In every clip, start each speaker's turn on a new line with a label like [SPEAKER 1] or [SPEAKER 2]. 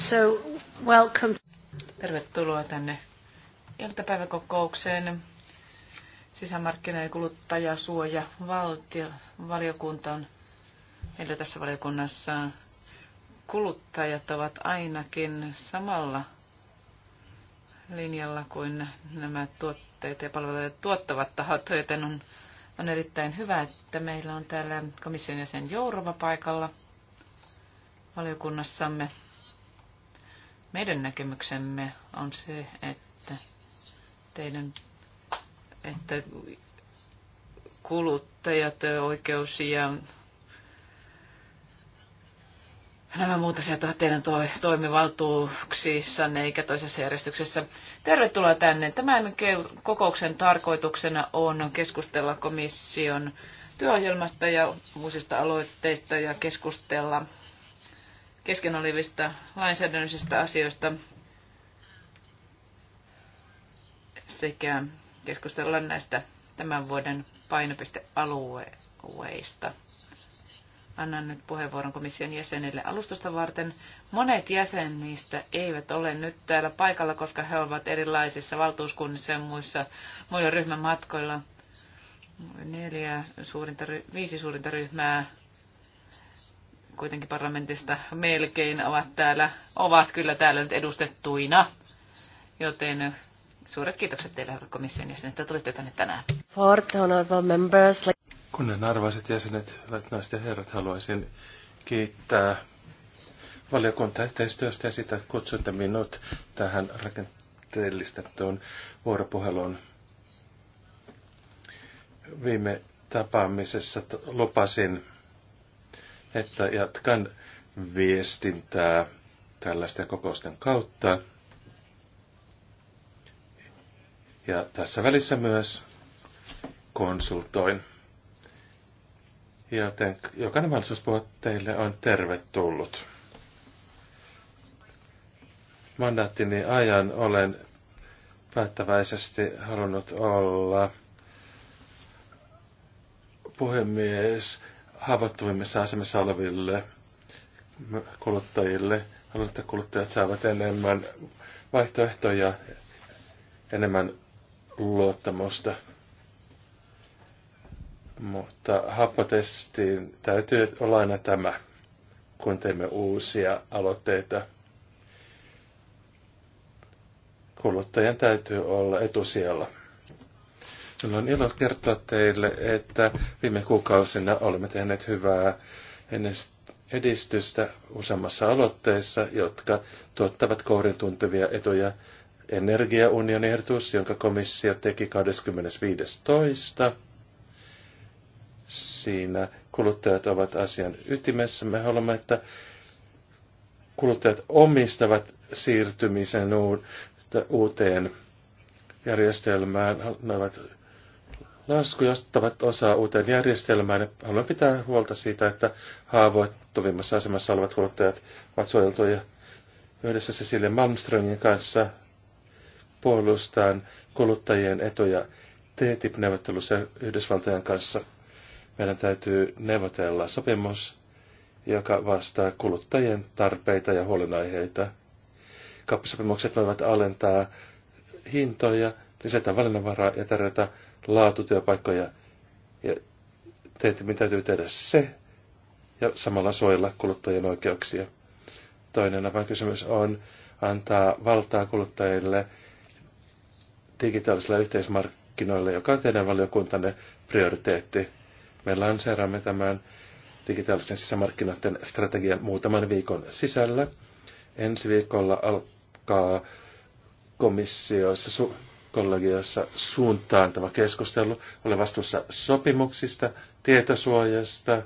[SPEAKER 1] So, welcome. Tervetuloa tänne iltapäiväkokoukseen. Sisämarkkina- ja kuluttajasuoja valtio, valiokunta on meillä tässä valiokunnassa. Kuluttajat ovat ainakin samalla linjalla kuin nämä tuotteet ja palveluja tuottavat tahot, joten on, on erittäin hyvä, että meillä on täällä komission jäsen Jourova paikalla valiokunnassamme. Meidän näkemyksemme on se, että teidän että kuluttajat, oikeus ja nämä muut asiat ovat teidän toimivaltuuksissanne eikä toisessa järjestyksessä. Tervetuloa tänne. Tämän kokouksen tarkoituksena on keskustella komission työohjelmasta ja uusista aloitteista ja keskustella kesken olevista lainsäädännöllisistä asioista sekä keskustella näistä tämän vuoden painopistealueista. Annan nyt puheenvuoron komission jäsenille alustusta varten. Monet jäsenistä eivät ole nyt täällä paikalla, koska he ovat erilaisissa valtuuskunnissa ja muissa, muilla ryhmän matkoilla. Neljä suurinta, viisi suurinta ryhmää kuitenkin parlamentista melkein ovat täällä, ovat kyllä täällä nyt edustettuina. Joten suuret kiitokset teille komission jäsenet, että tulitte tänne tänään.
[SPEAKER 2] Kunnen arvoiset jäsenet, hyvät naiset ja herrat, haluaisin kiittää valiokunta yhteistyöstä ja sitä kutsunta minut tähän rakenteellistettuun vuoropuheluun. Viime tapaamisessa lupasin että jatkan viestintää tällaisten kokousten kautta. Ja tässä välissä myös konsultoin. Joten jokainen mahdollisuus puhua teille on tervetullut. Mandaattini ajan olen päättäväisesti halunnut olla puhemies haavoittuvimmissa asemissa oleville kuluttajille. Haluan, että kuluttajat saavat enemmän vaihtoehtoja, enemmän luottamusta. Mutta happotestiin täytyy olla aina tämä, kun teemme uusia aloitteita. Kuluttajan täytyy olla etusijalla. Minulla on ilo kertoa teille, että viime kuukausina olemme tehneet hyvää edistystä useammassa aloitteessa, jotka tuottavat kourin tuntevia etuja. Energiaunion ehdotus, jonka komissio teki 25.2. Siinä kuluttajat ovat asian ytimessä. Me haluamme, että kuluttajat omistavat siirtymisen uuteen järjestelmään. Ne ovat Laskuja ottavat osaa uuteen järjestelmään ja haluan pitää huolta siitä, että haavoittuvimmassa asemassa olevat kuluttajat ovat suojeltuja yhdessä Cecilia Malmströmin kanssa puolustaan kuluttajien etuja TTIP-neuvottelussa Yhdysvaltojen kanssa. Meidän täytyy neuvotella sopimus, joka vastaa kuluttajien tarpeita ja huolenaiheita. Kauppasopimukset voivat alentaa hintoja, lisätä valinnanvaraa ja tarjota laatutyöpaikkoja ja mitä täytyy tehdä se ja samalla suojella kuluttajien oikeuksia. Toinen kysymys on antaa valtaa kuluttajille digitaalisilla yhteismarkkinoilla, joka on teidän valiokuntanne prioriteetti. Me lanseeraamme tämän digitaalisten sisämarkkinoiden strategian muutaman viikon sisällä. Ensi viikolla alkaa komissioissa su- kollegiossa tämä keskustelu. Olen vastuussa sopimuksista, tietosuojasta,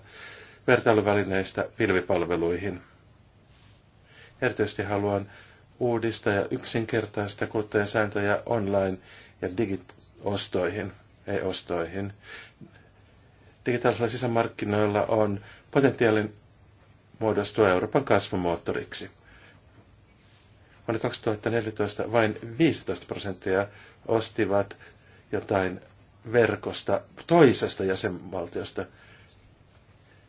[SPEAKER 2] vertailuvälineistä pilvipalveluihin. Erityisesti haluan uudistaa ja yksinkertaista kuluttajan sääntöjä online- ja digiostoihin, ei ostoihin Digitaalisilla sisämarkkinoilla on potentiaalin muodostua Euroopan kasvumoottoriksi. Vuonna 2014 vain 15 prosenttia ostivat jotain verkosta toisesta jäsenvaltiosta.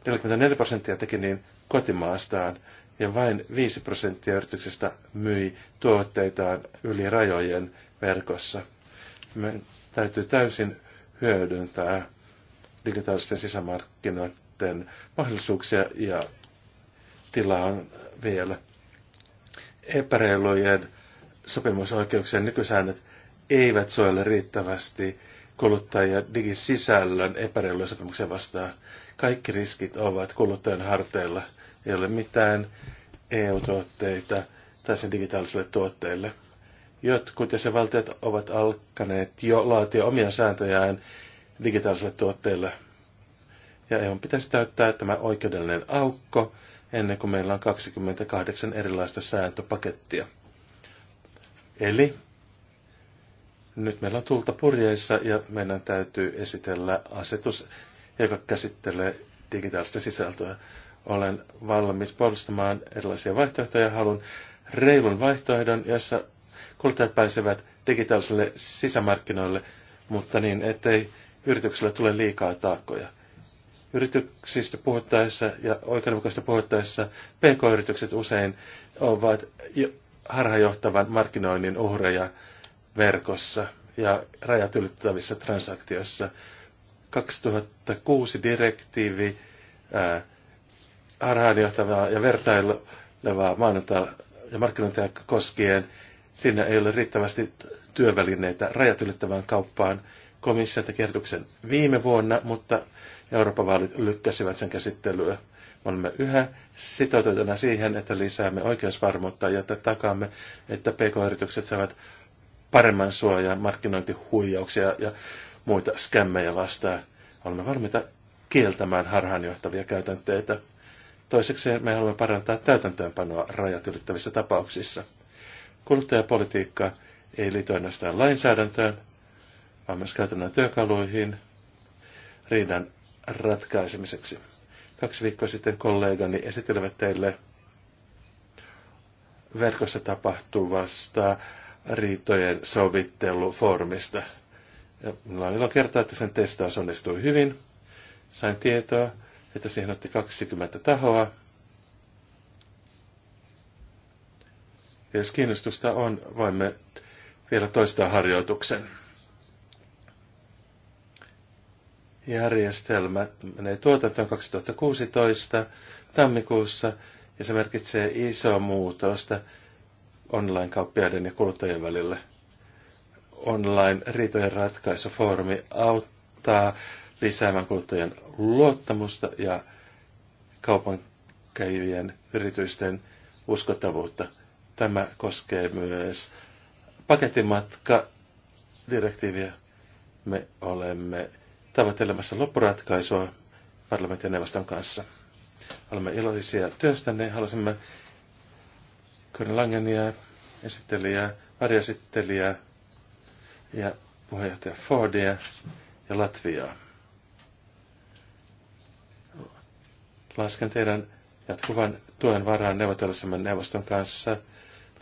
[SPEAKER 2] 44 prosenttia teki niin kotimaastaan ja vain 5 prosenttia yrityksistä myi tuotteitaan yli rajojen verkossa. Me täytyy täysin hyödyntää digitaalisten sisämarkkinoiden mahdollisuuksia ja tilaa on vielä epäreilujen sopimusoikeuksien nykysäännöt eivät suojele riittävästi kuluttajia digisisällön epäreilujen sopimuksen vastaan. Kaikki riskit ovat kuluttajan harteilla. Ei ole mitään EU-tuotteita tai sen digitaalisille tuotteille. Jotkut valtiot ovat alkaneet jo laatia omia sääntöjään digitaalisille tuotteille. Ja EU pitäisi täyttää tämä oikeudellinen aukko ennen kuin meillä on 28 erilaista sääntöpakettia. Eli nyt meillä on tulta purjeissa ja meidän täytyy esitellä asetus, joka käsittelee digitaalista sisältöä. Olen valmis puolustamaan erilaisia vaihtoehtoja. Haluan reilun vaihtoehdon, jossa kuluttajat pääsevät digitaaliselle sisämarkkinoille, mutta niin, ettei yritykselle tule liikaa taakkoja yrityksistä puhuttaessa ja oikeudenmukaisesta puhuttaessa pk-yritykset usein ovat harhajohtavan markkinoinnin uhreja verkossa ja rajat ylittävissä transaktioissa. 2006 direktiivi ää, harhaanjohtavaa ja vertailevaa mainontaa ja markkinointia koskien. Siinä ei ole riittävästi työvälineitä rajat ylittävään kauppaan. Komissio teki viime vuonna, mutta Euroopan vaalit lykkäsivät sen käsittelyä. Me olemme yhä sitoutuneena siihen, että lisäämme oikeusvarmuutta ja että takaamme, että pk-yritykset saavat paremman suojan markkinointihuijauksia ja muita skämmejä vastaan. Olemme valmiita kieltämään harhaanjohtavia käytänteitä. Toiseksi me haluamme parantaa täytäntöönpanoa rajat ylittävissä tapauksissa. Kuluttajapolitiikka ei liity ainoastaan lainsäädäntöön, vaan myös käytännön työkaluihin, riidan ratkaisemiseksi. Kaksi viikkoa sitten kollegani esittelevät teille verkossa tapahtuvasta riitojen sovittelufoorumista. Ja minulla on ilo kertoa, että sen testaus onnistui hyvin. Sain tietoa, että siihen otti 20 tahoa. Ja jos kiinnostusta on, voimme vielä toistaa harjoituksen. järjestelmä menee tuotantoon 2016 tammikuussa ja se merkitsee isoa muutosta online-kauppiaiden ja kuluttajien välillä. Online-riitojen ratkaisufoorumi auttaa lisäämään kuluttajien luottamusta ja kaupankäyvien yritysten uskottavuutta. Tämä koskee myös pakettimatka direktiiviä. Me olemme tavoittelemassa loppuratkaisua parlamentin ja neuvoston kanssa. Olemme iloisia työstänne. Haluaisimme Karin Langenia, esittelijä, varjasittelijä ja puheenjohtaja Fordia ja Latviaa. Lasken teidän jatkuvan tuen varaan neuvotellessamme neuvoston kanssa,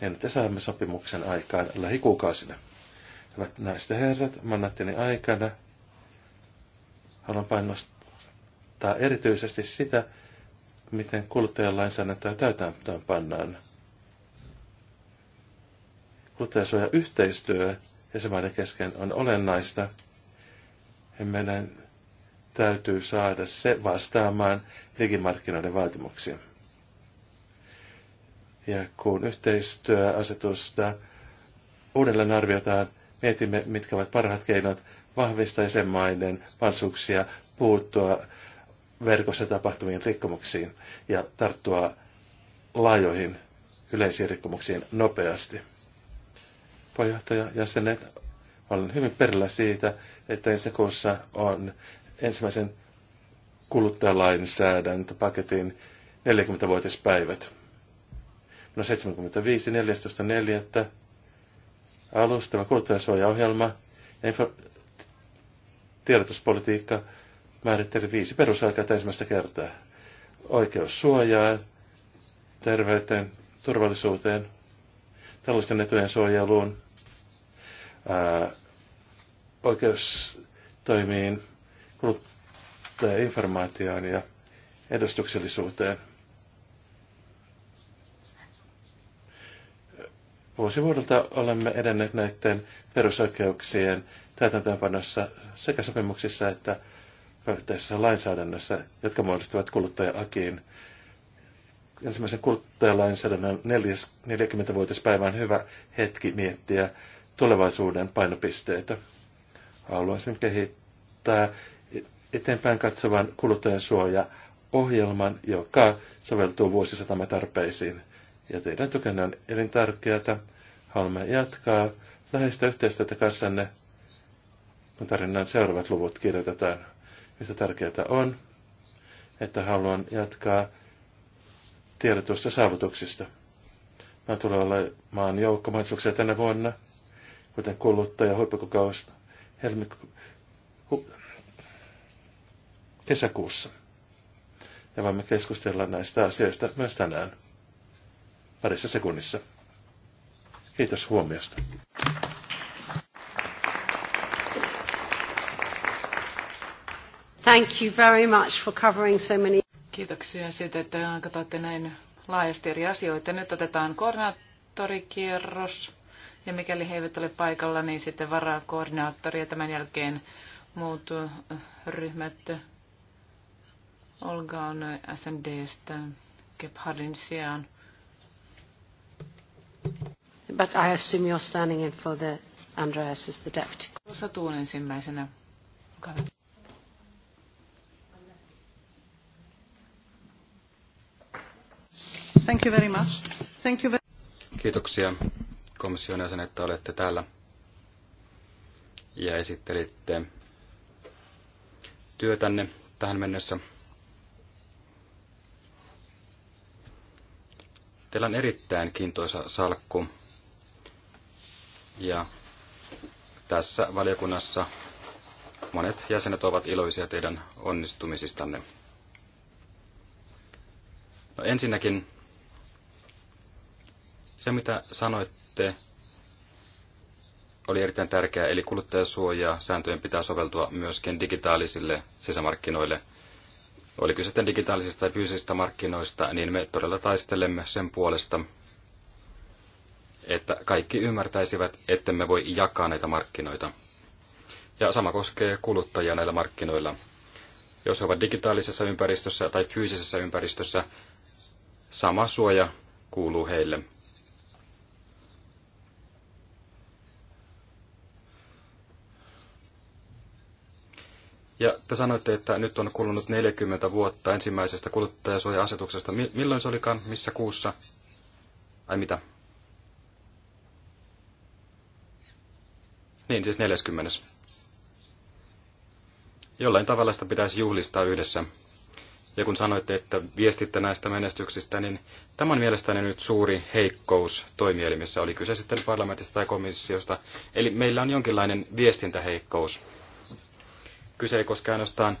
[SPEAKER 2] niin että saamme sopimuksen aikaan lähikuukausina. Hyvät naiset ja herrat, mannattini aikana – Haluan painostaa erityisesti sitä, miten kuluttajan lainsäädäntöä täytäntöön pannaan. Kuluttajasuoja-yhteistyö jäsenmaiden kesken on olennaista. Ja meidän täytyy saada se vastaamaan digimarkkinoiden vaatimuksia. Ja kun yhteistyöasetusta uudelleen arvioitaan, mietimme, mitkä ovat parhaat keinot vahvistaa jäsenmaiden mahdollisuuksia puuttua verkossa tapahtuviin rikkomuksiin ja tarttua laajoihin yleisiin rikkomuksiin nopeasti. Puheenjohtaja jäsenet, olen hyvin perillä siitä, että ensi kuussa on ensimmäisen kuluttajalainsäädäntöpaketin 40-vuotispäivät. No 75, 14.4. alustava kuluttajasuojaohjelma ja tiedotuspolitiikka määritteli viisi perusoikeutta ensimmäistä kertaa. Oikeus suojaan, terveyteen, turvallisuuteen, taloudellisten etujen suojeluun, ää, oikeus toimiin, kuluttajainformaatioon ja edustuksellisuuteen. Vuosivuodelta olemme edenneet näiden perusoikeuksien täytäntöönpanossa sekä sopimuksissa että tässä lainsäädännössä, jotka muodostuvat kuluttaja-akiin. Ensimmäisen kuluttajalainsäädännön 40-vuotispäivä on hyvä hetki miettiä tulevaisuuden painopisteitä. Haluaisin kehittää eteenpäin katsovan kuluttajan suoja ohjelman, joka soveltuu vuosisatamme tarpeisiin. Ja teidän tukenne on elintärkeää. Haluamme jatkaa läheistä yhteistyötä kanssanne kun tarinan seuraavat luvut kirjoitetaan. Yhtä tärkeää on, että haluan jatkaa tiedotusta saavutuksista. Mä tulee olemaan joukkomaisuuksia tänä vuonna, kuten kuluttaja, huippukokous, helmi, hu, kesäkuussa. Ja voimme keskustella näistä asioista myös tänään parissa sekunnissa. Kiitos huomiosta.
[SPEAKER 1] Thank you very much for covering so many. Kiitoksia siitä, että katsoitte näin laajasti eri asioita. Nyt otetaan koordinaattorikierros ja mikäli he eivät ole paikalla, niin sitten koordinaattori ja tämän jälkeen muut äh, ryhmät. Olga on SMDstä Gebhardin sijaan.
[SPEAKER 3] But I assume you're standing
[SPEAKER 1] in for the Andreas as the deputy. Osa tuun ensimmäisenä.
[SPEAKER 3] Olkaa Thank you very much. Thank you very...
[SPEAKER 4] Kiitoksia komission jäsen, että olette täällä ja esittelitte työtänne tähän mennessä. Teillä on erittäin kiintoisa salkku ja tässä valiokunnassa monet jäsenet ovat iloisia teidän onnistumisistanne. No ensinnäkin se, mitä sanoitte, oli erittäin tärkeää, eli kuluttajasuojaa sääntöjen pitää soveltua myöskin digitaalisille sisämarkkinoille. Oli kyse sitten digitaalisista tai fyysisistä markkinoista, niin me todella taistelemme sen puolesta, että kaikki ymmärtäisivät, ettemme voi jakaa näitä markkinoita. Ja sama koskee kuluttajia näillä markkinoilla. Jos he ovat digitaalisessa ympäristössä tai fyysisessä ympäristössä, sama suoja kuuluu heille. Ja te sanoitte, että nyt on kulunut 40 vuotta ensimmäisestä kuluttajasuoja-asetuksesta. Milloin se olikaan? Missä kuussa? Ai mitä? Niin, siis 40. Jollain tavalla sitä pitäisi juhlistaa yhdessä. Ja kun sanoitte, että viestitte näistä menestyksistä, niin tämä on mielestäni nyt suuri heikkous toimielimissä, oli kyse sitten parlamentista tai komissiosta. Eli meillä on jonkinlainen viestintäheikkous. Kyse ei koske ainoastaan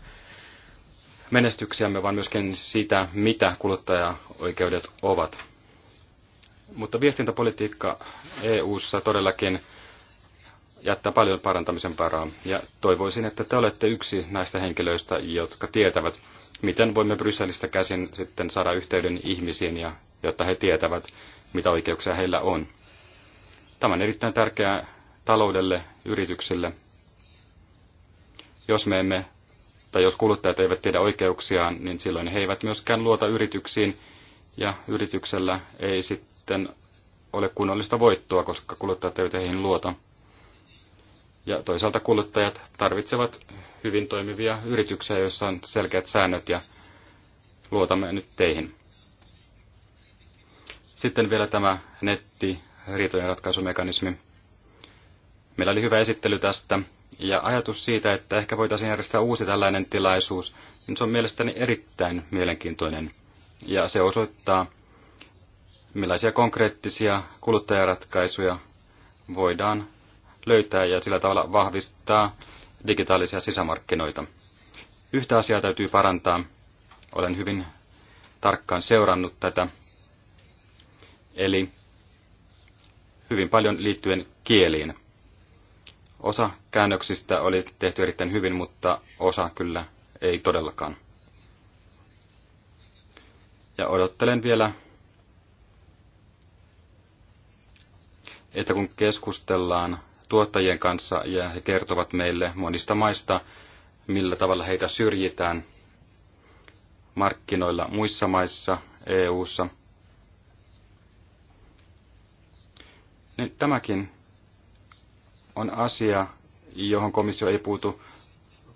[SPEAKER 4] menestyksiämme, vaan myöskin sitä, mitä kuluttajaoikeudet ovat. Mutta viestintäpolitiikka EU-ssa todellakin jättää paljon parantamisen paraa. Ja toivoisin, että te olette yksi näistä henkilöistä, jotka tietävät, miten voimme Brysselistä käsin sitten saada yhteyden ihmisiin, ja, jotta he tietävät, mitä oikeuksia heillä on. Tämä on erittäin tärkeää taloudelle, yrityksille jos me emme, tai jos kuluttajat eivät tiedä oikeuksiaan, niin silloin he eivät myöskään luota yrityksiin, ja yrityksellä ei sitten ole kunnollista voittoa, koska kuluttajat eivät heihin luota. Ja toisaalta kuluttajat tarvitsevat hyvin toimivia yrityksiä, joissa on selkeät säännöt ja luotamme nyt teihin. Sitten vielä tämä netti riitojen ratkaisumekanismi. Meillä oli hyvä esittely tästä ja ajatus siitä, että ehkä voitaisiin järjestää uusi tällainen tilaisuus, niin se on mielestäni erittäin mielenkiintoinen. Ja se osoittaa, millaisia konkreettisia kuluttajaratkaisuja voidaan löytää ja sillä tavalla vahvistaa digitaalisia sisämarkkinoita. Yhtä asiaa täytyy parantaa. Olen hyvin tarkkaan seurannut tätä. Eli hyvin paljon liittyen kieliin. Osa käännöksistä oli tehty erittäin hyvin, mutta osa kyllä ei todellakaan. Ja odottelen vielä, että kun keskustellaan tuottajien kanssa ja he kertovat meille monista maista, millä tavalla heitä syrjitään markkinoilla muissa maissa, EU:ssa, niin tämäkin on asia, johon komissio ei puutu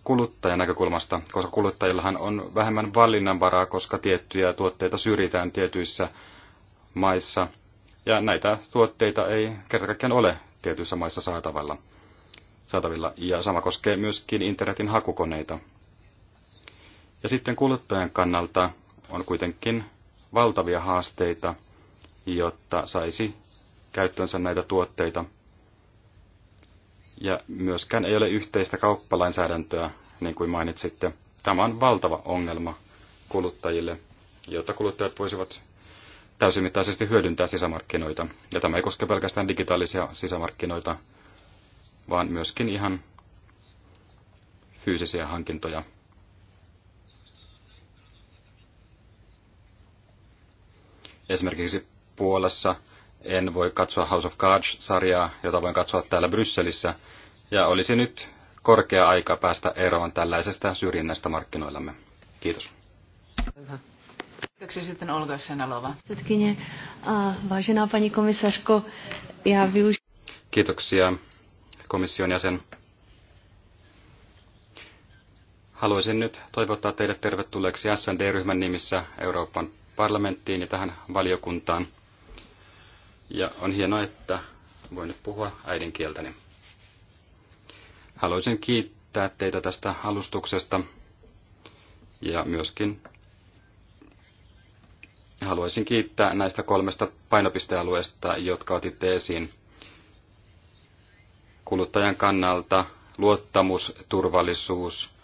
[SPEAKER 4] kuluttajan näkökulmasta, koska kuluttajillahan on vähemmän valinnanvaraa, koska tiettyjä tuotteita syrjitään tietyissä maissa. Ja näitä tuotteita ei kertakaikkiaan ole tietyissä maissa saatavilla. saatavilla. Ja sama koskee myöskin internetin hakukoneita. Ja sitten kuluttajan kannalta on kuitenkin valtavia haasteita, jotta saisi käyttöönsä näitä tuotteita – ja myöskään ei ole yhteistä kauppalainsäädäntöä, niin kuin mainitsitte. Tämä on valtava ongelma kuluttajille, jotta kuluttajat voisivat täysimittaisesti hyödyntää sisämarkkinoita. Ja tämä ei koske pelkästään digitaalisia sisämarkkinoita, vaan myöskin ihan fyysisiä hankintoja. Esimerkiksi Puolassa en voi katsoa House of Cards-sarjaa, jota voin katsoa täällä Brysselissä, ja olisi nyt korkea aika päästä eroon tällaisesta syrjinnästä markkinoillamme. Kiitos.
[SPEAKER 1] Kiitoksia sitten Olga Senalova.
[SPEAKER 3] Vážená pani komisařko, ja
[SPEAKER 4] Kiitoksia komission jäsen. Haluaisin nyt toivottaa teidät tervetulleeksi SND-ryhmän nimissä Euroopan parlamenttiin ja tähän valiokuntaan. Ja on hienoa, että voin nyt puhua äidinkieltäni. Haluaisin kiittää teitä tästä alustuksesta ja myöskin haluaisin kiittää näistä kolmesta painopistealueesta, jotka otitte esiin. Kuluttajan kannalta luottamus, turvallisuus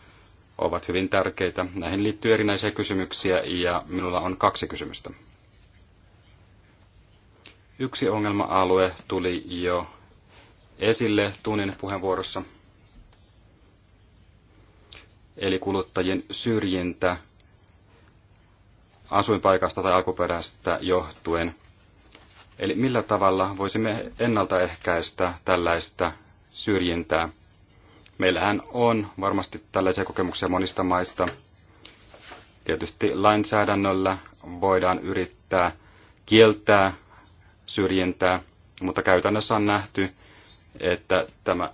[SPEAKER 4] ovat hyvin tärkeitä. Näihin liittyy erinäisiä kysymyksiä ja minulla on kaksi kysymystä. Yksi ongelma-alue tuli jo esille tunnin puheenvuorossa, eli kuluttajien syrjintä asuinpaikasta tai alkuperästä johtuen. Eli millä tavalla voisimme ennaltaehkäistä tällaista syrjintää? Meillähän on varmasti tällaisia kokemuksia monista maista. Tietysti lainsäädännöllä voidaan yrittää kieltää syrjintää, mutta käytännössä on nähty, että tämä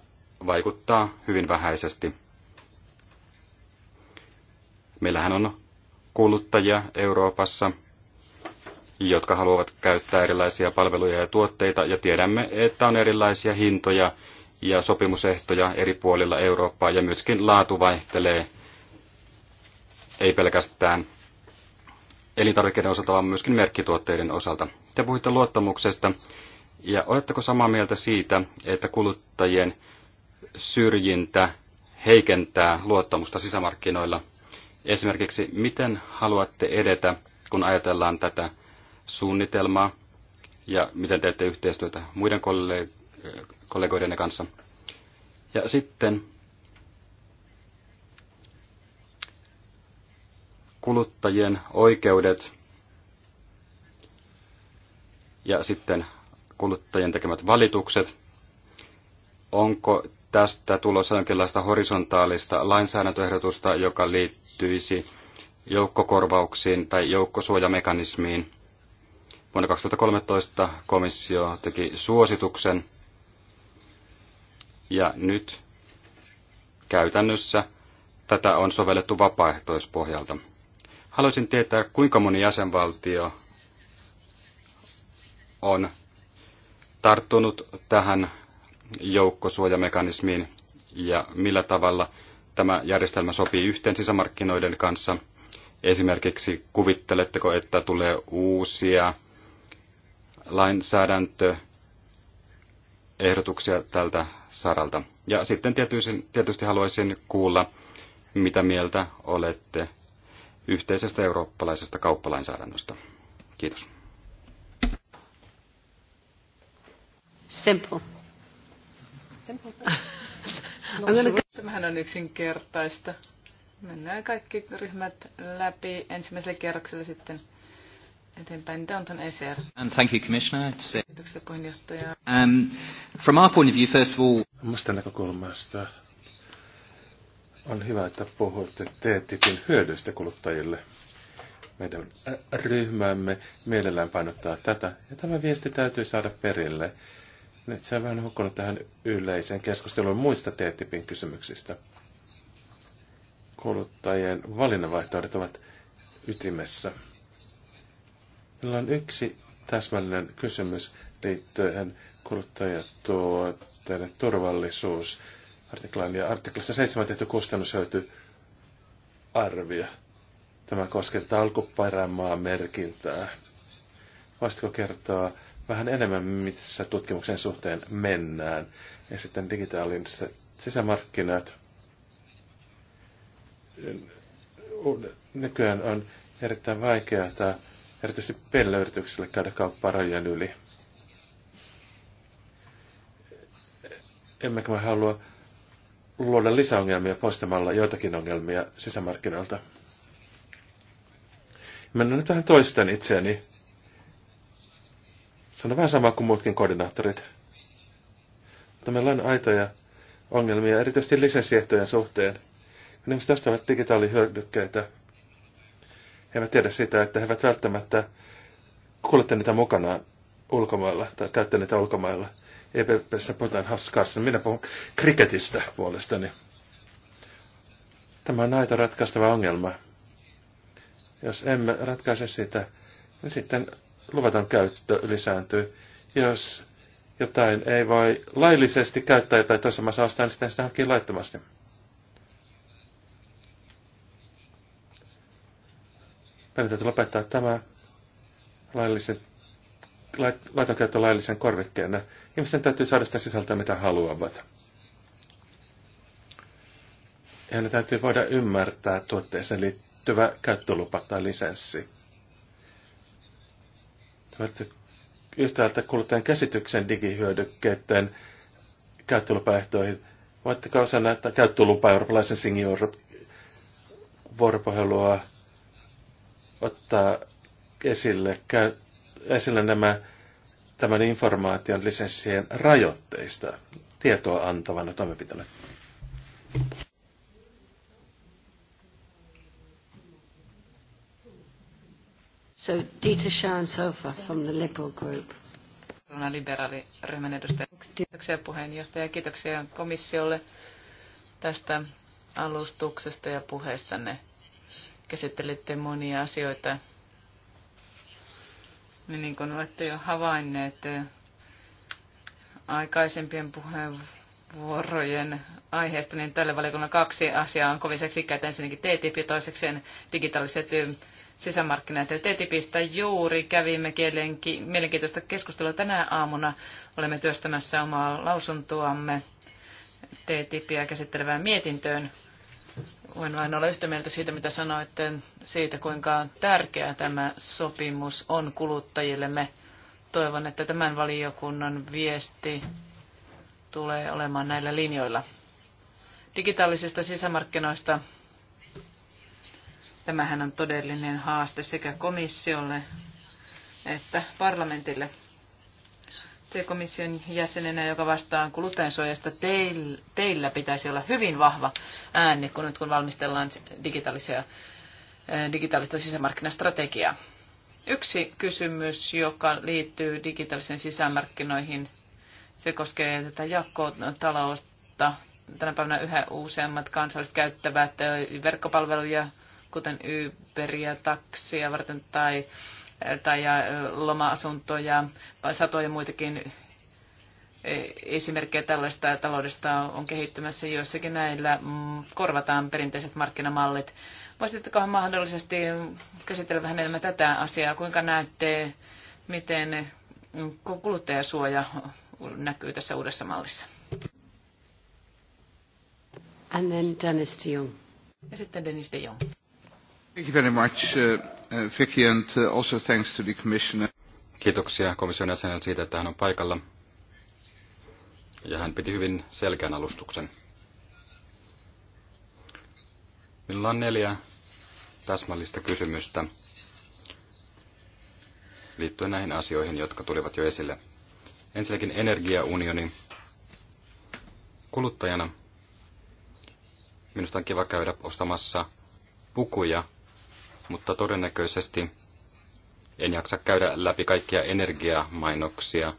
[SPEAKER 4] vaikuttaa hyvin vähäisesti. Meillähän on kuluttajia Euroopassa, jotka haluavat käyttää erilaisia palveluja ja tuotteita, ja tiedämme, että on erilaisia hintoja ja sopimusehtoja eri puolilla Eurooppaa, ja myöskin laatu vaihtelee, ei pelkästään elintarvikkeiden osalta, vaan myöskin merkkituotteiden osalta. Te puhuitte luottamuksesta. Ja oletteko samaa mieltä siitä, että kuluttajien syrjintä heikentää luottamusta sisämarkkinoilla? Esimerkiksi, miten haluatte edetä, kun ajatellaan tätä suunnitelmaa ja miten teette yhteistyötä muiden kollegoiden kanssa? Ja sitten kuluttajien oikeudet ja sitten kuluttajien tekemät valitukset. Onko tästä tulossa jonkinlaista horisontaalista lainsäädäntöehdotusta, joka liittyisi joukkokorvauksiin tai joukkosuojamekanismiin? Vuonna 2013 komissio teki suosituksen ja nyt käytännössä tätä on sovellettu vapaaehtoispohjalta. Haluaisin tietää, kuinka moni jäsenvaltio on tarttunut tähän joukkosuojamekanismiin ja millä tavalla tämä järjestelmä sopii yhteen sisämarkkinoiden kanssa. Esimerkiksi kuvitteletteko, että tulee uusia lainsäädäntöehdotuksia tältä saralta? Ja sitten tietysti, tietysti haluaisin kuulla, mitä mieltä olette yhteisestä eurooppalaisesta kauppalainsäädännöstä. Kiitos.
[SPEAKER 1] Simple. Simple. No, Tämähän on yksinkertaista. Mennään kaikki ryhmät läpi ensimmäisellä kierroksella sitten eteenpäin. Downton ECR.
[SPEAKER 2] And thank you, Commissioner. It's, uh,
[SPEAKER 1] Kiitoksia puheenjohtaja.
[SPEAKER 2] Um, from our point of view, first of all... Musta näkökulmasta on hyvä, että puhutte TTIPin hyödyistä kuluttajille. Meidän äh, ryhmämme mielellään painottaa tätä, ja tämä viesti täytyy saada perille. Nyt sä vähän hukkunut tähän yleiseen keskusteluun muista TTIPin kysymyksistä. Kuluttajien valinnanvaihtoehdot ovat ytimessä. Meillä on yksi täsmällinen kysymys liittyen kuluttajatuotteiden turvallisuus artiklaan ja artiklassa 7 tehty kustannushyöty arvio. Tämä koskettaa alkuperämaa merkintää. Voisitko kertoa vähän enemmän, missä tutkimuksen suhteen mennään. Ja sitten digitaaliset sisämarkkinat. Nykyään on erittäin vaikeaa erityisesti pelleyrityksille käydä kauppaa rajojen yli. Emmekä me halua luoda lisäongelmia poistamalla joitakin ongelmia sisämarkkinoilta. Mennään nyt vähän toisten itseäni. Se on vähän sama kuin muutkin koordinaattorit. Mutta meillä on aitoja ongelmia, erityisesti lisensiehtojen suhteen. Kun ihmiset ostavat digitaalihyödykkeitä, he eivät tiedä sitä, että he eivät välttämättä kuulette niitä mukanaan ulkomailla tai käytte niitä ulkomailla. EPPssä puhutaan Hafskarsen. Minä puhun kriketistä puolestani. Tämä on aito ratkaistava ongelma. Jos emme ratkaise sitä, niin sitten luvaton käyttö lisääntyy. Jos jotain ei voi laillisesti käyttää jotain toisessa maassa ostaa, niin sitten sitä hankkii laittomasti. Meidän täytyy lopettaa tämä laillisen, laiton käyttö laillisen korvikkeen. Ihmisten täytyy saada sitä sisältöä, mitä haluavat. Ja ne täytyy voida ymmärtää tuotteeseen liittyvä käyttölupa tai lisenssi yhtäältä kuluttajan käsityksen digihyödykkeiden käyttölupaehtoihin. Voitteko osana näitä käyttölupaa eurooppalaisen senior vuoropuhelua ottaa esille, käy, esille nämä tämän informaation lisenssien rajoitteista tietoa antavana toimenpiteenä?
[SPEAKER 3] So
[SPEAKER 1] Dieter Sofa,
[SPEAKER 3] from the Liberal Group.
[SPEAKER 1] Liberaaliryhmän edustaja. Kiitoksia puheenjohtaja. Kiitoksia komissiolle tästä alustuksesta ja puheestanne. Käsittelitte monia asioita. Niin kuin olette jo havainneet aikaisempien puheenvuorojen vuorojen aiheesta, niin tälle valiokunnan kaksi asiaa on kovin seksikkäitä. Ensinnäkin TTIP ja toisekseen digitaaliset sisämarkkinat. Ja TTIPistä juuri kävimme mielenkiintoista keskustelua tänä aamuna. Olemme työstämässä omaa lausuntoamme TTIPia käsittelevään mietintöön. Voin vain olla yhtä mieltä siitä, mitä sanoitte, siitä kuinka tärkeä tämä sopimus on kuluttajillemme. Toivon, että tämän valiokunnan viesti tulee olemaan näillä linjoilla. Digitaalisista sisämarkkinoista tämähän on todellinen haaste sekä komissiolle että parlamentille. Te komission jäsenenä, joka vastaa kuluttajansuojasta, teillä pitäisi olla hyvin vahva ääni, kun nyt kun valmistellaan digitaalisia, eh, digitaalista sisämarkkinastrategiaa. Yksi kysymys, joka liittyy digitaalisiin sisämarkkinoihin, se koskee tätä jakotaloutta. Tänä päivänä yhä useammat kansalaiset käyttävät verkkopalveluja, kuten Uberia, taksia varten tai, tai loma-asuntoja, satoja muitakin esimerkkejä tällaista taloudesta on kehittymässä, joissakin näillä mm, korvataan perinteiset markkinamallit. Voisittekohan mahdollisesti käsitellä vähän enemmän tätä asiaa? Kuinka näette, miten kuluttajasuoja näkyy tässä uudessa mallissa.
[SPEAKER 3] And then Dennis de Jong. Ja sitten Dennis de Jong. Thank you very much, uh, uh Vicky, and uh, also thanks to the commissioner.
[SPEAKER 4] Kiitoksia komission jäsenelle siitä, että hän on paikalla. Ja hän piti hyvin selkeän alustuksen. Minulla on neljä täsmällistä kysymystä liittyen näihin asioihin, jotka tulivat jo esille. Ensinnäkin energiaunioni. Kuluttajana minusta on kiva käydä ostamassa pukuja, mutta todennäköisesti en jaksa käydä läpi kaikkia energiamainoksia.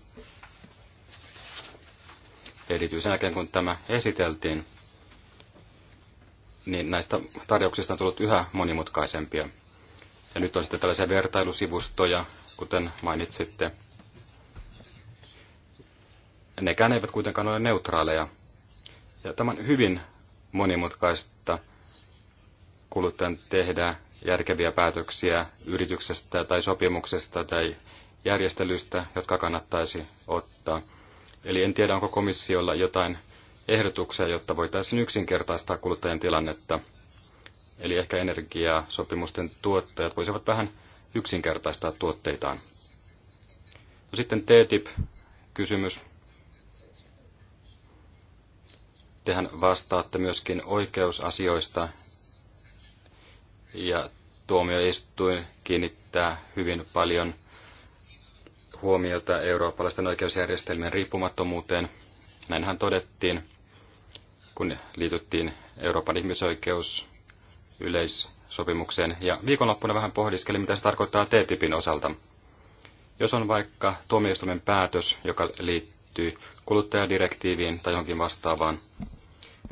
[SPEAKER 4] Erityisen jälkeen kun tämä esiteltiin, niin näistä tarjouksista on tullut yhä monimutkaisempia. Ja nyt on sitten tällaisia vertailusivustoja, kuten mainitsitte, Nekään eivät kuitenkaan ole neutraaleja. Ja tämä on hyvin monimutkaista kuluttajan tehdä järkeviä päätöksiä yrityksestä tai sopimuksesta tai järjestelystä, jotka kannattaisi ottaa. Eli en tiedä, onko komissiolla jotain ehdotuksia, jotta voitaisiin yksinkertaistaa kuluttajan tilannetta. Eli ehkä energiasopimusten tuottajat voisivat vähän yksinkertaistaa tuotteitaan. No sitten TTIP-kysymys. Tehän vastaatte myöskin oikeusasioista ja tuomioistuin kiinnittää hyvin paljon huomiota eurooppalaisten oikeusjärjestelmien riippumattomuuteen. Näinhän todettiin, kun liityttiin Euroopan ihmisoikeusyleissopimukseen. Ja viikonloppuna vähän pohdiskelin, mitä se tarkoittaa TTIPin osalta. Jos on vaikka tuomioistuimen päätös, joka liittyy liittyy kuluttajadirektiiviin tai johonkin vastaavaan,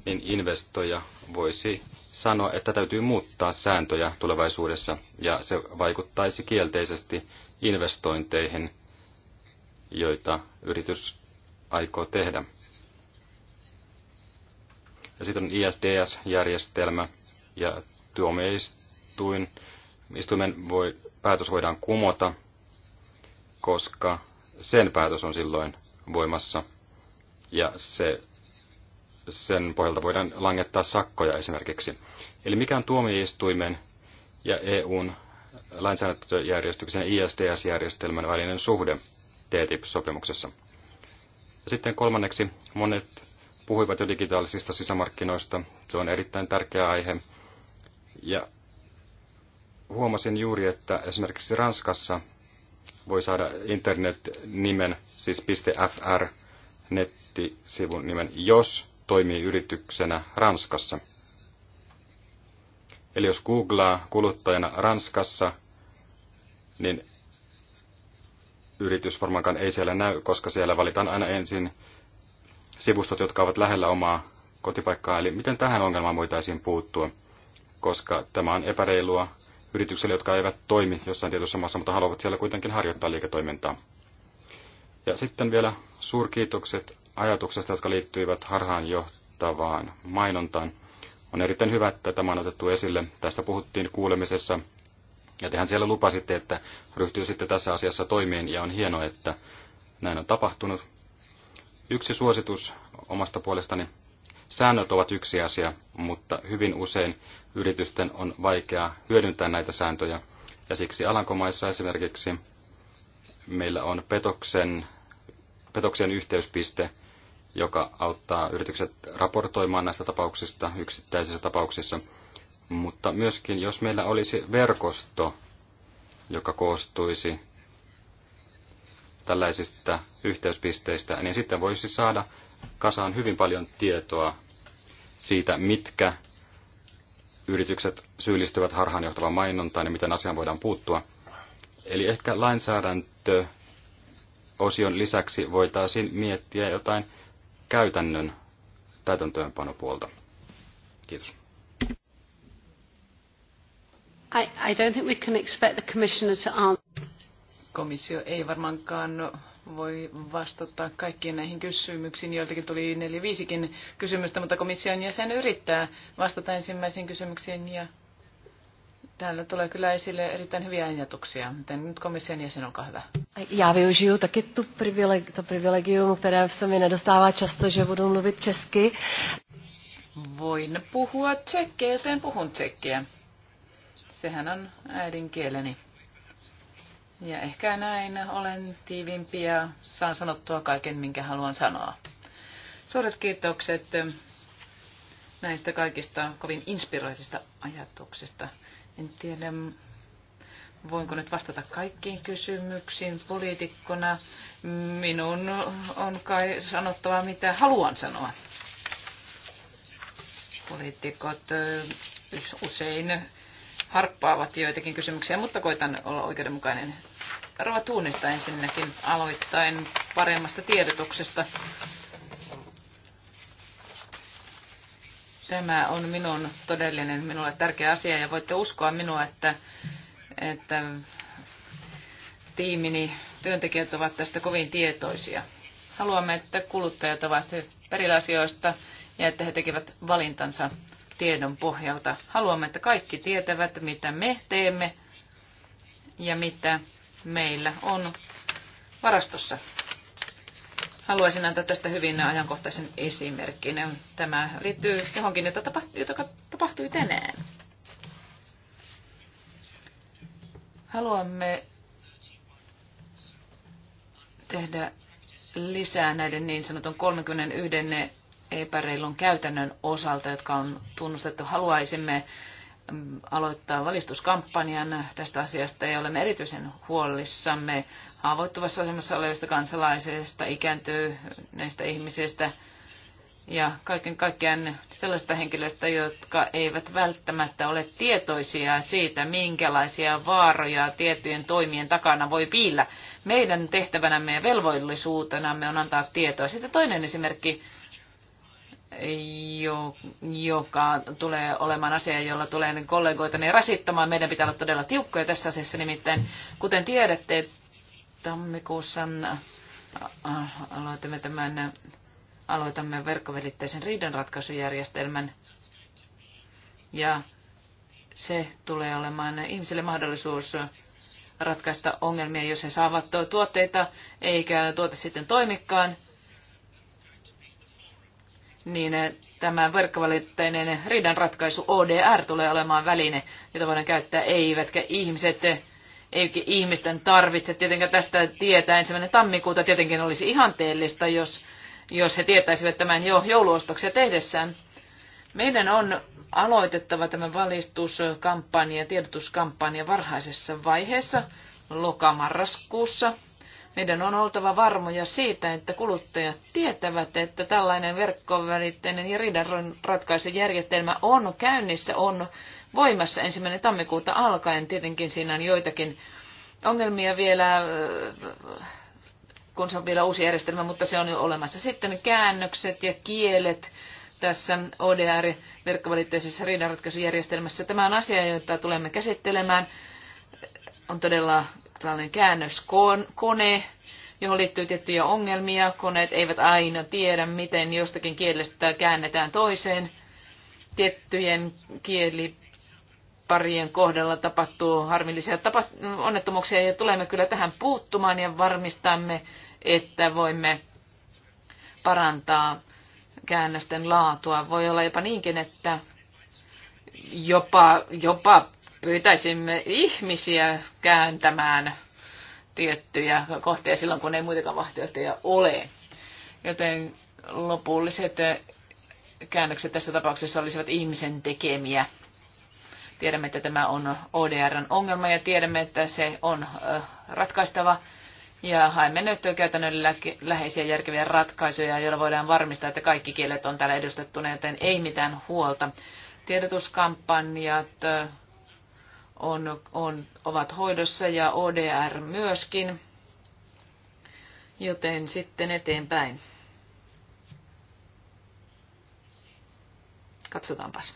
[SPEAKER 4] niin investoija voisi sanoa, että täytyy muuttaa sääntöjä tulevaisuudessa ja se vaikuttaisi kielteisesti investointeihin, joita yritys aikoo tehdä. Ja sitten on ISDS-järjestelmä ja tuomioistuin, istuimen voi, päätös voidaan kumota, koska sen päätös on silloin voimassa ja se, sen pohjalta voidaan langettaa sakkoja esimerkiksi. Eli mikään tuomioistuimen ja EUn lainsäädäntöjärjestyksen ISDS-järjestelmän välinen suhde TTIP-sopimuksessa. Sitten kolmanneksi, monet puhuivat jo digitaalisista sisämarkkinoista. Se on erittäin tärkeä aihe. Ja huomasin juuri, että esimerkiksi Ranskassa voi saada internet-nimen, siis .fr, nettisivun nimen, jos toimii yrityksenä Ranskassa. Eli jos googlaa kuluttajana Ranskassa, niin yritys varmaankaan ei siellä näy, koska siellä valitaan aina ensin sivustot, jotka ovat lähellä omaa kotipaikkaa. Eli miten tähän ongelmaan voitaisiin puuttua, koska tämä on epäreilua yrityksille, jotka eivät toimi jossain tietyssä maassa, mutta haluavat siellä kuitenkin harjoittaa liiketoimintaa. Ja sitten vielä suurkiitokset ajatuksesta, jotka liittyivät harhaanjohtavaan mainontaan. On erittäin hyvä, että tämä on otettu esille. Tästä puhuttiin kuulemisessa. Ja tehän siellä lupasitte, että ryhtyy sitten tässä asiassa toimiin, ja on hienoa, että näin on tapahtunut. Yksi suositus omasta puolestani Säännöt ovat yksi asia, mutta hyvin usein yritysten on vaikea hyödyntää näitä sääntöjä. Ja siksi Alankomaissa esimerkiksi meillä on petoksen, petoksen yhteyspiste, joka auttaa yritykset raportoimaan näistä tapauksista yksittäisissä tapauksissa. Mutta myöskin, jos meillä olisi verkosto, joka koostuisi tällaisista yhteyspisteistä, niin sitten voisi saada kasaan hyvin paljon tietoa siitä, mitkä yritykset syyllistyvät harhaanjohtavaan mainontaan ja miten asiaan voidaan puuttua. Eli ehkä lainsäädäntö osion lisäksi voitaisiin miettiä jotain käytännön täytäntöönpanopuolta. Kiitos.
[SPEAKER 3] I, I don't think we can expect the commissioner
[SPEAKER 1] to answer komissio ei varmaankaan voi vastata kaikkiin näihin kysymyksiin. Joiltakin tuli neljä viisikin kysymystä, mutta komission jäsen yrittää vastata ensimmäisiin kysymyksiin ja täällä tulee kyllä esille erittäin hyviä ajatuksia. Miten nyt komission jäsen, olkaa hyvä.
[SPEAKER 3] Já využiju taky tu privileg, to privilegium, které se mi nedostává často, že budu mluvit česky.
[SPEAKER 1] Voin puhua tsekkiä, joten puhun tsekkiä. Sehän on äidinkieleni. Ja ehkä näin olen tiivimpi ja saan sanottua kaiken, minkä haluan sanoa. Suuret kiitokset näistä kaikista kovin inspiroivista ajatuksista. En tiedä, voinko nyt vastata kaikkiin kysymyksiin poliitikkona. Minun on kai sanottava, mitä haluan sanoa. Poliitikot usein harppaavat joitakin kysymyksiä, mutta koitan olla oikeudenmukainen Rova Tuunista ensinnäkin aloittain paremmasta tiedotuksesta. Tämä on minun todellinen, minulle tärkeä asia ja voitte uskoa minua, että, että tiimini työntekijät ovat tästä kovin tietoisia. Haluamme, että kuluttajat ovat perillä asioista ja että he tekevät valintansa tiedon pohjalta. Haluamme, että kaikki tietävät, mitä me teemme ja mitä meillä on varastossa. Haluaisin antaa tästä hyvin ajankohtaisen esimerkin. Tämä liittyy johonkin, jota tapahtui, jota tapahtui tänään. Haluamme tehdä lisää näiden niin sanotun 31 epäreilun käytännön osalta, jotka on tunnustettu. Haluaisimme aloittaa valistuskampanjan tästä asiasta ja olemme erityisen huolissamme haavoittuvassa asemassa olevista kansalaisista, ikääntyneistä ihmisistä ja kaiken kaikkiaan sellaista henkilöistä, jotka eivät välttämättä ole tietoisia siitä, minkälaisia vaaroja tiettyjen toimien takana voi piillä. Meidän tehtävänämme ja velvollisuutenamme on antaa tietoa. Sitten toinen esimerkki jo, joka tulee olemaan asia, jolla tulee niin kollegoita niin rasittamaan. Meidän pitää olla todella tiukkoja tässä asiassa, nimittäin kuten tiedätte, tammikuussa äh, aloitamme tämän aloitamme verkkovälitteisen riidanratkaisujärjestelmän ja se tulee olemaan ihmisille mahdollisuus ratkaista ongelmia, jos he saavat tuotteita eikä tuote sitten toimikaan – niin tämä verkkovalitteinen riidanratkaisu ODR tulee olemaan väline, jota voidaan käyttää, eivätkä ihmiset, eikä ihmisten tarvitse tietenkään tästä tietää. Ensimmäinen tammikuuta tietenkin olisi ihanteellista, jos, jos he tietäisivät tämän jo jouluostoksia tehdessään. Meidän on aloitettava tämä valistuskampanja, tiedotuskampanja varhaisessa vaiheessa, lokamarraskuussa. marraskuussa meidän on oltava varmoja siitä, että kuluttajat tietävät, että tällainen verkkovälitteinen ja riidanratkaisujärjestelmä on käynnissä, on voimassa ensimmäinen tammikuuta alkaen. Tietenkin siinä on joitakin ongelmia vielä, kun se on vielä uusi järjestelmä, mutta se on jo olemassa. Sitten käännökset ja kielet tässä ODR-verkkovälitteisessä riidanratkaisujärjestelmässä. Tämä on asia, jota tulemme käsittelemään. On todella tällainen käännöskone, johon liittyy tiettyjä ongelmia. Koneet eivät aina tiedä, miten jostakin kielestä käännetään toiseen. Tiettyjen kieliparien kohdalla tapahtuu harmillisia tapat- onnettomuuksia ja tulemme kyllä tähän puuttumaan ja varmistamme, että voimme parantaa käännösten laatua. Voi olla jopa niinkin, että jopa, jopa pyytäisimme ihmisiä kääntämään tiettyjä kohtia silloin, kun ei muitakaan vaihtoehtoja ole. Joten lopulliset käännökset tässä tapauksessa olisivat ihmisen tekemiä. Tiedämme, että tämä on ODRn ongelma ja tiedämme, että se on ratkaistava. Ja haemme nyt käytännön läheisiä järkeviä ratkaisuja, joilla voidaan varmistaa, että kaikki kielet on täällä edustettuna, joten ei mitään huolta. Tiedotuskampanjat, on, on, ovat hoidossa ja ODR myöskin. Joten sitten eteenpäin. Katsotaanpas.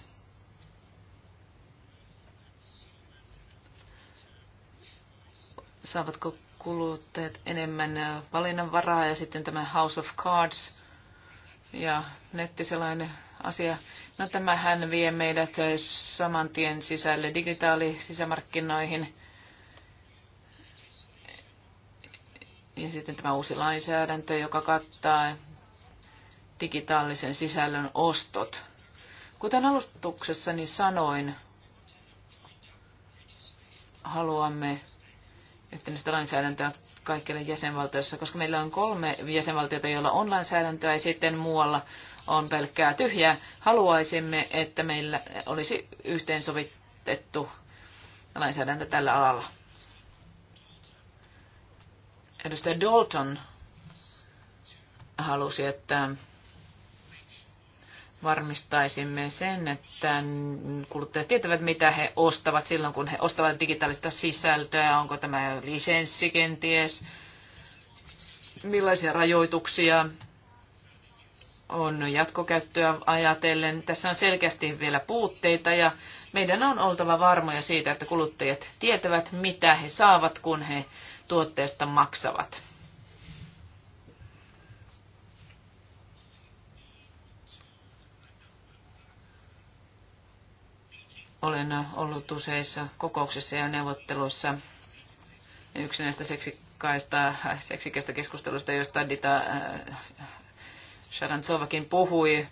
[SPEAKER 1] Saavatko kuluttajat enemmän valinnanvaraa ja sitten tämä House of Cards ja nettiselainen asia – No tämähän vie meidät saman tien sisälle digitaalisisämarkkinoihin. Ja sitten tämä uusi lainsäädäntö, joka kattaa digitaalisen sisällön ostot. Kuten alustuksessani sanoin, haluamme että näistä lainsäädäntöä kaikille jäsenvaltioissa, koska meillä on kolme jäsenvaltiota, joilla on lainsäädäntöä ja sitten muualla on pelkkää tyhjää. Haluaisimme, että meillä olisi yhteensovitettu lainsäädäntö tällä alalla. Edustaja Dalton halusi, että varmistaisimme sen, että kuluttajat tietävät, mitä he ostavat silloin, kun he ostavat digitaalista sisältöä, onko tämä lisenssi kenties, millaisia rajoituksia on jatkokäyttöä ajatellen. Tässä on selkeästi vielä puutteita ja meidän on oltava varmoja siitä, että kuluttajat tietävät, mitä he saavat, kun he tuotteesta maksavat. Olen ollut useissa kokouksissa ja neuvotteluissa yksi näistä seksikkaista, seksikästä keskustelusta, josta Dita äh, Sharantsovakin puhui,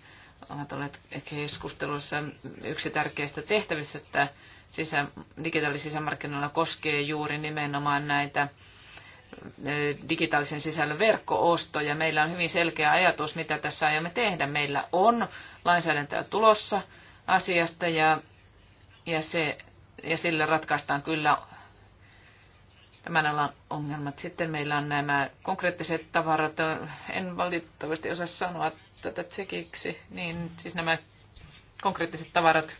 [SPEAKER 1] ovat olleet keskustelussa yksi tärkeistä tehtävistä, että sisä, digitaalisisämarkkinoilla koskee juuri nimenomaan näitä digitaalisen sisällön verkkoostoja. Meillä on hyvin selkeä ajatus, mitä tässä aiomme tehdä. Meillä on lainsäädäntöä tulossa asiasta ja, ja, se, ja sillä ratkaistaan kyllä tämän alan ongelmat. Sitten meillä on nämä konkreettiset tavarat. En valitettavasti osaa sanoa tätä tsekiksi. Niin, siis nämä konkreettiset tavarat.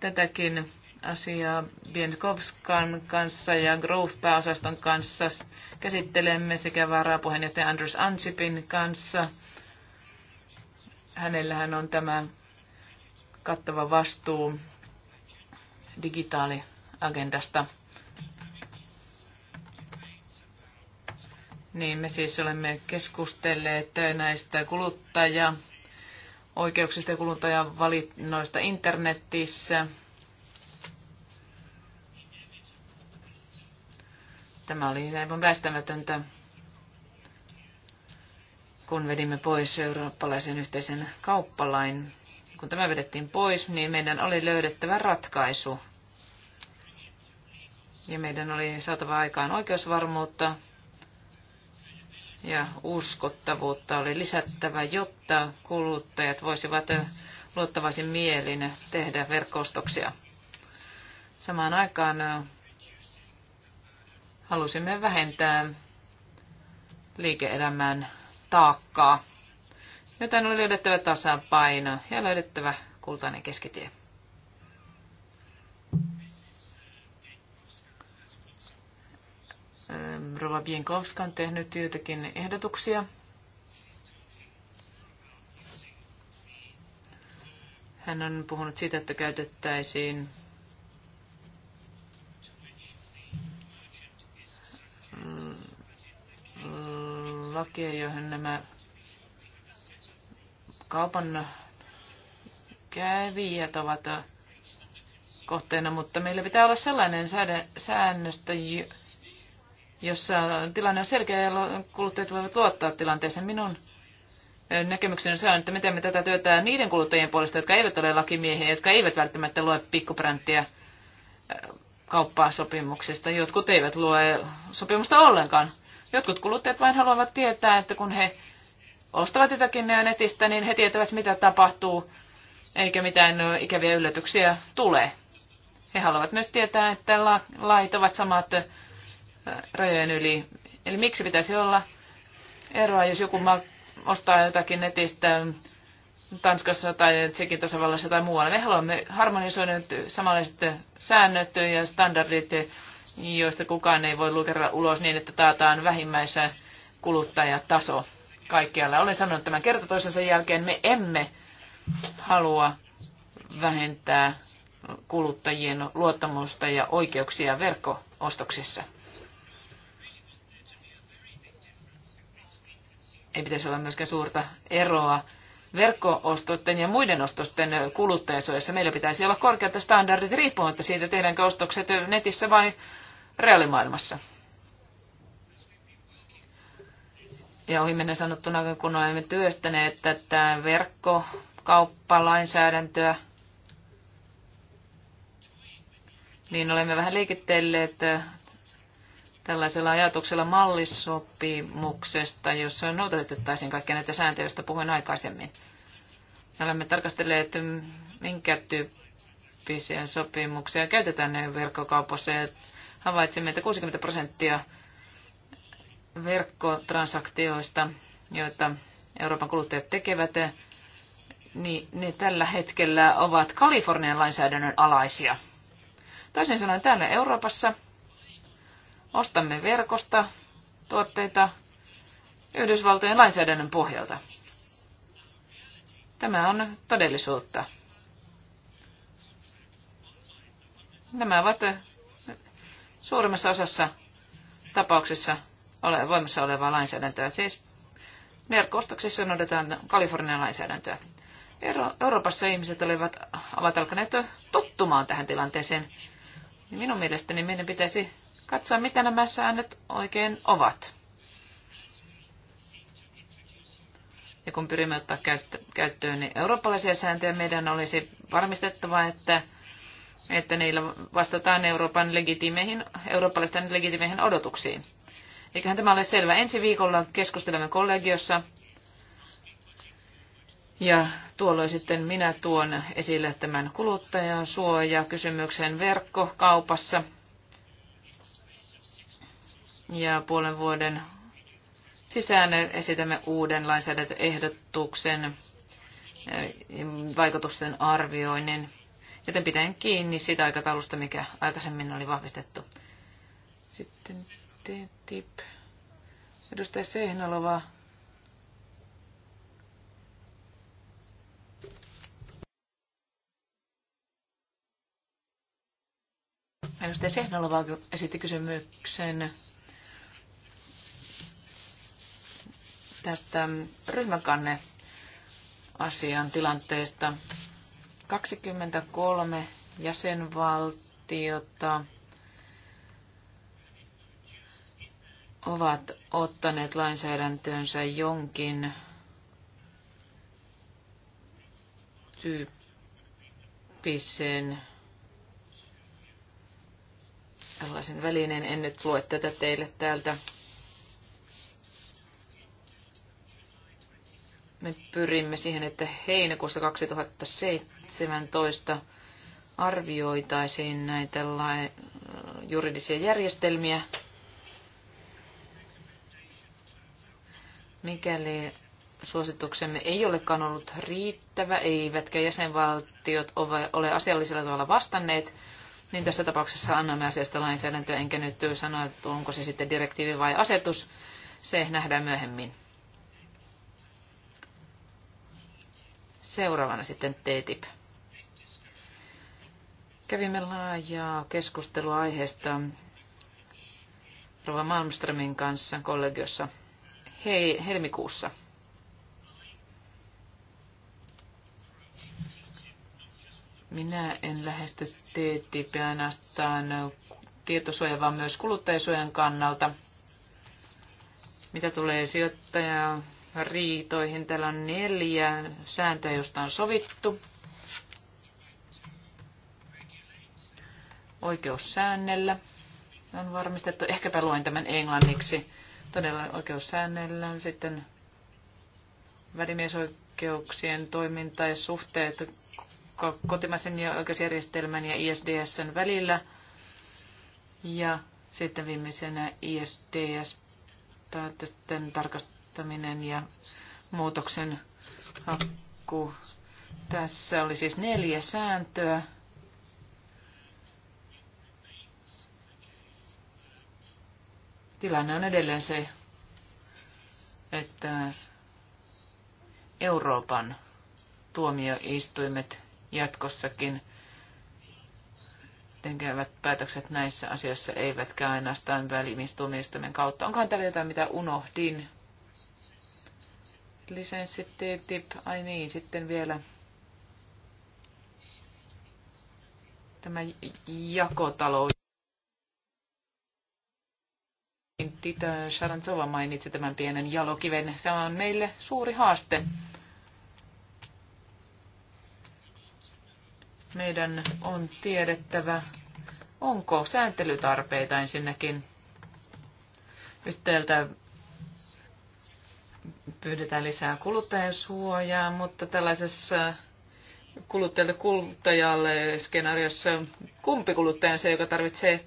[SPEAKER 1] Tätäkin asiaa Bienkovskan kanssa ja Growth-pääosaston kanssa käsittelemme sekä varapuheenjohtaja Andrus Ansipin kanssa. Hänellähän on tämä kattava vastuu digitaaliagendasta, niin me siis olemme keskustelleet näistä kuluttaja oikeuksista ja kuluttajan valinnoista internetissä. Tämä oli aivan väistämätöntä, kun vedimme pois eurooppalaisen yhteisen kauppalain kun tämä vedettiin pois, niin meidän oli löydettävä ratkaisu. Ja meidän oli saatava aikaan oikeusvarmuutta ja uskottavuutta oli lisättävä, jotta kuluttajat voisivat luottavaisin mielin tehdä verkostoksia. Samaan aikaan halusimme vähentää liike-elämän taakkaa. Joten oli löydettävä tasapaino ja löydettävä kultainen keskitie. Rova Bienkowska on tehnyt joitakin ehdotuksia. Hän on puhunut siitä, että käytettäisiin lakia, johon nämä kaupan kävijät ovat kohteena, mutta meillä pitää olla sellainen säännöstä, jossa tilanne on selkeä ja kuluttajat voivat luottaa tilanteeseen. Minun näkemykseni se että miten me tätä työtä niiden kuluttajien puolesta, jotka eivät ole lakimiehiä, jotka eivät välttämättä lue pikkupränttiä kauppaa sopimuksesta. Jotkut eivät lue sopimusta ollenkaan. Jotkut kuluttajat vain haluavat tietää, että kun he ostavat jotakin netistä, niin he tietävät, mitä tapahtuu, eikä mitään ikäviä yllätyksiä tule. He haluavat myös tietää, että lait ovat samat rajojen yli. Eli miksi pitäisi olla eroa, jos joku maa ostaa jotakin netistä Tanskassa tai Tsekin tasavallassa tai muualla. Me haluamme harmonisoida samanlaiset säännöt ja standardit, joista kukaan ei voi lukea ulos niin, että taataan vähimmäisen kuluttajataso kaikkialla. Olen sanonut tämän kerta toisensa jälkeen. Me emme halua vähentää kuluttajien luottamusta ja oikeuksia verkko-ostoksissa. Ei pitäisi olla myöskään suurta eroa verkko-ostosten ja muiden ostosten kuluttajasuojassa. Meillä pitäisi olla korkeat standardit riippumatta siitä, tehdäänkö ostokset netissä vai reaalimaailmassa. ja ohimennen sanottuna, kun olemme työstäneet tätä verkkokauppalainsäädäntöä, niin olemme vähän liikitteelleet äh, tällaisella ajatuksella mallisopimuksesta, jossa noudatettaisiin kaikkia näitä sääntöjä, joista puhuin aikaisemmin. Olemme tarkastelleet, minkä tyyppisiä sopimuksia käytetään verkkokaupassa, ja havaitsimme, että 60 prosenttia verkkotransaktioista, joita Euroopan kuluttajat tekevät, niin ne tällä hetkellä ovat Kalifornian lainsäädännön alaisia. Toisin sanoen täällä Euroopassa ostamme verkosta tuotteita Yhdysvaltojen lainsäädännön pohjalta. Tämä on todellisuutta. Nämä ovat suurimmassa osassa tapauksissa ole, voimassa olevaa lainsäädäntöä. Siis merkostoksissa noudatetaan Kalifornian lainsäädäntöä. Euro- Euroopassa ihmiset olivat, ovat alkaneet tottumaan tähän tilanteeseen. Niin minun mielestäni meidän pitäisi katsoa, mitä nämä säännöt oikein ovat. Ja kun pyrimme ottaa käyttöön niin eurooppalaisia sääntöjä, meidän olisi varmistettava, että, että niillä vastataan Euroopan legitimeihin, eurooppalaisten legitimeihin odotuksiin. Eiköhän tämä ole selvä. Ensi viikolla keskustelemme kollegiossa ja tuolloin sitten minä tuon esille tämän kuluttajan suoja kysymyksen verkkokaupassa. Ja puolen vuoden sisään esitämme uuden lainsäädäntöehdotuksen eh, vaikutusten arvioinnin, joten pitäen kiinni siitä aikataulusta, mikä aikaisemmin oli vahvistettu. Sitten TTIP. Edustaja Sehnalova. Edustaja Sehnalova esitti kysymyksen tästä ryhmäkanne asian tilanteesta. 23 jäsenvaltiota ovat ottaneet lainsäädäntöönsä jonkin tyyppisen tällaisen välineen. En nyt lue tätä teille täältä. Me pyrimme siihen, että heinäkuussa 2017 arvioitaisiin näitä juridisia järjestelmiä Mikäli suosituksemme ei olekaan ollut riittävä, eivätkä jäsenvaltiot ole asiallisella tavalla vastanneet, niin tässä tapauksessa annamme asiasta lainsäädäntöä, enkä nyt sanoa, että onko se sitten direktiivi vai asetus. Se nähdään myöhemmin. Seuraavana sitten TTIP. Kävimme laajaa keskustelua aiheesta Rova Malmströmin kanssa kollegiossa hei, helmikuussa. Minä en lähesty TTIP ainoastaan tietosuojan, vaan myös kuluttajasuojan kannalta. Mitä tulee sijoittajariitoihin, riitoihin, täällä on neljä sääntöä, josta on sovittu. Oikeussäännellä on varmistettu. Ehkäpä luen tämän englanniksi todella oikeussäännellä. Sitten välimiesoikeuksien toiminta ja suhteet kotimaisen ja oikeusjärjestelmän ja ISDSn välillä. Ja sitten viimeisenä ISDS-päätösten tarkastaminen ja muutoksen hakku. Tässä oli siis neljä sääntöä. Tilanne on edelleen se, että Euroopan tuomioistuimet jatkossakin tekevät päätökset näissä asioissa, eivätkä ainoastaan välimistuomioistuimen kautta. Onkohan täällä jotain, mitä unohdin? Lisenssi TTIP, ai niin, sitten vielä tämä jakotalous. Tita äh, Sharantsova mainitsi tämän pienen jalokiven. Se on meille suuri haaste. Meidän on tiedettävä, onko sääntelytarpeita ensinnäkin. Yhtäältä pyydetään lisää kuluttajasuojaa, mutta tällaisessa kuluttajalle kuluttajalle skenaariossa kumpi kuluttaja on se, joka tarvitsee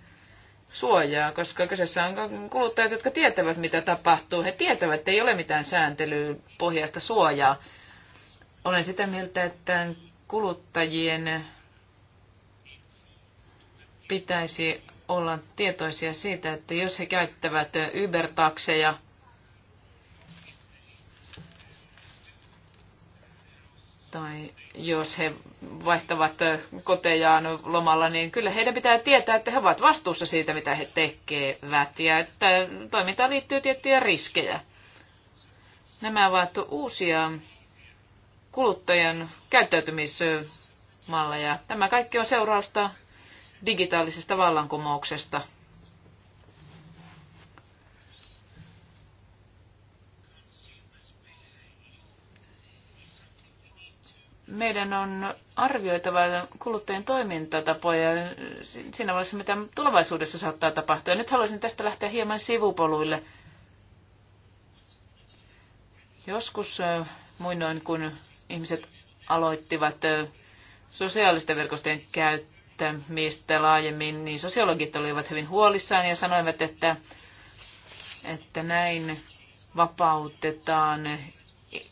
[SPEAKER 1] suojaa, koska kyseessä on kuluttajat, jotka tietävät, mitä tapahtuu. He tietävät, että ei ole mitään sääntelypohjaista suojaa. Olen sitä mieltä, että kuluttajien pitäisi olla tietoisia siitä, että jos he käyttävät Uber-takseja, tai jos he vaihtavat kotejaan lomalla, niin kyllä heidän pitää tietää, että he ovat vastuussa siitä, mitä he tekevät ja että toimintaan liittyy tiettyjä riskejä. Nämä ovat uusia kuluttajan käyttäytymismalleja. Tämä kaikki on seurausta digitaalisesta vallankumouksesta – meidän on arvioitava kuluttajien toimintatapoja siinä vaiheessa, mitä tulevaisuudessa saattaa tapahtua. Ja nyt haluaisin tästä lähteä hieman sivupoluille. Joskus muinoin, kun ihmiset aloittivat sosiaalisten verkostojen käyttämistä laajemmin, niin sosiologit olivat hyvin huolissaan ja sanoivat, että, että näin vapautetaan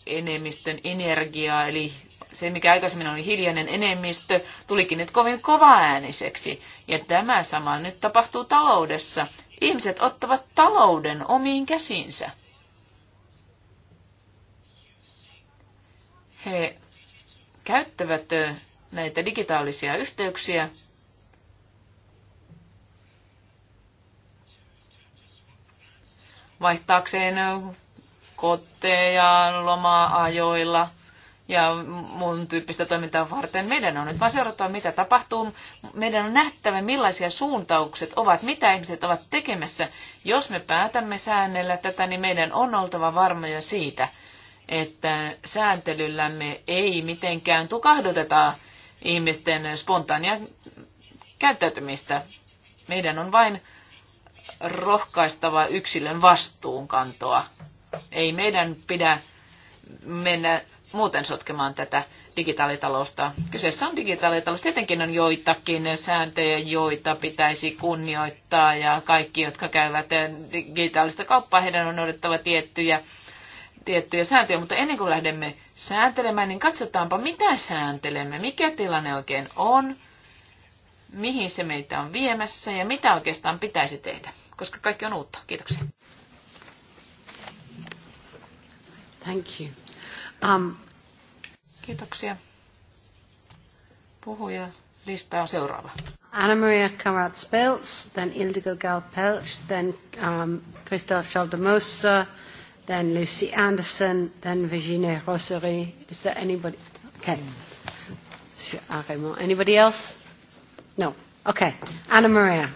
[SPEAKER 1] enemmistön energiaa, eli se, mikä aikaisemmin oli hiljainen enemmistö, tulikin nyt kovin kovaääniseksi. Ja tämä sama nyt tapahtuu taloudessa. Ihmiset ottavat talouden omiin käsiinsä. He käyttävät näitä digitaalisia yhteyksiä vaihtaakseen kotteja, loma-ajoilla – ja muun tyyppistä toimintaa varten. Meidän on nyt vaan seurattava, mitä tapahtuu. Meidän on nähtävä, millaisia suuntaukset ovat, mitä ihmiset ovat tekemässä. Jos me päätämme säännellä tätä, niin meidän on oltava varmoja siitä, että sääntelyllämme ei mitenkään tukahduteta ihmisten spontaania käyttäytymistä. Meidän on vain rohkaistava yksilön vastuunkantoa. Ei meidän pidä mennä muuten sotkemaan tätä digitaalitalousta. Kyseessä on digitaalitalous. Tietenkin on joitakin sääntöjä, joita pitäisi kunnioittaa ja kaikki, jotka käyvät eh, digitaalista kauppaa, heidän on odottava tiettyjä, tiettyjä sääntöjä. Mutta ennen kuin lähdemme sääntelemään, niin katsotaanpa, mitä sääntelemme, mikä tilanne oikein on, mihin se meitä on viemässä ja mitä oikeastaan pitäisi tehdä, koska kaikki on uutta. Kiitoksia. Thank
[SPEAKER 3] you. Um, Kiitoksia. Puhuja lista on seuraava. Anna-Maria Karat-Speltz, then Ildiko Pelch, then um, Christel Chaldemosa, then Lucy Anderson, then Virginie Rosary. Is there anybody? Okay. Monsieur Arimo. Anybody else? No. Okay. Anna-Maria.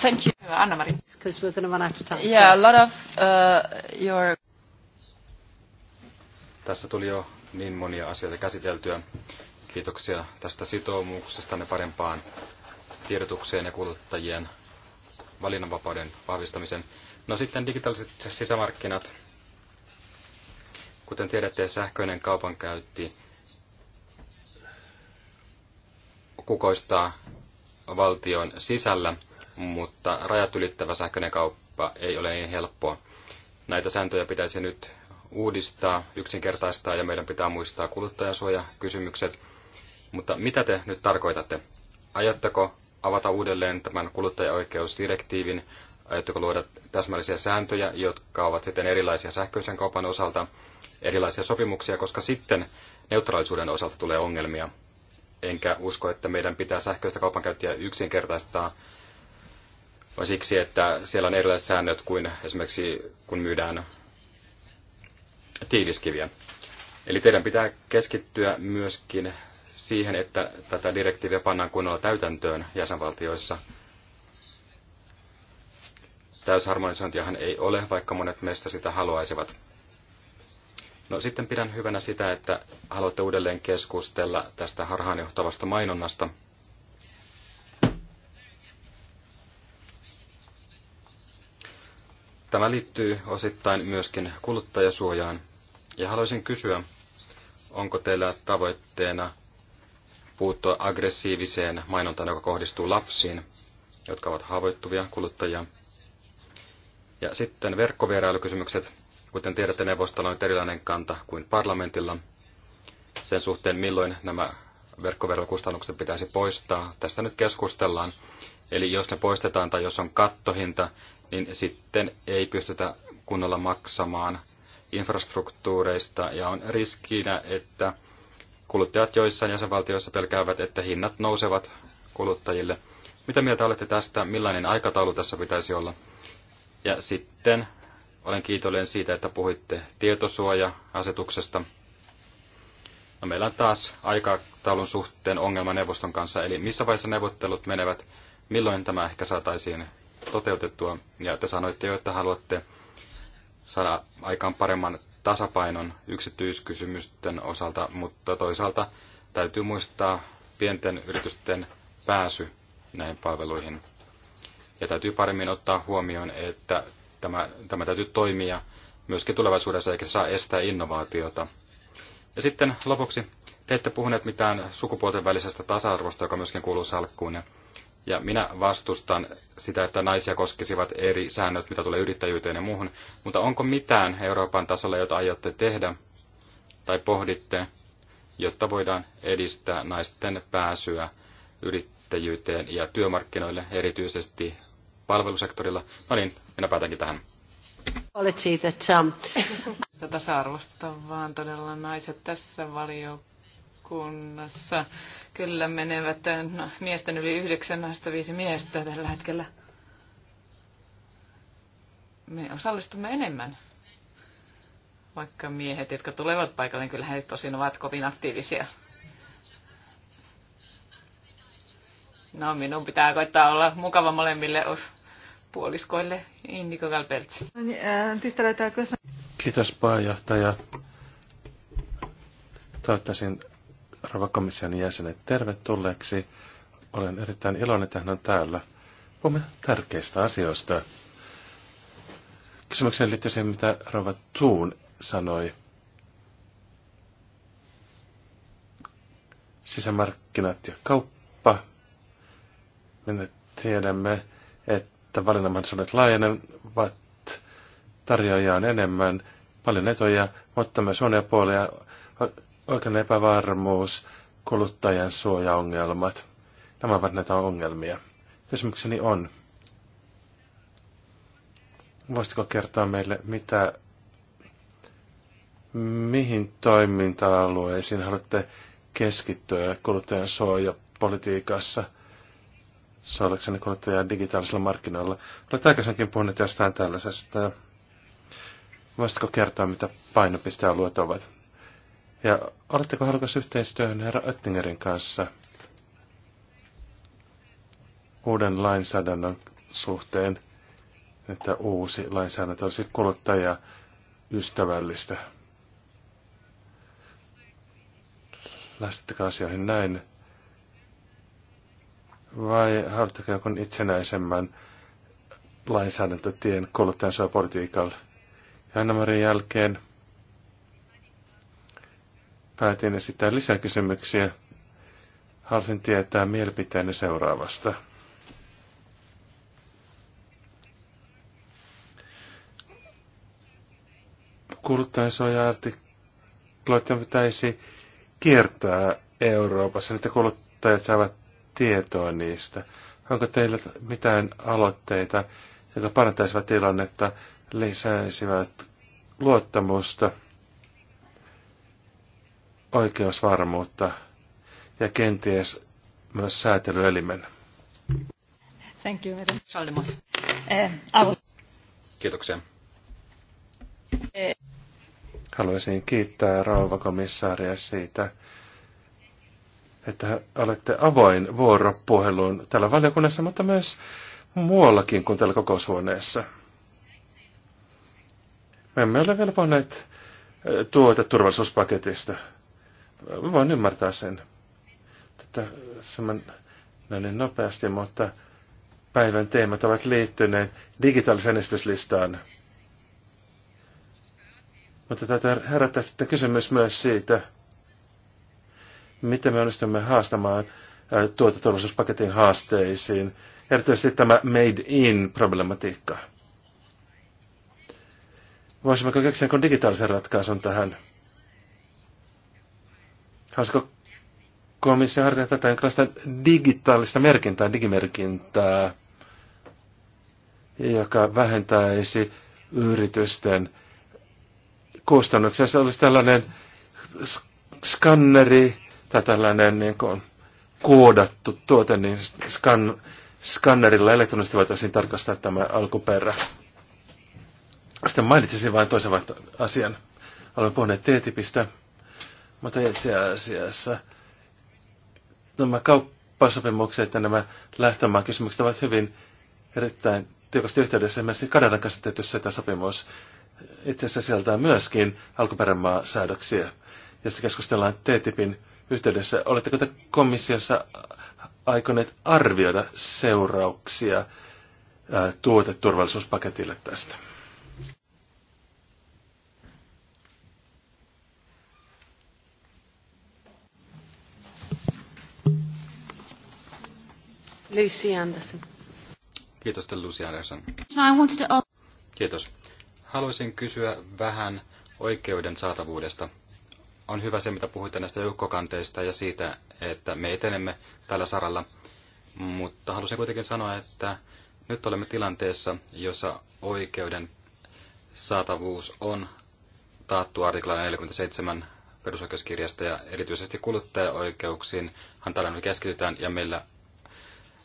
[SPEAKER 3] Thank you. Anna-Maria. Because we're going to run out of time. Yeah, so. a lot of uh, your...
[SPEAKER 4] Tässä tuli jo niin monia asioita käsiteltyä. Kiitoksia tästä sitoumuksesta ne parempaan tiedotukseen ja kuluttajien valinnanvapauden vahvistamisen. No sitten digitaaliset sisämarkkinat. Kuten tiedätte, sähköinen kaupankäytti kukoistaa valtion sisällä, mutta rajat ylittävä sähköinen kauppa ei ole niin helppoa. Näitä sääntöjä pitäisi nyt uudistaa, yksinkertaistaa ja meidän pitää muistaa kuluttajasuojakysymykset. Mutta mitä te nyt tarkoitatte? Ajatteko avata uudelleen tämän kuluttajaoikeusdirektiivin? Ajatteko luoda täsmällisiä sääntöjä, jotka ovat sitten erilaisia sähköisen kaupan osalta, erilaisia sopimuksia, koska sitten neutraalisuuden osalta tulee ongelmia. Enkä usko, että meidän pitää sähköistä kaupankäyttöä yksinkertaistaa vaan siksi, että siellä on erilaiset säännöt kuin esimerkiksi kun myydään tiiliskiviä. Eli teidän pitää keskittyä myöskin siihen, että tätä direktiiviä pannaan kunnolla täytäntöön jäsenvaltioissa. Täysharmonisointiahan ei ole, vaikka monet meistä sitä haluaisivat. No sitten pidän hyvänä sitä, että haluatte uudelleen keskustella tästä harhaanjohtavasta mainonnasta – Tämä liittyy osittain myöskin kuluttajasuojaan. Ja haluaisin kysyä, onko teillä tavoitteena puuttua aggressiiviseen mainontaan, joka kohdistuu lapsiin, jotka ovat haavoittuvia kuluttajia. Ja sitten verkkovierailukysymykset. Kuten tiedätte, neuvostolla on erilainen kanta kuin parlamentilla sen suhteen, milloin nämä verkkoverokustannukset pitäisi poistaa. Tästä nyt keskustellaan. Eli jos ne poistetaan tai jos on kattohinta, niin sitten ei pystytä kunnolla maksamaan infrastruktuureista ja on riskinä, että kuluttajat joissain jäsenvaltioissa pelkäävät, että hinnat nousevat kuluttajille. Mitä mieltä olette tästä? Millainen aikataulu tässä pitäisi olla? Ja sitten olen kiitollinen siitä, että puhuitte tietosuoja-asetuksesta. No, meillä on taas aikataulun suhteen ongelma neuvoston kanssa, eli missä vaiheessa neuvottelut menevät, milloin tämä ehkä saataisiin toteutettua. Ja te sanoitte jo, että haluatte saada aikaan paremman tasapainon yksityiskysymysten osalta, mutta toisaalta täytyy muistaa pienten yritysten pääsy näihin palveluihin. Ja täytyy paremmin ottaa huomioon, että tämä, tämä täytyy toimia myöskin tulevaisuudessa, eikä saa estää innovaatiota. Ja sitten lopuksi, te ette puhuneet mitään sukupuolten välisestä tasa-arvosta, joka myöskin kuuluu salkkuun. Ja minä vastustan sitä, että naisia koskisivat eri säännöt, mitä tulee yrittäjyyteen ja muuhun. Mutta onko mitään Euroopan tasolla, jota aiotte tehdä tai pohditte, jotta voidaan edistää naisten pääsyä yrittäjyyteen ja työmarkkinoille, erityisesti palvelusektorilla? No niin, minä päätänkin tähän.
[SPEAKER 3] Olet siitä, että
[SPEAKER 1] tasa-arvosta vaan todella naiset tässä valiokunnassa Kyllä menevät no, miesten yli 905 miestä tällä hetkellä. Me osallistumme enemmän. Vaikka miehet, jotka tulevat paikalle, niin kyllä he tosin ovat kovin aktiivisia. No, minun pitää koittaa olla mukava molemmille puoliskoille. Indiko Galpertsi.
[SPEAKER 2] Kiitos pääjohtaja. Toivottavasti rouva komission jäsenet tervetulleeksi. Olen erittäin iloinen, että hän on täällä. Puhumme tärkeistä asioista. Kysymykseen liittyy siihen, mitä Rova Tuun sanoi. Sisämarkkinat ja kauppa. Me tiedämme, että valinnanmahdollisuudet laajenevat, tarjoajia on enemmän, paljon etuja, mutta myös huonoja puolia oikein epävarmuus, kuluttajan suojaongelmat. Nämä ovat näitä ongelmia. Kysymykseni on, voisitko kertoa meille, mitä, mihin toiminta-alueisiin haluatte keskittyä kuluttajan suojapolitiikassa? Saadakseni kuluttajaa digitaalisella markkinoilla. Olet aikaisemmin puhunut jostain tällaisesta. Voisitko kertoa, mitä painopistealueet ovat? Ja oletteko halukas yhteistyöhön herra Oettingerin kanssa uuden lainsäädännön suhteen, että uusi lainsäädäntö olisi ystävällistä, Lähestettekö asioihin näin? Vai haluatteko jonkun itsenäisemmän lainsäädäntötien kuluttajansuojapolitiikalle? Ja Anna-Marin jälkeen päätin esittää lisäkysymyksiä. Haluaisin tietää mielipiteenne seuraavasta. Kuluttajansuoja-artikloita pitäisi kiertää Euroopassa, että kuluttajat saavat tietoa niistä. Onko teillä mitään aloitteita, jotka parantaisivat tilannetta, lisäisivät luottamusta – oikeusvarmuutta ja kenties myös säätelyelimen.
[SPEAKER 3] Thank you, Madam eh,
[SPEAKER 4] Kiitoksia.
[SPEAKER 2] Haluaisin kiittää rouva siitä, että olette avoin vuoropuheluun täällä valiokunnassa, mutta myös muuallakin kuin täällä kokoushuoneessa. Me emme ole vielä voineet eh, tuota turvallisuuspaketista voin ymmärtää sen. Tätä semmoinen nopeasti, mutta päivän teemat ovat liittyneet digitaalisen esityslistaan. Mutta täytyy herättää sitten kysymys myös siitä, miten me onnistumme haastamaan tuoteturvallisuuspaketin haasteisiin, erityisesti tämä made in problematiikka. Voisimmeko keksiä digitaalisen ratkaisun tähän? Olisiko komissio harkita tätä jonkinlaista digitaalista merkintää, digimerkintää, joka vähentäisi yritysten kustannuksia. Se olisi tällainen skanneri tai tällainen niin kuin koodattu tuote, niin skan, skannerilla elektronisesti voitaisiin tarkastaa tämä alkuperä. Sitten mainitsisin vain toisen asian. Olemme puhuneet TTIPistä. Mutta itse asiassa nämä kauppasopimukset ja nämä lähtömaan kysymykset ovat hyvin erittäin tiukasti yhteydessä. Esimerkiksi Kanadan kanssa tehty sopimus itse asiassa sieltä myöskin alkuperämaa säädöksiä, josta keskustellaan TTIPin yhteydessä. Oletteko te komissiossa aikoneet arvioida seurauksia tuoteturvallisuuspaketille tästä?
[SPEAKER 3] Lucy Anderson.
[SPEAKER 4] Kiitos, Lucy Anderson.
[SPEAKER 3] No,
[SPEAKER 4] Kiitos. Haluaisin kysyä vähän oikeuden saatavuudesta. On hyvä se, mitä puhuitte näistä joukkokanteista ja siitä, että me etenemme tällä saralla. Mutta halusin kuitenkin sanoa, että nyt olemme tilanteessa, jossa oikeuden saatavuus on taattu artikla 47 perusoikeuskirjasta ja erityisesti kuluttajaoikeuksiin tällä nyt keskitytään ja meillä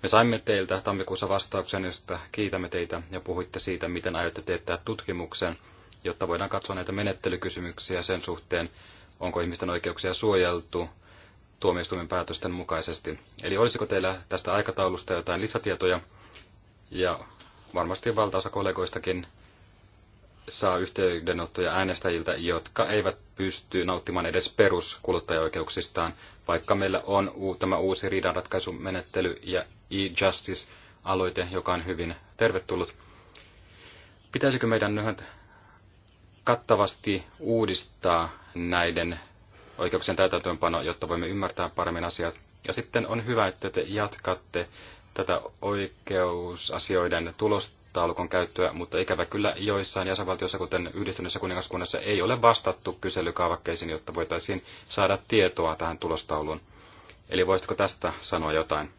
[SPEAKER 4] me saimme teiltä tammikuussa vastauksen, josta kiitämme teitä ja puhuitte siitä, miten aiotte teettää tutkimuksen, jotta voidaan katsoa näitä menettelykysymyksiä sen suhteen, onko ihmisten oikeuksia suojeltu tuomioistuimen päätösten mukaisesti. Eli olisiko teillä tästä aikataulusta jotain lisätietoja? Ja varmasti valtaosa kollegoistakin saa yhteydenottoja äänestäjiltä, jotka eivät pysty nauttimaan edes peruskuluttajaoikeuksistaan, vaikka meillä on tämä uusi riidanratkaisumenettely ja e-justice-aloite, joka on hyvin tervetullut. Pitäisikö meidän nyt kattavasti uudistaa näiden oikeuksien täytäntöönpano, jotta voimme ymmärtää paremmin asiat? Ja sitten on hyvä, että te jatkatte tätä oikeusasioiden tulosta taulukon käyttöä, mutta ikävä kyllä joissain jäsenvaltioissa, kuten yhdistyneessä kuningaskunnassa, ei ole vastattu kyselykaavakkeisiin, jotta voitaisiin saada tietoa tähän tulostauluun. Eli voisitko tästä sanoa jotain?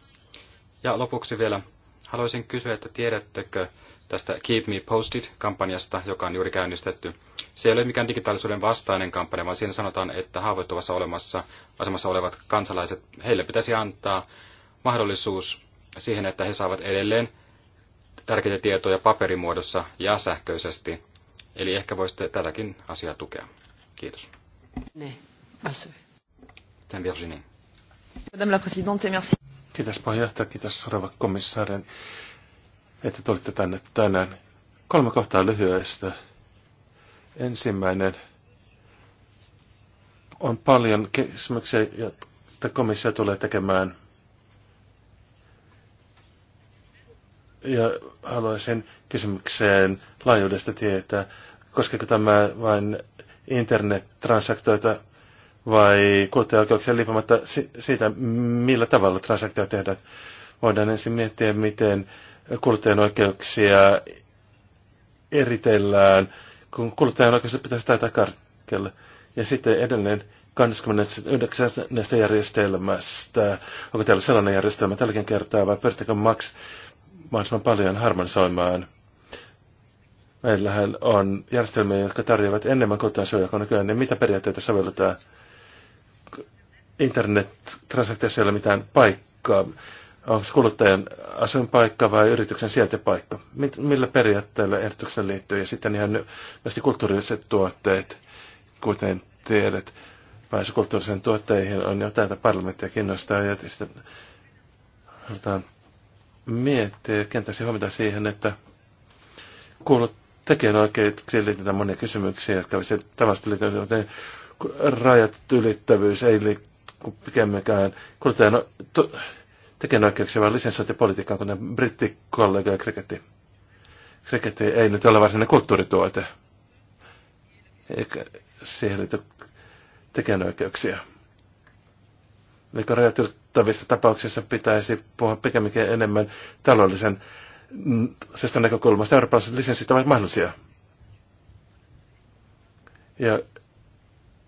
[SPEAKER 4] Ja lopuksi vielä haluaisin kysyä, että tiedättekö tästä Keep Me Posted-kampanjasta, joka on juuri käynnistetty. Se ei ole mikään digitaalisuuden vastainen kampanja, vaan siinä sanotaan, että haavoittuvassa olemassa, asemassa olevat kansalaiset, heille pitäisi antaa mahdollisuus siihen, että he saavat edelleen tärkeitä tietoja paperimuodossa ja sähköisesti. Eli ehkä voisitte tätäkin asiaa tukea. Kiitos.
[SPEAKER 1] Ne, Virginie. Madame la Présidente, merci.
[SPEAKER 2] Kiitos puheenjohtaja, kiitos rouva komissaarin, että tulitte tänne tänään. Kolme kohtaa lyhyestä. Ensimmäinen on paljon kysymyksiä, että komissio tulee tekemään – ja haluaisin kysymykseen laajuudesta tietää, koskeeko tämä vain internet-transaktioita vai kuluttajaoikeuksia liipamatta siitä, millä tavalla transaktio tehdään. Voidaan ensin miettiä, miten kuluttajan oikeuksia eritellään, kun kuluttajan oikeuksia pitäisi taitaa karkella. Ja sitten edelleen 29. järjestelmästä. Onko teillä sellainen järjestelmä tälläkin kertaa vai pyrittekö maks mahdollisimman paljon harmonisoimaan. Meillähän on järjestelmiä, jotka tarjoavat enemmän kuluttajansuojaa kuin nykyään, niin mitä periaatteita sovelletaan? Internet-transaktiossa ei ole mitään paikkaa. Onko kuluttajan asuinpaikka vai yrityksen sijaintipaikka? Millä periaatteella ehdotuksen liittyy? Ja sitten ihan myöskin kulttuuriset tuotteet, kuten tiedät, se kulttuurisen tuotteihin on jotain, jota parlamenttia kiinnostaa. Ja sitten halutaan ja kentäisi huomiota siihen, että kuulut tekijänoikeuksiin liitetään monia kysymyksiä, jotka tavasti liittyvät, rajat ylittävyys ei liikku pikemminkään kuluttajan no, to, oikeuksia, vaan lisensointipolitiikkaan, kuten brittikollega ja kriketti. Kriketti ei nyt ole varsinainen kulttuurituote, eikä siihen liity tekijänoikeuksia. Eikö rajoitettavista tapauksissa pitäisi puhua pikemminkin enemmän taloudellisen sestä näkökulmasta eurooppalaiset lisenssit ovat mahdollisia. Ja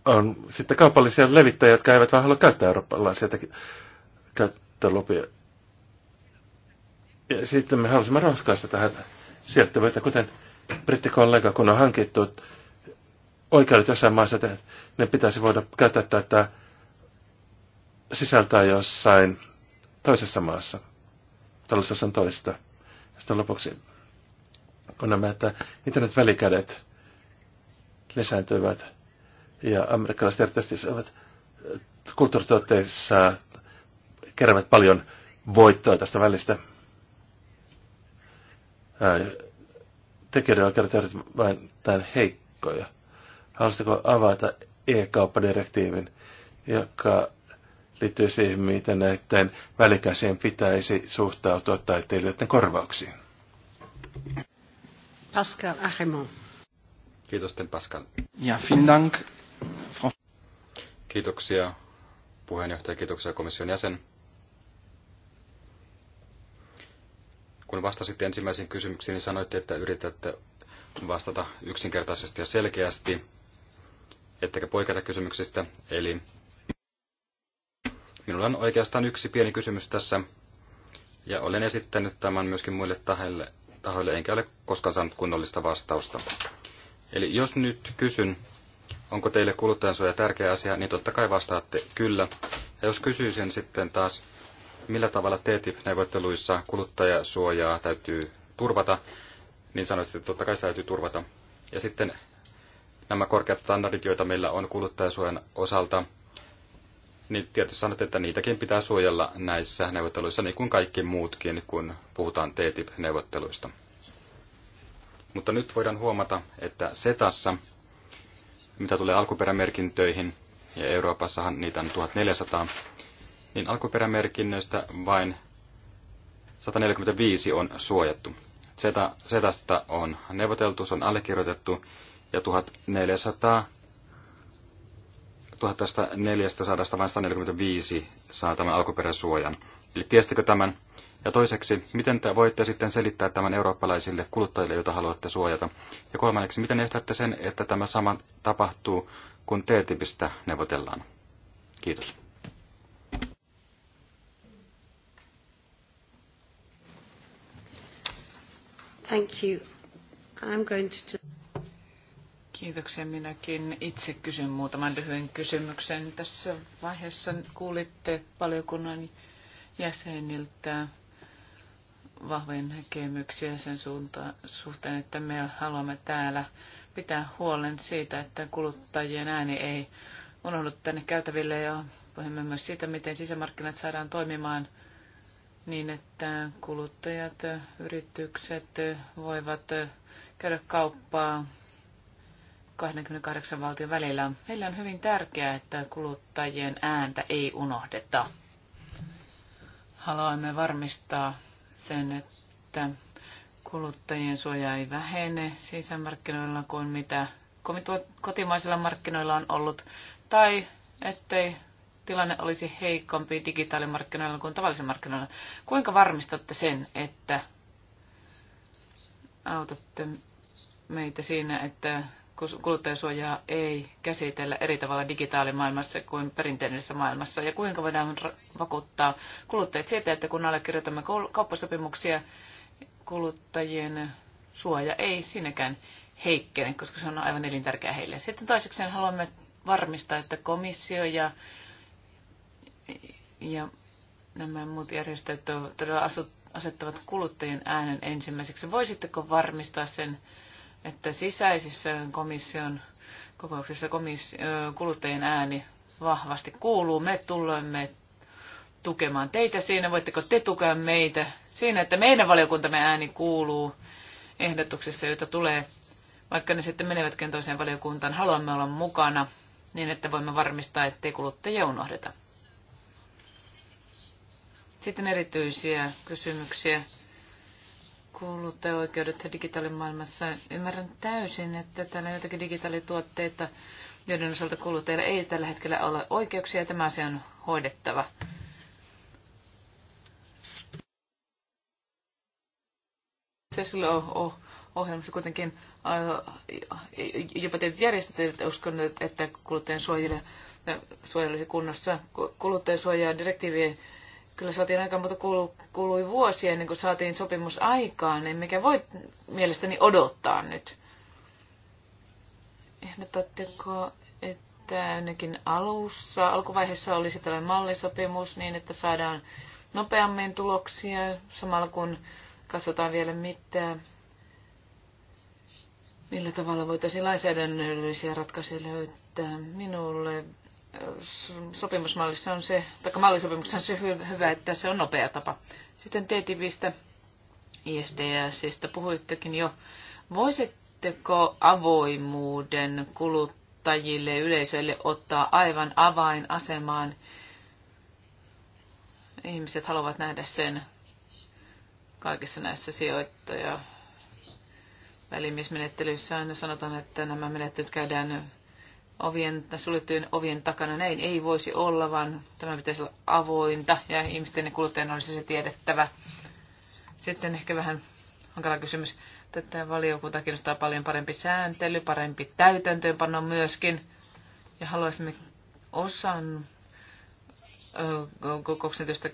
[SPEAKER 2] on sitten kaupallisia levittäjiä, jotka eivät vaan halua käyttää eurooppalaisia käyttölupia. Ja sitten me halusimme rohkaista tähän sieltävyyttä, kuten brittikollega, kun on hankittu oikeudet jossain maassa, että ne pitäisi voida käyttää tätä sisältää jossain toisessa maassa, talousosan toista. Sitten lopuksi kun nämä, että internetvälikädet lisääntyvät ja amerikkalaiset erityisesti ovat äh, kulttuurituotteissa keräävät paljon voittoa tästä välistä. Äh, tekijöiden oikeudet ovat vain tämän heikkoja. Haluaisitko avata e-kauppadirektiivin, joka liittyy siihen, miten näiden välikäsien pitäisi suhtautua taiteilijoiden korvauksiin.
[SPEAKER 3] Pascal Ahemon.
[SPEAKER 4] Kiitos teille Pascal.
[SPEAKER 2] Ja dank.
[SPEAKER 4] Kiitoksia puheenjohtaja, kiitoksia komission jäsen. Kun vastasitte ensimmäisiin kysymyksiin, niin sanoitte, että yritätte vastata yksinkertaisesti ja selkeästi, ettekä poiketa kysymyksistä, eli Minulla on oikeastaan yksi pieni kysymys tässä, ja olen esittänyt tämän myöskin muille tahoille, tahoille enkä ole koskaan saanut kunnollista vastausta. Eli jos nyt kysyn, onko teille kuluttajansuoja tärkeä asia, niin totta kai vastaatte kyllä. Ja jos kysyisin sitten taas, millä tavalla TTIP-neuvotteluissa kuluttajasuojaa täytyy turvata, niin sanoisin, että totta kai se täytyy turvata. Ja sitten nämä korkeat standardit, joita meillä on kuluttajasuojan osalta, niin tietysti sanotte, että niitäkin pitää suojella näissä neuvotteluissa, niin kuin kaikki muutkin, kun puhutaan TTIP-neuvotteluista. Mutta nyt voidaan huomata, että SETassa, mitä tulee alkuperämerkintöihin, ja Euroopassahan niitä on 1400, niin alkuperämerkinnöistä vain 145 on suojattu. Setasta on neuvoteltu, se on allekirjoitettu, ja 1400 1400 vai 145 saa tämän alkuperäsuojan. Eli tiestikö tämän? Ja toiseksi, miten te voitte sitten selittää tämän eurooppalaisille kuluttajille, joita haluatte suojata? Ja kolmanneksi, miten estätte sen, että tämä sama tapahtuu, kun TTIPistä neuvotellaan? Kiitos.
[SPEAKER 1] Thank you. I'm going to... Kiitoksia. Minäkin itse kysyn muutaman lyhyen kysymyksen. Tässä vaiheessa kuulitte valiokunnan jäseniltä vahvoja näkemyksiä sen suunta, suhteen, että me haluamme täällä pitää huolen siitä, että kuluttajien ääni ei unohdu tänne käytäville ja puhumme myös siitä, miten sisämarkkinat saadaan toimimaan niin, että kuluttajat, yritykset voivat käydä kauppaa 28 valtion välillä. Meillä on hyvin tärkeää, että kuluttajien ääntä ei unohdeta. Haluamme varmistaa sen, että kuluttajien suoja ei vähene sisämarkkinoilla kuin mitä kotimaisilla markkinoilla on ollut, tai ettei tilanne olisi heikompi digitaalimarkkinoilla kuin tavallisilla markkinoilla. Kuinka varmistatte sen, että autatte meitä siinä, että kuluttajasuojaa ei käsitellä eri tavalla digitaalimaailmassa kuin perinteisessä maailmassa. Ja kuinka voidaan vakuuttaa kuluttajat siitä, että kun allekirjoitamme kauppasopimuksia, kuluttajien suoja ei sinnekään heikkene, koska se on aivan elintärkeää heille. Sitten toisekseen haluamme varmistaa, että komissio ja, ja nämä muut järjestöt todella asettavat kuluttajien äänen ensimmäiseksi. Voisitteko varmistaa sen, että sisäisissä komission kokouksissa komis, kuluttajien ääni vahvasti kuuluu. Me tulemme tukemaan teitä siinä. Voitteko te tukea meitä siinä, että meidän valiokuntamme ääni kuuluu ehdotuksessa, joita tulee, vaikka ne sitten menevätkin toiseen valiokuntaan. Haluamme olla mukana niin, että voimme varmistaa, ettei kuluttajia unohdeta. Sitten erityisiä kysymyksiä kuluttajaoikeudet digitaalimaailmassa. Ymmärrän täysin, että täällä on jotakin digitaalituotteita, joiden osalta kuluttajilla ei tällä hetkellä ole oikeuksia, ja tämä asia on hoidettava. Cecil ohjelmassa kuitenkin äh, jopa tietyt järjestöt eivät uskoneet, että kuluttajan suojelu, suojelu kunnossa. Kuluttajan suojaa direktiivien kyllä saatiin aikaan, mutta kului vuosia ennen kuin saatiin sopimus aikaan, niin mikä voi mielestäni odottaa nyt. Ehdotatteko, että ainakin alussa, alkuvaiheessa olisi tällainen mallisopimus niin, että saadaan nopeammin tuloksia samalla kun katsotaan vielä mitä, millä tavalla voitaisiin lainsäädännöllisiä ratkaisuja löytää. Minulle sopimusmallissa on se, tai mallisopimuksessa on se hyvä, että se on nopea tapa. Sitten TTIPistä, ISDSistä puhuittekin jo. Voisitteko avoimuuden kuluttajille, yleisöille ottaa aivan avainasemaan? Ihmiset haluavat nähdä sen kaikissa näissä sijoittaja välimiesmenettelyissä aina sanotaan, että nämä menettelyt käydään ovien, suljettujen ovien takana. Näin ei voisi olla, vaan tämä pitäisi olla avointa ja ihmisten ja kuluttajan olisi se tiedettävä. Sitten ehkä vähän hankala kysymys. Tätä valiokunta kiinnostaa paljon parempi sääntely, parempi täytäntöönpano myöskin. Ja haluaisimme osan kokouksen työstä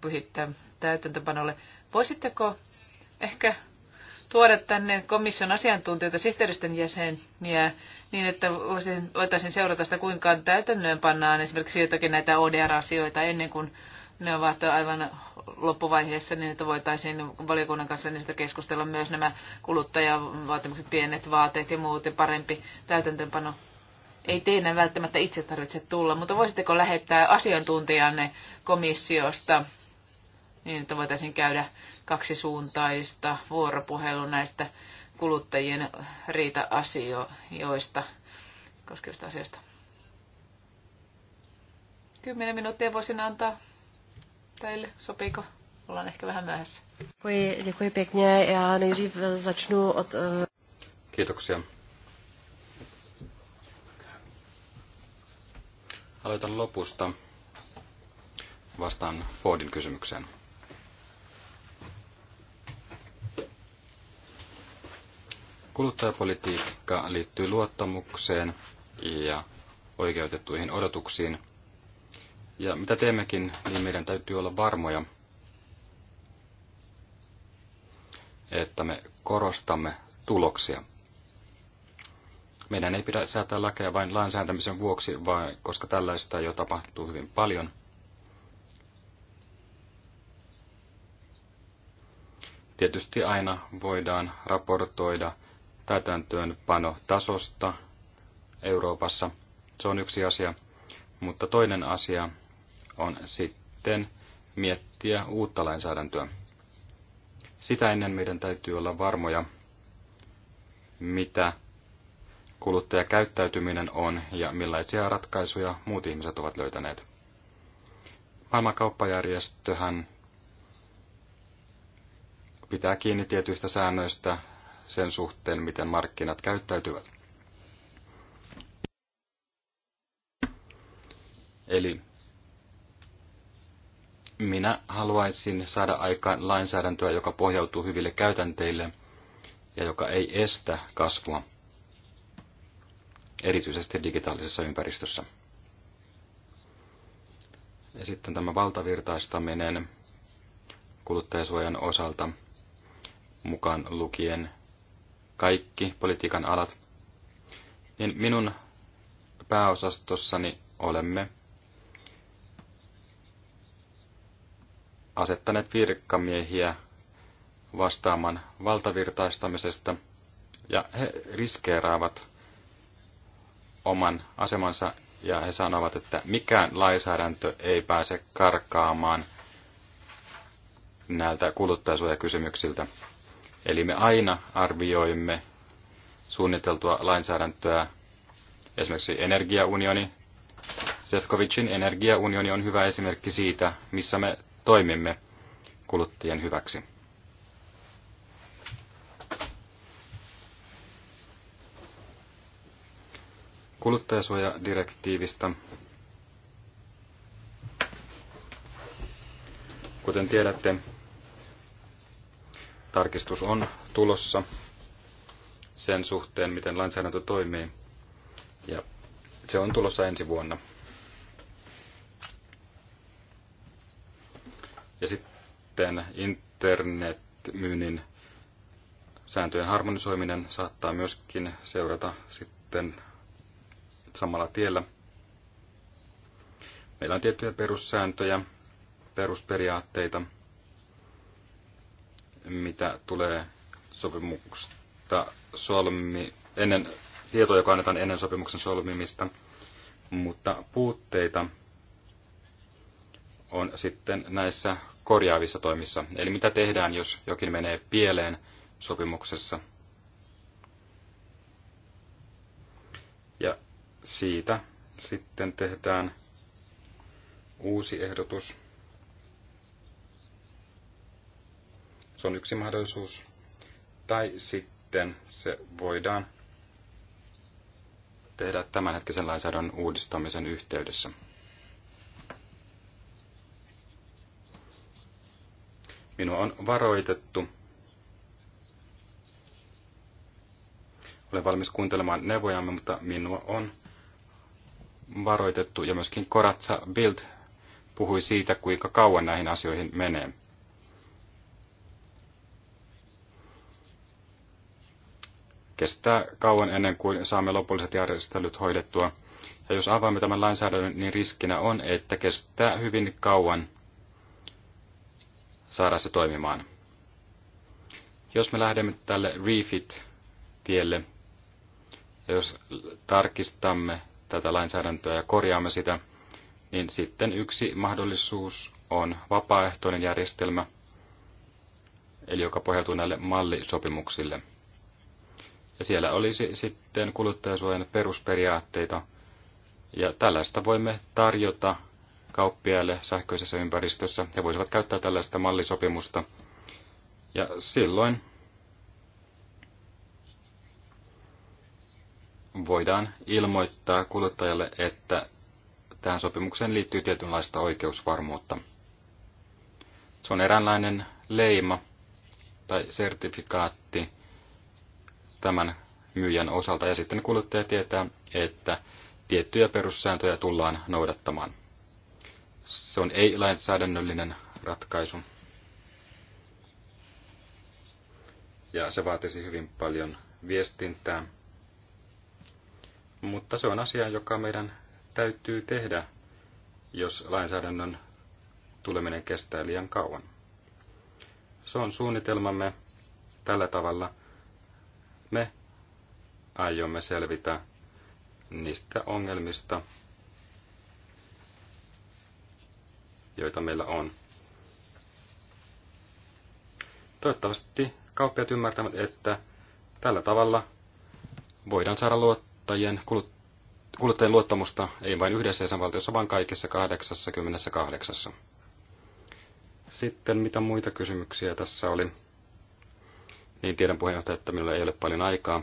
[SPEAKER 1] pyhittää täytäntöpanolle. Voisitteko ehkä tuoda tänne komission asiantuntijoita, sihteeristön jäseniä, niin että voitaisiin seurata sitä, kuinka täytännöön pannaan esimerkiksi jotakin näitä ODR-asioita ennen kuin ne ovat aivan loppuvaiheessa, niin että voitaisiin valiokunnan kanssa niistä keskustella myös nämä kuluttajavaatimukset, pienet vaateet ja muut ja parempi täytäntöönpano. Ei teidän välttämättä itse tarvitse tulla, mutta voisitteko lähettää asiantuntijanne komissiosta, niin että voitaisiin käydä kaksisuuntaista vuoropuhelu näistä kuluttajien riita-asioista koskevista asioista. Kymmenen minuuttia voisin antaa teille. Sopiiko? Ollaan ehkä vähän myöhässä. Eh,
[SPEAKER 4] Kiitoksia. Aloitan lopusta. Vastaan Fordin kysymykseen. Kuluttajapolitiikka liittyy luottamukseen ja oikeutettuihin odotuksiin. Ja mitä teemmekin, niin meidän täytyy olla varmoja, että me korostamme tuloksia. Meidän ei pidä säätää lakeja vain lainsäätämisen vuoksi, vaan koska tällaista jo tapahtuu hyvin paljon. Tietysti aina voidaan raportoida täytäntöönpanotasosta Euroopassa. Se on yksi asia. Mutta toinen asia on sitten miettiä uutta lainsäädäntöä. Sitä ennen meidän täytyy olla varmoja, mitä kuluttajakäyttäytyminen on ja millaisia ratkaisuja muut ihmiset ovat löytäneet. Maailmankauppajärjestöhän pitää kiinni tietyistä säännöistä sen suhteen, miten markkinat käyttäytyvät. Eli minä haluaisin saada aikaan lainsäädäntöä, joka pohjautuu hyville käytänteille ja joka ei estä kasvua, erityisesti digitaalisessa ympäristössä. Ja sitten tämä valtavirtaistaminen kuluttajasuojan osalta, mukaan lukien kaikki politiikan alat, niin minun pääosastossani olemme asettaneet virkamiehiä vastaamaan valtavirtaistamisesta, ja he riskeeraavat oman asemansa, ja he sanovat, että mikään lainsäädäntö ei pääse karkaamaan näiltä kuluttajasuojakysymyksiltä. kysymyksiltä Eli me aina arvioimme suunniteltua lainsäädäntöä, esimerkiksi energiaunioni. Sefcovicin energiaunioni on hyvä esimerkki siitä, missä me toimimme kuluttajien hyväksi. Kuluttajasuojadirektiivistä. Kuten tiedätte, tarkistus on tulossa sen suhteen, miten lainsäädäntö toimii. Ja se on tulossa ensi vuonna. Ja sitten internetmyynnin sääntöjen harmonisoiminen saattaa myöskin seurata sitten samalla tiellä. Meillä on tiettyjä perussääntöjä, perusperiaatteita – mitä tulee sopimuksesta solmi, ennen, tietoa, joka annetaan ennen sopimuksen solmimista, mutta puutteita on sitten näissä korjaavissa toimissa. Eli mitä tehdään, jos jokin menee pieleen sopimuksessa. Ja siitä sitten tehdään uusi ehdotus. Se on yksi mahdollisuus. Tai sitten se voidaan tehdä tämänhetkisen lainsäädännön uudistamisen yhteydessä. Minua on varoitettu. Olen valmis kuuntelemaan neuvojamme, mutta minua on varoitettu. Ja myöskin Koratsa Bild puhui siitä, kuinka kauan näihin asioihin menee. kestää kauan ennen kuin saamme lopulliset järjestelyt hoidettua. Ja jos avaamme tämän lainsäädännön, niin riskinä on, että kestää hyvin kauan saada se toimimaan. Jos me lähdemme tälle refit-tielle, ja jos tarkistamme tätä lainsäädäntöä ja korjaamme sitä, niin sitten yksi mahdollisuus on vapaaehtoinen järjestelmä, eli joka pohjautuu näille mallisopimuksille – ja siellä olisi sitten kuluttajasuojan perusperiaatteita. Ja tällaista voimme tarjota kauppiaille sähköisessä ympäristössä. He voisivat käyttää tällaista mallisopimusta. Ja silloin voidaan ilmoittaa kuluttajalle, että tähän sopimukseen liittyy tietynlaista oikeusvarmuutta. Se on eräänlainen leima tai sertifikaatti tämän myyjän osalta ja sitten kuluttaja tietää, että tiettyjä perussääntöjä tullaan noudattamaan. Se on ei-lainsäädännöllinen ratkaisu. Ja se vaatisi hyvin paljon viestintää. Mutta se on asia, joka meidän täytyy tehdä, jos lainsäädännön tuleminen kestää liian kauan. Se on suunnitelmamme tällä tavalla – me aiomme selvitä niistä ongelmista, joita meillä on. Toivottavasti kauppiat ymmärtävät, että tällä tavalla voidaan saada luottajien, kuluttajien luottamusta ei vain yhdessä jäsenvaltiossa, vaan kaikissa 88. Sitten mitä muita kysymyksiä tässä oli? Niin tiedän puheenjohtaja, että minulla ei ole paljon aikaa.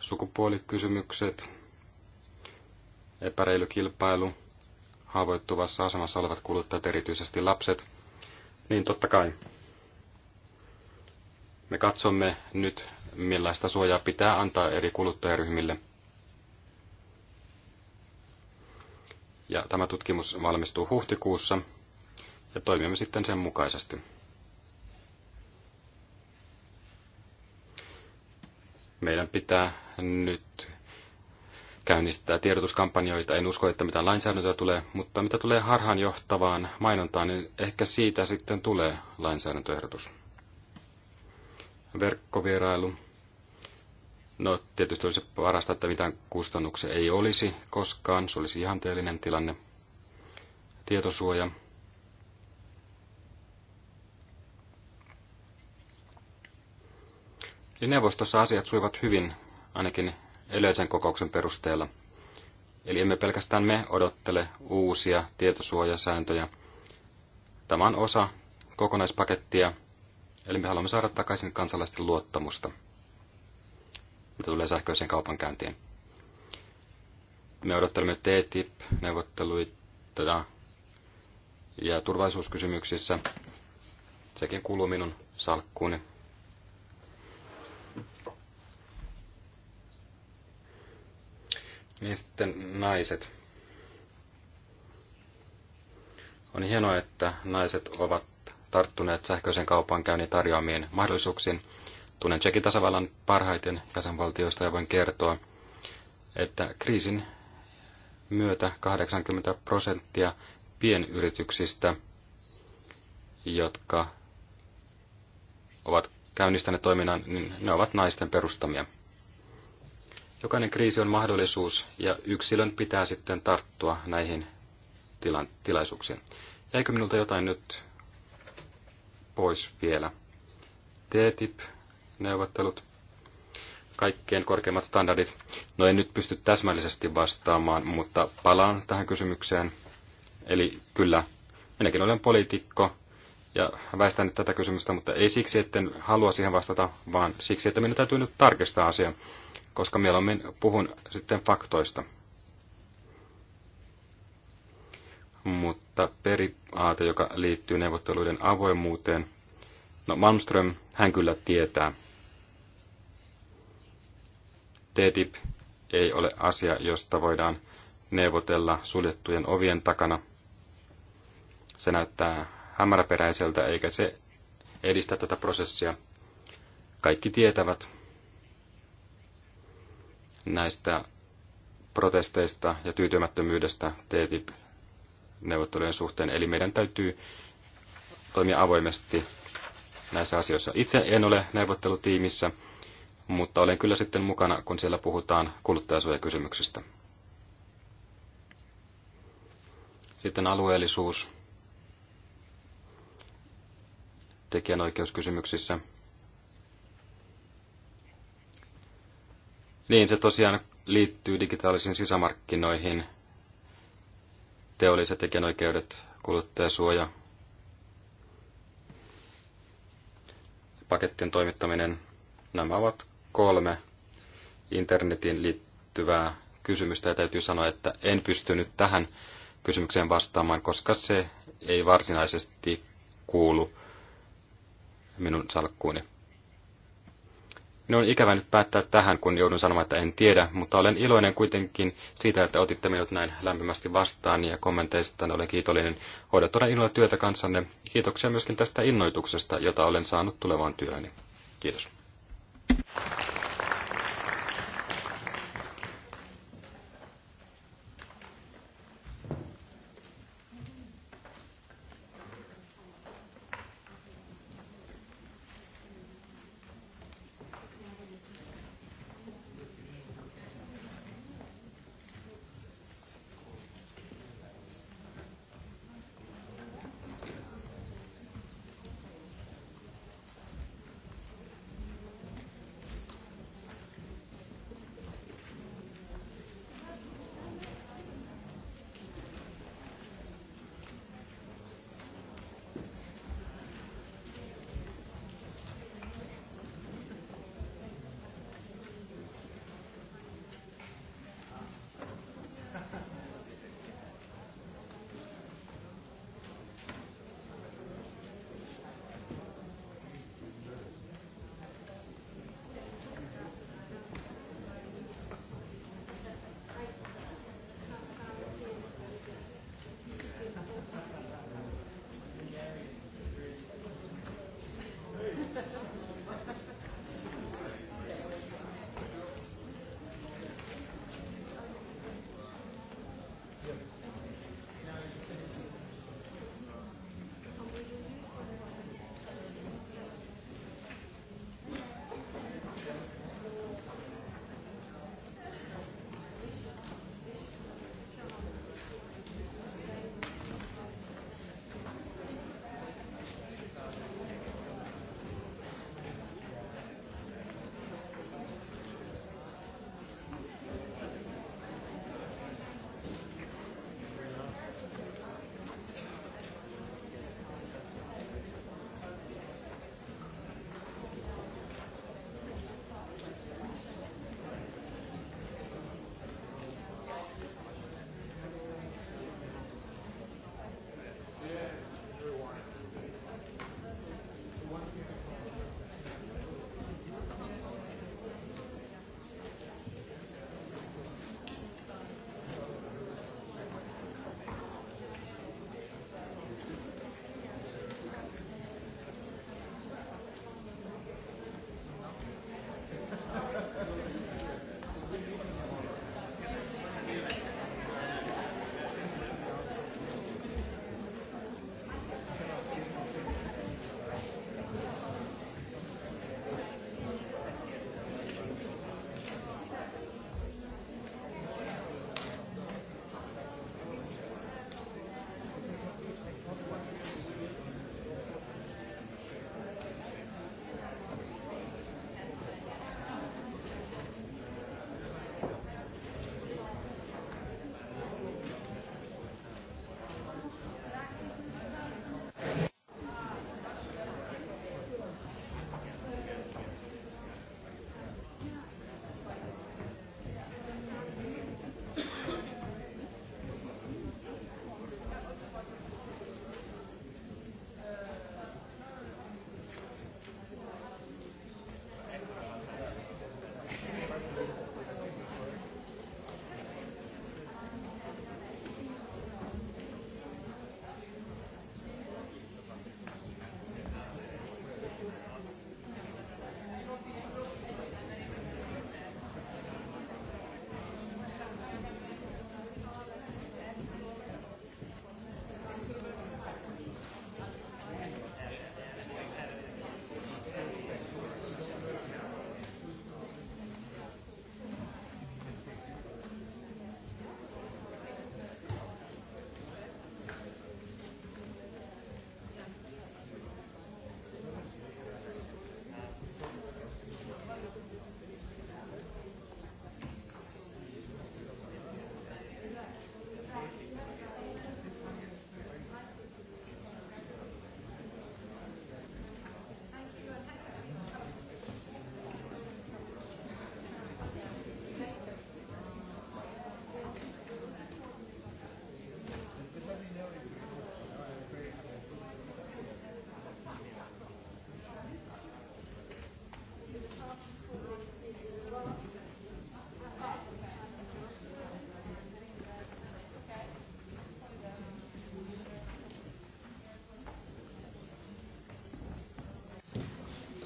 [SPEAKER 4] Sukupuolikysymykset, epäreilu kilpailu, haavoittuvassa asemassa olevat kuluttajat, erityisesti lapset. Niin totta kai. Me katsomme nyt, millaista suojaa pitää antaa eri kuluttajaryhmille. Ja tämä tutkimus valmistuu huhtikuussa ja toimimme sitten sen mukaisesti. Meidän pitää nyt käynnistää tiedotuskampanjoita. En usko, että mitään lainsäädäntöä tulee, mutta mitä tulee harhaanjohtavaan mainontaan, niin ehkä siitä sitten tulee lainsäädäntöehdotus. Verkkovierailu. No tietysti olisi parasta, että mitään kustannuksia ei olisi koskaan. Se olisi ihanteellinen tilanne. Tietosuoja. Eli niin neuvostossa asiat suivat hyvin, ainakin edellisen kokouksen perusteella. Eli emme pelkästään me odottele uusia tietosuojasääntöjä. Tämä on osa kokonaispakettia, eli me haluamme saada takaisin kansalaisten luottamusta, mitä tulee sähköiseen kaupankäyntiin. Me odottelemme TTIP-neuvotteluita ja turvallisuuskysymyksissä. Sekin kuuluu minun salkkuuni. Niin sitten naiset. On hienoa, että naiset ovat tarttuneet sähköisen kaupankäynnin tarjoamiin mahdollisuuksiin. Tunnen Tsekin tasavallan parhaiten jäsenvaltioista ja voin kertoa, että kriisin myötä 80 prosenttia pienyrityksistä, jotka ovat käynnistäneet toiminnan, niin ne ovat naisten perustamia. Jokainen kriisi on mahdollisuus ja yksilön pitää sitten tarttua näihin tilan, tilaisuuksiin. Eikö minulta jotain nyt pois vielä? TTIP-neuvottelut, kaikkein korkeimmat standardit. No en nyt pysty täsmällisesti vastaamaan, mutta palaan tähän kysymykseen. Eli kyllä, minäkin olen poliitikko ja väistän nyt tätä kysymystä, mutta ei siksi, etten halua siihen vastata, vaan siksi, että minun täytyy nyt tarkistaa asia koska mieluummin puhun sitten faktoista. Mutta periaate, joka liittyy neuvotteluiden avoimuuteen, no Malmström, hän kyllä tietää. TTIP ei ole asia, josta voidaan neuvotella suljettujen ovien takana. Se näyttää hämäräperäiseltä, eikä se edistä tätä prosessia. Kaikki tietävät, näistä protesteista ja tyytymättömyydestä TTIP-neuvottelujen suhteen. Eli meidän täytyy toimia avoimesti näissä asioissa. Itse en ole neuvottelutiimissä, mutta olen kyllä sitten mukana, kun siellä puhutaan kuluttajasuojakysymyksistä. Sitten alueellisuus tekijänoikeuskysymyksissä – Niin, se tosiaan liittyy digitaalisiin sisämarkkinoihin, teolliset tekijänoikeudet, kuluttajasuoja, pakettien toimittaminen. Nämä ovat kolme internetin liittyvää kysymystä ja täytyy sanoa, että en pystynyt tähän kysymykseen vastaamaan, koska se ei varsinaisesti kuulu minun salkkuuni. Minun on ikävä nyt päättää tähän, kun joudun sanomaan, että en tiedä, mutta olen iloinen kuitenkin siitä, että otitte minut näin lämpimästi vastaan ja kommenteista olen kiitollinen. Odotan ilolla työtä kanssanne. Kiitoksia myöskin tästä innoituksesta, jota olen saanut tulevaan työhöni. Kiitos.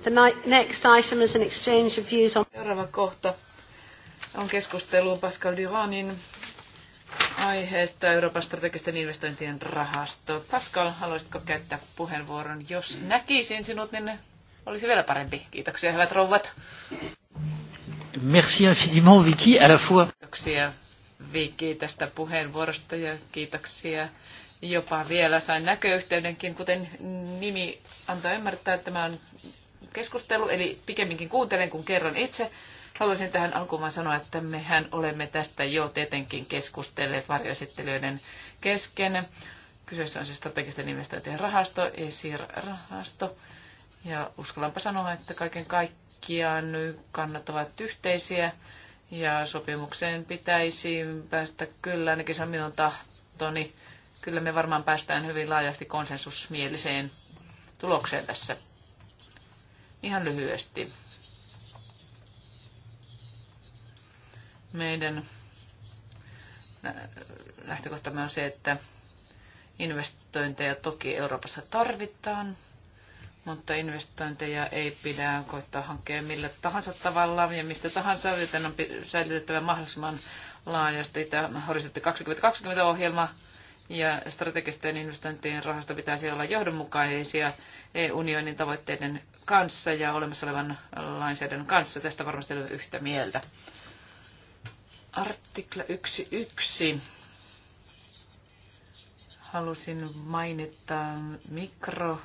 [SPEAKER 1] The
[SPEAKER 3] next item is an exchange of
[SPEAKER 1] views on... Seuraava kohta on keskustelu Pascal Duranin aiheesta Euroopan strategisten investointien rahasto. Pascal, haluaisitko käyttää puheenvuoron? Jos näkisin sinut, niin olisi vielä parempi. Kiitoksia, hyvät rouvat.
[SPEAKER 3] Merci infiniment, Vicky, à la fois.
[SPEAKER 1] Kiitoksia, Vicky, tästä puheenvuorosta ja kiitoksia. Jopa vielä sain näköyhteydenkin, kuten nimi antaa ymmärtää, että tämä on keskustelu, eli pikemminkin kuuntelen, kun kerron itse. Haluaisin tähän alkuun sanoa, että mehän olemme tästä jo tietenkin keskustelleet varjoesittelijöiden kesken. Kyseessä on siis strategisten investointien rahasto, ESIR-rahasto. Ja uskallanpa sanoa, että kaiken kaikkiaan kannat ovat yhteisiä ja sopimukseen pitäisi päästä kyllä, ainakin se on minun tahtoni. Kyllä me varmaan päästään hyvin laajasti konsensusmieliseen tulokseen tässä. Ihan lyhyesti. Meidän lähtökohtamme on se, että investointeja toki Euroopassa tarvitaan, mutta investointeja ei pidä koittaa hankkeen millä tahansa tavalla ja mistä tahansa, joten on säilytettävä mahdollisimman laajasti tämä Horisontti 2020-ohjelma ja strategisten investointien rahasta pitäisi olla johdonmukaisia unionin tavoitteiden kanssa ja olemassa olevan lainsäädännön kanssa. Tästä varmasti olemme yhtä mieltä. Artikla 1.1. Halusin mainita mikro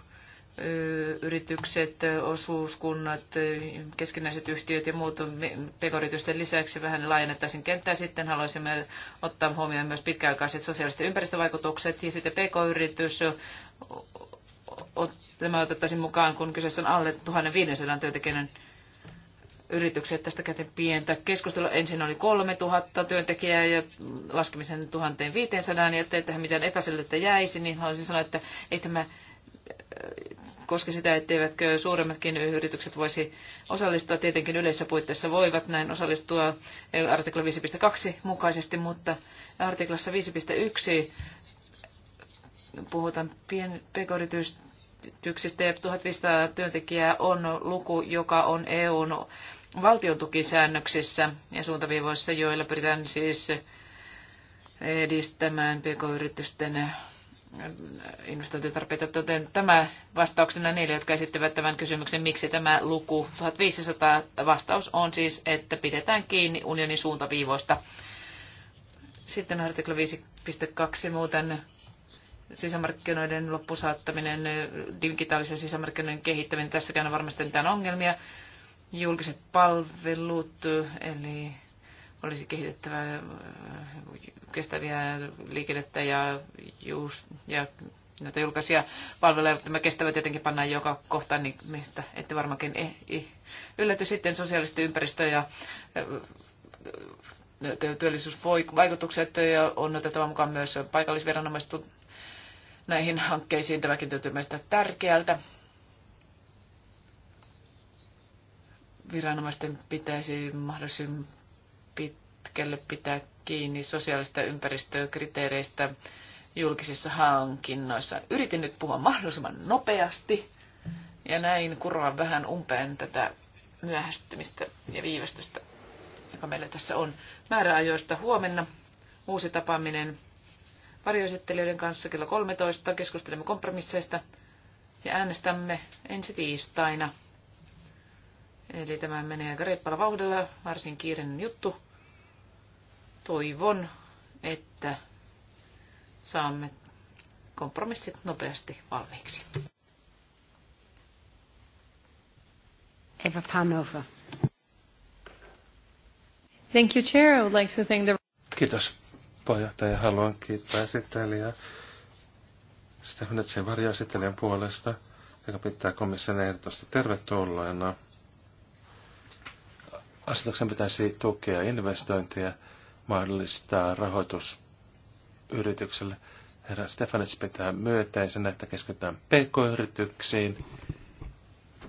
[SPEAKER 1] yritykset, osuuskunnat, keskinäiset yhtiöt ja muut pekoyritysten lisäksi vähän laajennettaisiin kenttää. Sitten haluaisimme ottaa huomioon myös pitkäaikaiset sosiaaliset ja ympäristövaikutukset ja sitten pk-yritys tämä otettaisiin mukaan, kun kyseessä on alle 1500 työntekijän yritykset. Tästä käytiin pientä keskustelua. Ensin oli 3000 työntekijää ja laskemisen 1500 ja ettei tähän mitään epäselvyyttä jäisi, niin haluaisin sanoa, että ei tämä koski sitä, etteivätkö suuremmatkin yritykset voisi osallistua. Tietenkin yleisissä puitteissa voivat näin osallistua artikla 5.2 mukaisesti, mutta artiklassa 5.1 puhutaan pien, pk-yrityksistä ja 1500 työntekijää on luku, joka on EUn valtiontukisäännöksissä ja suuntaviivoissa, joilla pyritään siis edistämään pk-yritysten investointitarpeita, joten tämä vastauksena niille, jotka esittävät tämän kysymyksen, miksi tämä luku 1500 vastaus on siis, että pidetään kiinni unionin suuntaviivoista. Sitten artikla 5.2 muuten sisämarkkinoiden loppusaattaminen, digitaalisen sisämarkkinoiden kehittäminen, tässäkään on varmasti mitään ongelmia. Julkiset palvelut, eli olisi kehitettävä äh, kestäviä liikennettä ja, just, ja näitä julkaisia palveluja. Tämä kestävä tietenkin pannaan joka kohtaan, niin mistä ette varmaankin eh, eh. ylläty sitten sosiaalista ympäristö ja äh, äh, työllisyysvaikutukset ja on otettava mukaan myös paikallisviranomaiset näihin hankkeisiin. Tämäkin tuntuu meistä tärkeältä. Viranomaisten pitäisi mahdollisimman pitkälle pitää kiinni sosiaalista ympäristöä, kriteereistä, julkisissa hankinnoissa. Yritin nyt puhua mahdollisimman nopeasti ja näin kuroa vähän umpeen tätä myöhästymistä ja viivästystä, joka meillä tässä on. Määräajoista huomenna uusi tapaaminen varjoesittelijöiden kanssa kello 13. Keskustelemme kompromisseista ja äänestämme ensi tiistaina Eli tämä menee aika reippaalla vauhdilla, varsin kiireinen juttu. Toivon, että saamme kompromissit nopeasti valmiiksi.
[SPEAKER 3] Eva Panova. Thank you, Chair. I would like to thank the...
[SPEAKER 2] Kiitos, puheenjohtaja. Haluan kiittää esittelijää Stefanetsen varjoesittelijän puolesta, joka pitää komission ehdotusta tervetulleena. Asetuksen pitäisi tukea investointeja, mahdollistaa rahoitus yritykselle. Herra Stefanis pitää myötäisenä, että keskitytään pk-yrityksiin,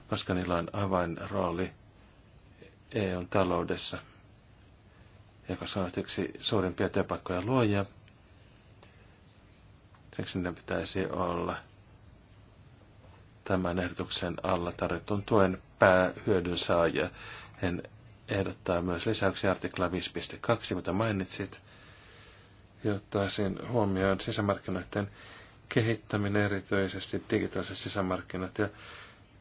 [SPEAKER 2] koska niillä on avainrooli EUn taloudessa, joka on yksi suurimpia työpaikkoja luoja. Siksi ne pitäisi olla tämän ehdotuksen alla tarjotun tuen päähyödyn saajia. En ehdottaa myös lisäyksiä artikla 5.2, mitä mainitsit, jotta sen huomioon sisämarkkinoiden kehittäminen erityisesti digitaaliset sisämarkkinat ja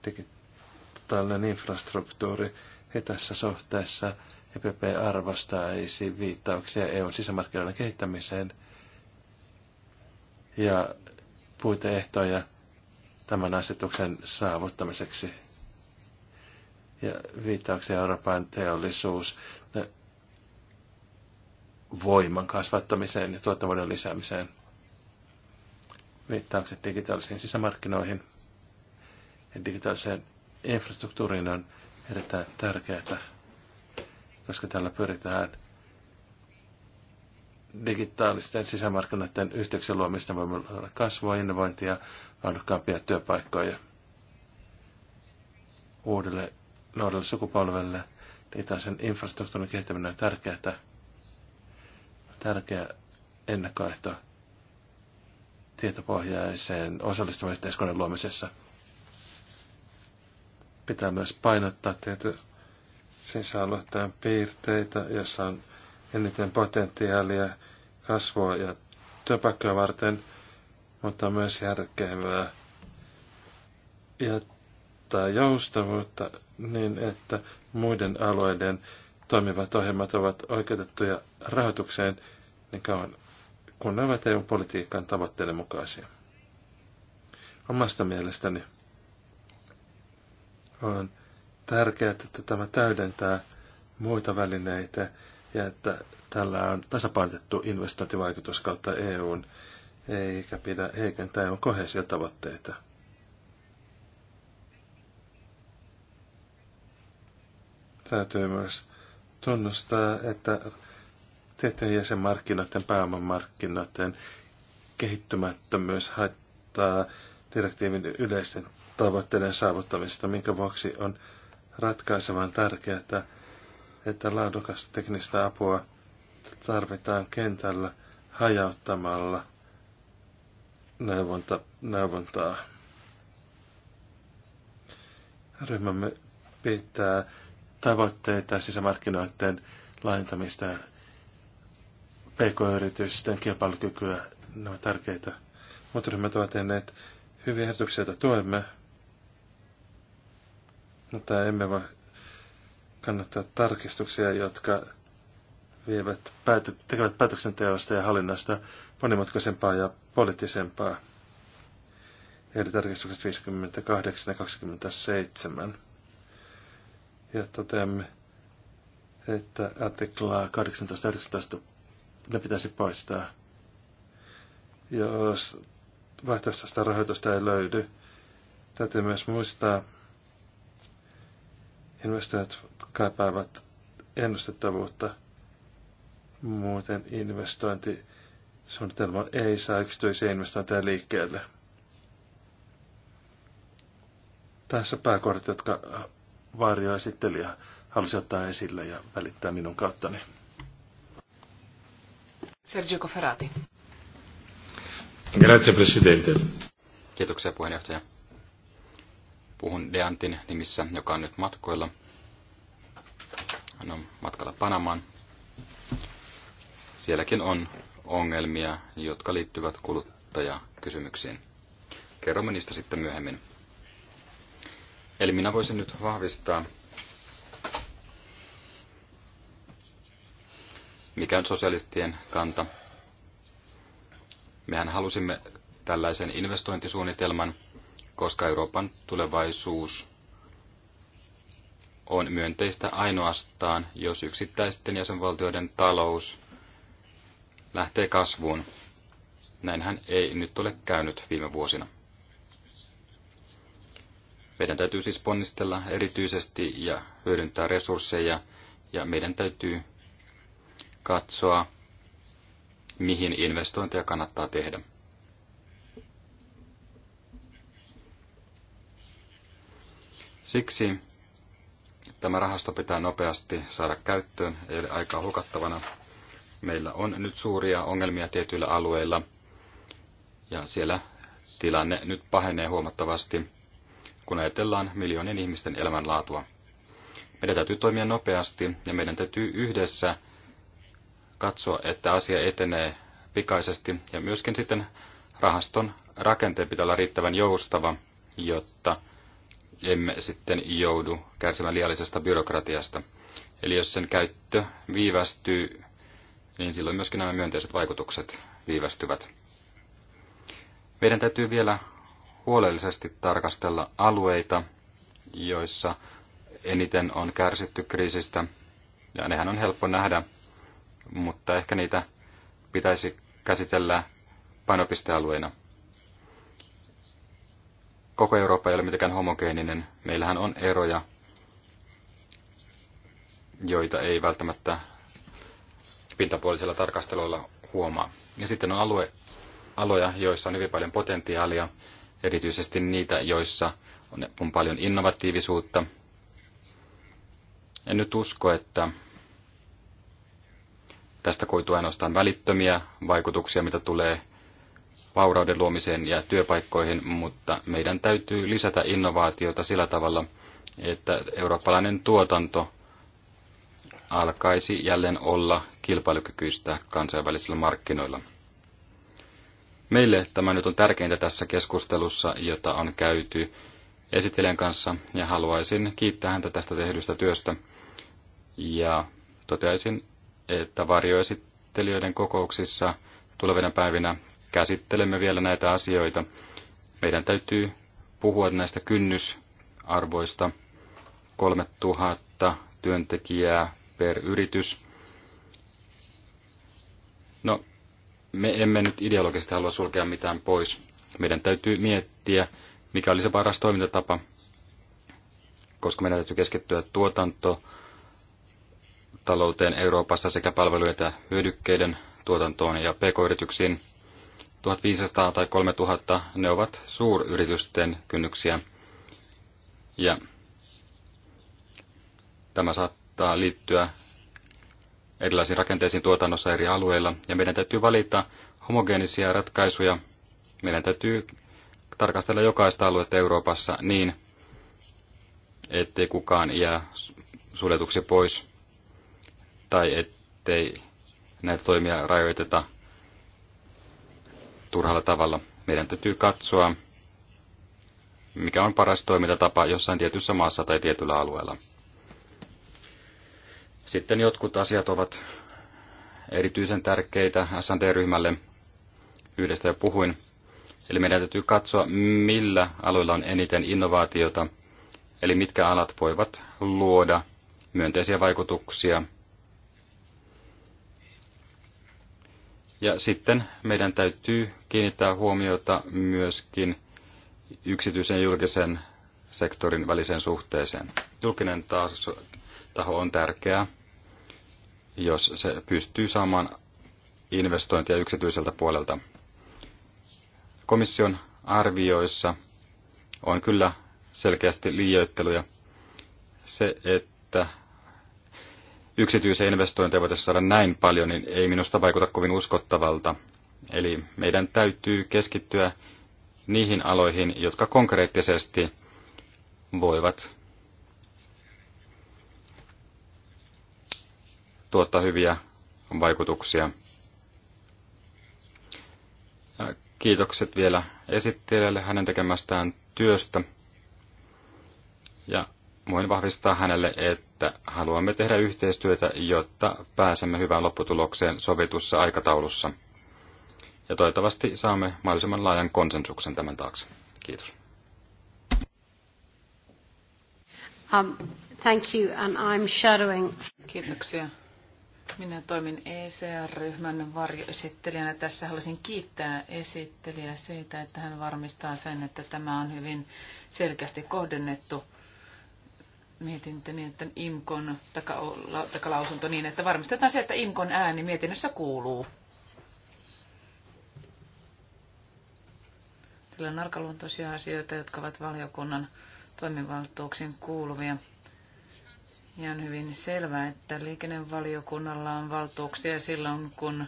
[SPEAKER 2] digitaalinen infrastruktuuri. Ja tässä suhteessa EPP arvostaisi viittauksia EUn sisämarkkinoiden kehittämiseen ja puiteehtoja tämän asetuksen saavuttamiseksi ja viittauksia Euroopan teollisuus voiman kasvattamiseen ja tuottavuuden lisäämiseen. Viittaukset digitaalisiin sisämarkkinoihin ja digitaaliseen infrastruktuuriin on erittäin tärkeää, koska tällä pyritään digitaalisten sisämarkkinoiden yhteyksien luomista voimme olla kasvua, innovointia, laadukkaampia työpaikkoja uudelle nuorelle sukupolvelle. sen infrastruktuurin kehittäminen on tärkeää, tärkeä ennakkoehto tietopohjaiseen osallistuvan yhteiskunnan luomisessa. Pitää myös painottaa tietty sisäalueen piirteitä, jossa on eniten potentiaalia kasvua ja työpaikkoja varten, mutta on myös järkevää ja joustavuutta niin, että muiden alueiden toimivat ohjelmat ovat oikeutettuja rahoitukseen niin kauan kun ne ovat EU-politiikan tavoitteiden mukaisia. Omasta mielestäni on tärkeää, että tämä täydentää muita välineitä ja että tällä on tasapainotettu investointivaikutus kautta EUn, eikä pidä heikentää EUn kohesiotavoitteita. tavoitteita. Täytyy myös tunnustaa, että tiettyjen jäsenmarkkinoiden, pääomamarkkinoiden kehittymättömyys haittaa direktiivin yleisten tavoitteiden saavuttamista, minkä vuoksi on ratkaisevan tärkeää, että laadukasta teknistä apua tarvitaan kentällä hajauttamalla neuvonta, neuvontaa. Ryhmämme pitää tavoitteita sisämarkkinoiden laajentamista ja pk-yritysten kilpailukykyä. Ne ovat tärkeitä. Mutta ryhmät ovat tehneet hyviä ehdotuksia, joita tuemme, mutta emme voi kannattaa tarkistuksia, jotka vievät tekevät päätöksenteosta ja hallinnasta monimutkaisempaa ja poliittisempaa. Eli tarkistukset 58 ja 27 ja toteamme, että artiklaa 18.19 ne pitäisi poistaa. Jos vaihtoehtoista rahoitusta ei löydy, täytyy myös muistaa, investoijat kaipaavat ennustettavuutta. Muuten investointisuunnitelma ei saa yksityisiä investointeja liikkeelle. Tässä pääkortit, jotka varjoesittelijä halusi ottaa esille ja välittää minun kauttani.
[SPEAKER 1] Sergio Coferati.
[SPEAKER 2] Grazie
[SPEAKER 4] Presidente. Kiitoksia puheenjohtaja. Puhun Deantin nimissä, joka on nyt matkoilla. Hän on matkalla Panamaan. Sielläkin on ongelmia, jotka liittyvät kuluttajakysymyksiin. Kerromme niistä sitten myöhemmin. Eli minä voisin nyt vahvistaa, mikä on sosialistien kanta. Mehän halusimme tällaisen investointisuunnitelman, koska Euroopan tulevaisuus on myönteistä ainoastaan, jos yksittäisten jäsenvaltioiden talous lähtee kasvuun. Näinhän ei nyt ole käynyt viime vuosina. Meidän täytyy siis ponnistella erityisesti ja hyödyntää resursseja ja meidän täytyy katsoa, mihin investointeja kannattaa tehdä. Siksi tämä rahasto pitää nopeasti saada käyttöön, ei ole aikaa hukattavana. Meillä on nyt suuria ongelmia tietyillä alueilla ja siellä tilanne nyt pahenee huomattavasti kun ajatellaan miljoonien ihmisten elämänlaatua. Meidän täytyy toimia nopeasti ja meidän täytyy yhdessä katsoa, että asia etenee pikaisesti ja myöskin sitten rahaston rakenteen pitää olla riittävän joustava, jotta emme sitten joudu kärsimään liiallisesta byrokratiasta. Eli jos sen käyttö viivästyy, niin silloin myöskin nämä myönteiset vaikutukset viivästyvät. Meidän täytyy vielä huolellisesti tarkastella alueita, joissa eniten on kärsitty kriisistä. Ja nehän on helppo nähdä, mutta ehkä niitä pitäisi käsitellä painopistealueina. Koko Eurooppa ei ole mitenkään homogeeninen. Meillähän on eroja, joita ei välttämättä pintapuolisella tarkastelulla huomaa. Ja sitten on alue, aloja, joissa on hyvin paljon potentiaalia erityisesti niitä, joissa on paljon innovatiivisuutta. En nyt usko, että tästä koituu ainoastaan välittömiä vaikutuksia, mitä tulee vaurauden luomiseen ja työpaikkoihin, mutta meidän täytyy lisätä innovaatiota sillä tavalla, että eurooppalainen tuotanto alkaisi jälleen olla kilpailukykyistä kansainvälisillä markkinoilla. Meille tämä nyt on tärkeintä tässä keskustelussa, jota on käyty esittelijän kanssa, ja haluaisin kiittää häntä tästä tehdystä työstä. Ja toteaisin, että varjoesittelijöiden kokouksissa tulevina päivinä käsittelemme vielä näitä asioita. Meidän täytyy puhua näistä kynnysarvoista 3000 työntekijää per yritys. me emme nyt ideologisesti halua sulkea mitään pois. Meidän täytyy miettiä, mikä olisi se paras toimintatapa, koska meidän täytyy keskittyä tuotanto Euroopassa sekä palvelujen ja hyödykkeiden tuotantoon ja pk-yrityksiin. 1500 tai 3000, ne ovat suuryritysten kynnyksiä. Ja tämä saattaa liittyä erilaisiin rakenteisiin tuotannossa eri alueilla, ja meidän täytyy valita homogeenisia ratkaisuja. Meidän täytyy tarkastella jokaista aluetta Euroopassa niin, ettei kukaan jää suljetuksi pois, tai ettei näitä toimia rajoiteta turhalla tavalla. Meidän täytyy katsoa, mikä on paras toimintatapa jossain tietyssä maassa tai tietyllä alueella. Sitten jotkut asiat ovat erityisen tärkeitä sd ryhmälle Yhdestä jo puhuin. Eli meidän täytyy katsoa, millä aloilla on eniten innovaatiota, eli mitkä alat voivat luoda myönteisiä vaikutuksia. Ja sitten meidän täytyy kiinnittää huomiota myöskin yksityisen ja julkisen sektorin väliseen suhteeseen. Julkinen taas taho on tärkeää, jos se pystyy saamaan investointia yksityiseltä puolelta. Komission arvioissa on kyllä selkeästi liioitteluja. Se, että yksityisiä investointeja voitaisiin saada näin paljon, niin ei minusta vaikuta kovin uskottavalta. Eli meidän täytyy keskittyä niihin aloihin, jotka konkreettisesti voivat tuottaa hyviä vaikutuksia. Kiitokset vielä esittelijälle hänen tekemästään työstä. Ja voin vahvistaa hänelle, että haluamme tehdä yhteistyötä, jotta pääsemme hyvään lopputulokseen sovitussa aikataulussa. Ja toivottavasti saamme mahdollisimman laajan konsensuksen tämän taakse. Kiitos.
[SPEAKER 1] Um, thank you, and I'm shadowing. Kiitoksia. Minä toimin ECR-ryhmän varjoesittelijänä. Tässä haluaisin kiittää esittelijää siitä, että hän varmistaa sen, että tämä on hyvin selkeästi kohdennettu mietintö niin, että IMKon takalausunto niin, että varmistetaan se, että IMKon ääni mietinnössä kuuluu. Tällä on arkaluontoisia asioita, jotka ovat valiokunnan toimivaltuuksiin kuuluvia. Ja on hyvin selvää, että liikennevaliokunnalla on valtuuksia silloin, kun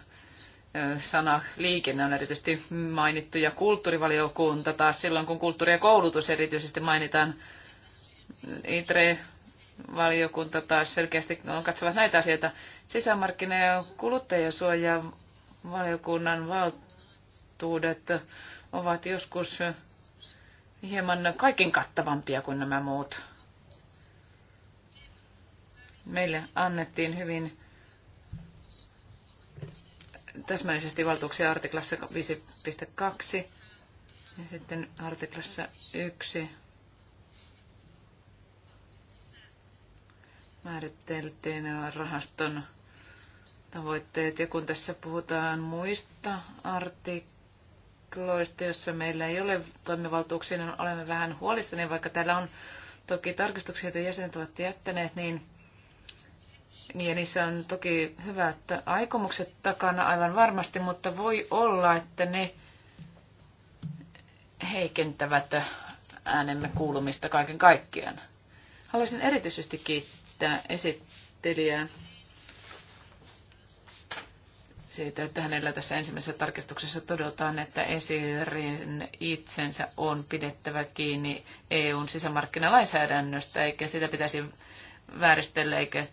[SPEAKER 1] sana liikenne on erityisesti mainittu ja kulttuurivaliokunta taas silloin, kun kulttuuri ja koulutus erityisesti mainitaan. ITRE valiokunta taas selkeästi katsovat näitä asioita. Sisämarkkina- ja kuluttajasuojavaliokunnan valtuudet ovat joskus hieman kaiken kattavampia kuin nämä muut Meille annettiin hyvin täsmällisesti valtuuksia artiklassa 5.2 ja sitten artiklassa 1 määriteltiin rahaston tavoitteet. Ja kun tässä puhutaan muista artikloista, joissa meillä ei ole toimivaltuuksia, niin olemme vähän huolissani, vaikka täällä on toki tarkistuksia, joita jäsenet ovat jättäneet, niin niin, niissä on toki hyvät aikomukset takana aivan varmasti, mutta voi olla, että ne heikentävät äänemme kuulumista kaiken kaikkiaan. Haluaisin erityisesti kiittää esittelijää siitä, että hänellä tässä ensimmäisessä tarkistuksessa todetaan, että esirin itsensä on pidettävä kiinni EUn sisämarkkinalainsäädännöstä, eikä sitä pitäisi vääristellä eikä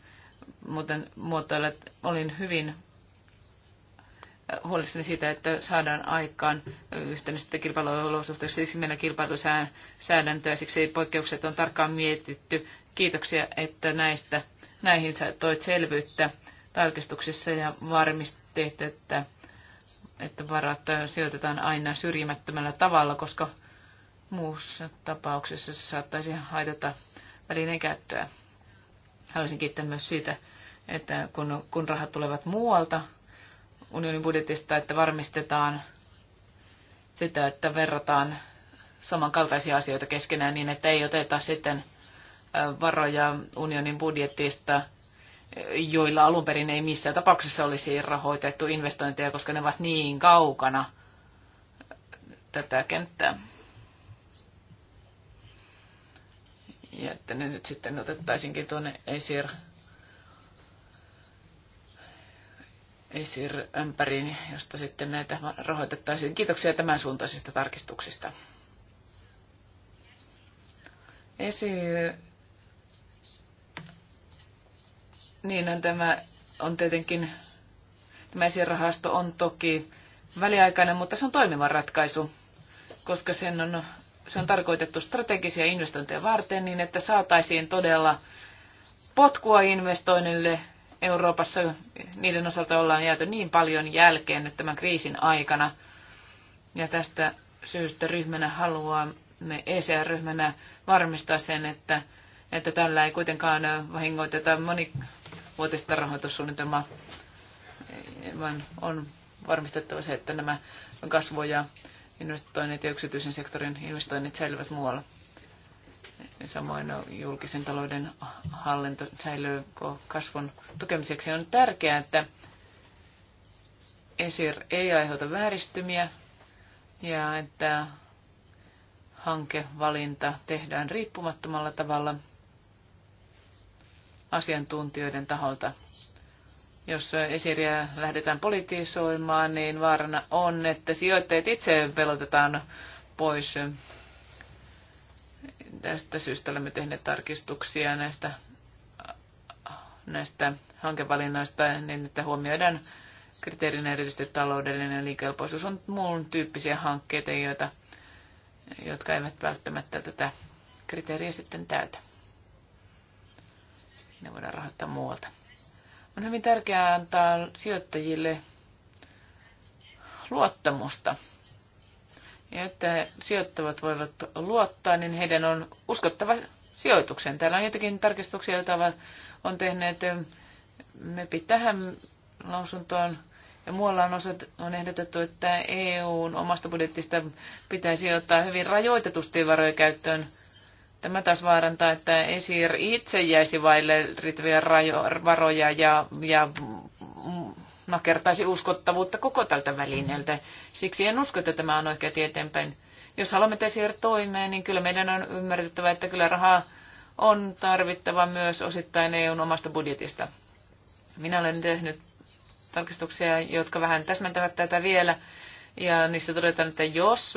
[SPEAKER 1] muuten muotoilla, olin hyvin äh, huolissani siitä, että saadaan aikaan yhtenäistä kilpailuolosuhteista, siis meillä kilpailusäädäntöä, siksi poikkeukset on tarkkaan mietitty. Kiitoksia, että näistä, näihin sä toit selvyyttä tarkistuksissa ja varmistit, että, että varat sijoitetaan aina syrjimättömällä tavalla, koska muussa tapauksessa se saattaisi haitata välineen käyttöä. Haluaisin kiittää myös siitä, että kun, kun rahat tulevat muualta unionin budjetista, että varmistetaan sitä, että verrataan samankaltaisia asioita keskenään niin, että ei oteta sitten varoja unionin budjettista, joilla alun perin ei missään tapauksessa olisi rahoitettu investointeja, koska ne ovat niin kaukana tätä kenttää. ja että ne nyt sitten otettaisinkin tuonne ESIR ESIR-ämpäriin, josta sitten näitä rahoitettaisiin. Kiitoksia tämän suuntaisista tarkistuksista. ESIR, on niin, no tämä on tietenkin, tämä ESIR-rahasto on toki väliaikainen, mutta se on toimiva ratkaisu, koska sen on se on tarkoitettu strategisia investointeja varten niin, että saataisiin todella potkua investoinnille Euroopassa. Niiden osalta ollaan jääty niin paljon jälkeen nyt tämän kriisin aikana. Ja tästä syystä ryhmänä haluamme ECR-ryhmänä varmistaa sen, että, että tällä ei kuitenkaan vahingoiteta monivuotista rahoitussuunnitelmaa, vaan on varmistettava se, että nämä kasvo- ja investoinnit ja yksityisen sektorin investoinnit säilyvät muualla. Samoin no, julkisen talouden hallinto säilyy kasvun tukemiseksi. On tärkeää, että ESIR ei aiheuta vääristymiä ja että hankevalinta tehdään riippumattomalla tavalla asiantuntijoiden taholta. Jos esiriä lähdetään politisoimaan, niin vaarana on, että sijoittajat itse pelotetaan pois. Tästä syystä olemme tehneet tarkistuksia näistä, näistä hankevalinnoista niin, että huomioidaan kriteerin erityisesti taloudellinen liikelpoisuus on muun tyyppisiä hankkeita, joita, jotka eivät välttämättä tätä kriteeriä sitten täytä. Ne voidaan rahoittaa muualta. On hyvin tärkeää antaa sijoittajille luottamusta. Ja että sijoittavat voivat luottaa, niin heidän on uskottava sijoituksen. Täällä on jotakin tarkistuksia, joita on tehneet MEPI tähän lausuntoon. Ja muualla on, osat, on ehdotettu, että EUn omasta budjettista pitäisi ottaa hyvin rajoitetusti varoja käyttöön Tämä taas vaarantaa, että Esir itse jäisi vaille riittäviä varoja ja, ja nakertaisi uskottavuutta koko tältä välineeltä. Siksi en usko, että tämä on oikea tieteenpäin. Jos haluamme Esir toimeen, niin kyllä meidän on ymmärrettävä, että kyllä rahaa on tarvittava myös osittain EUn omasta budjetista. Minä olen tehnyt tarkistuksia, jotka vähän täsmentävät tätä vielä. Ja niissä todetaan, että jos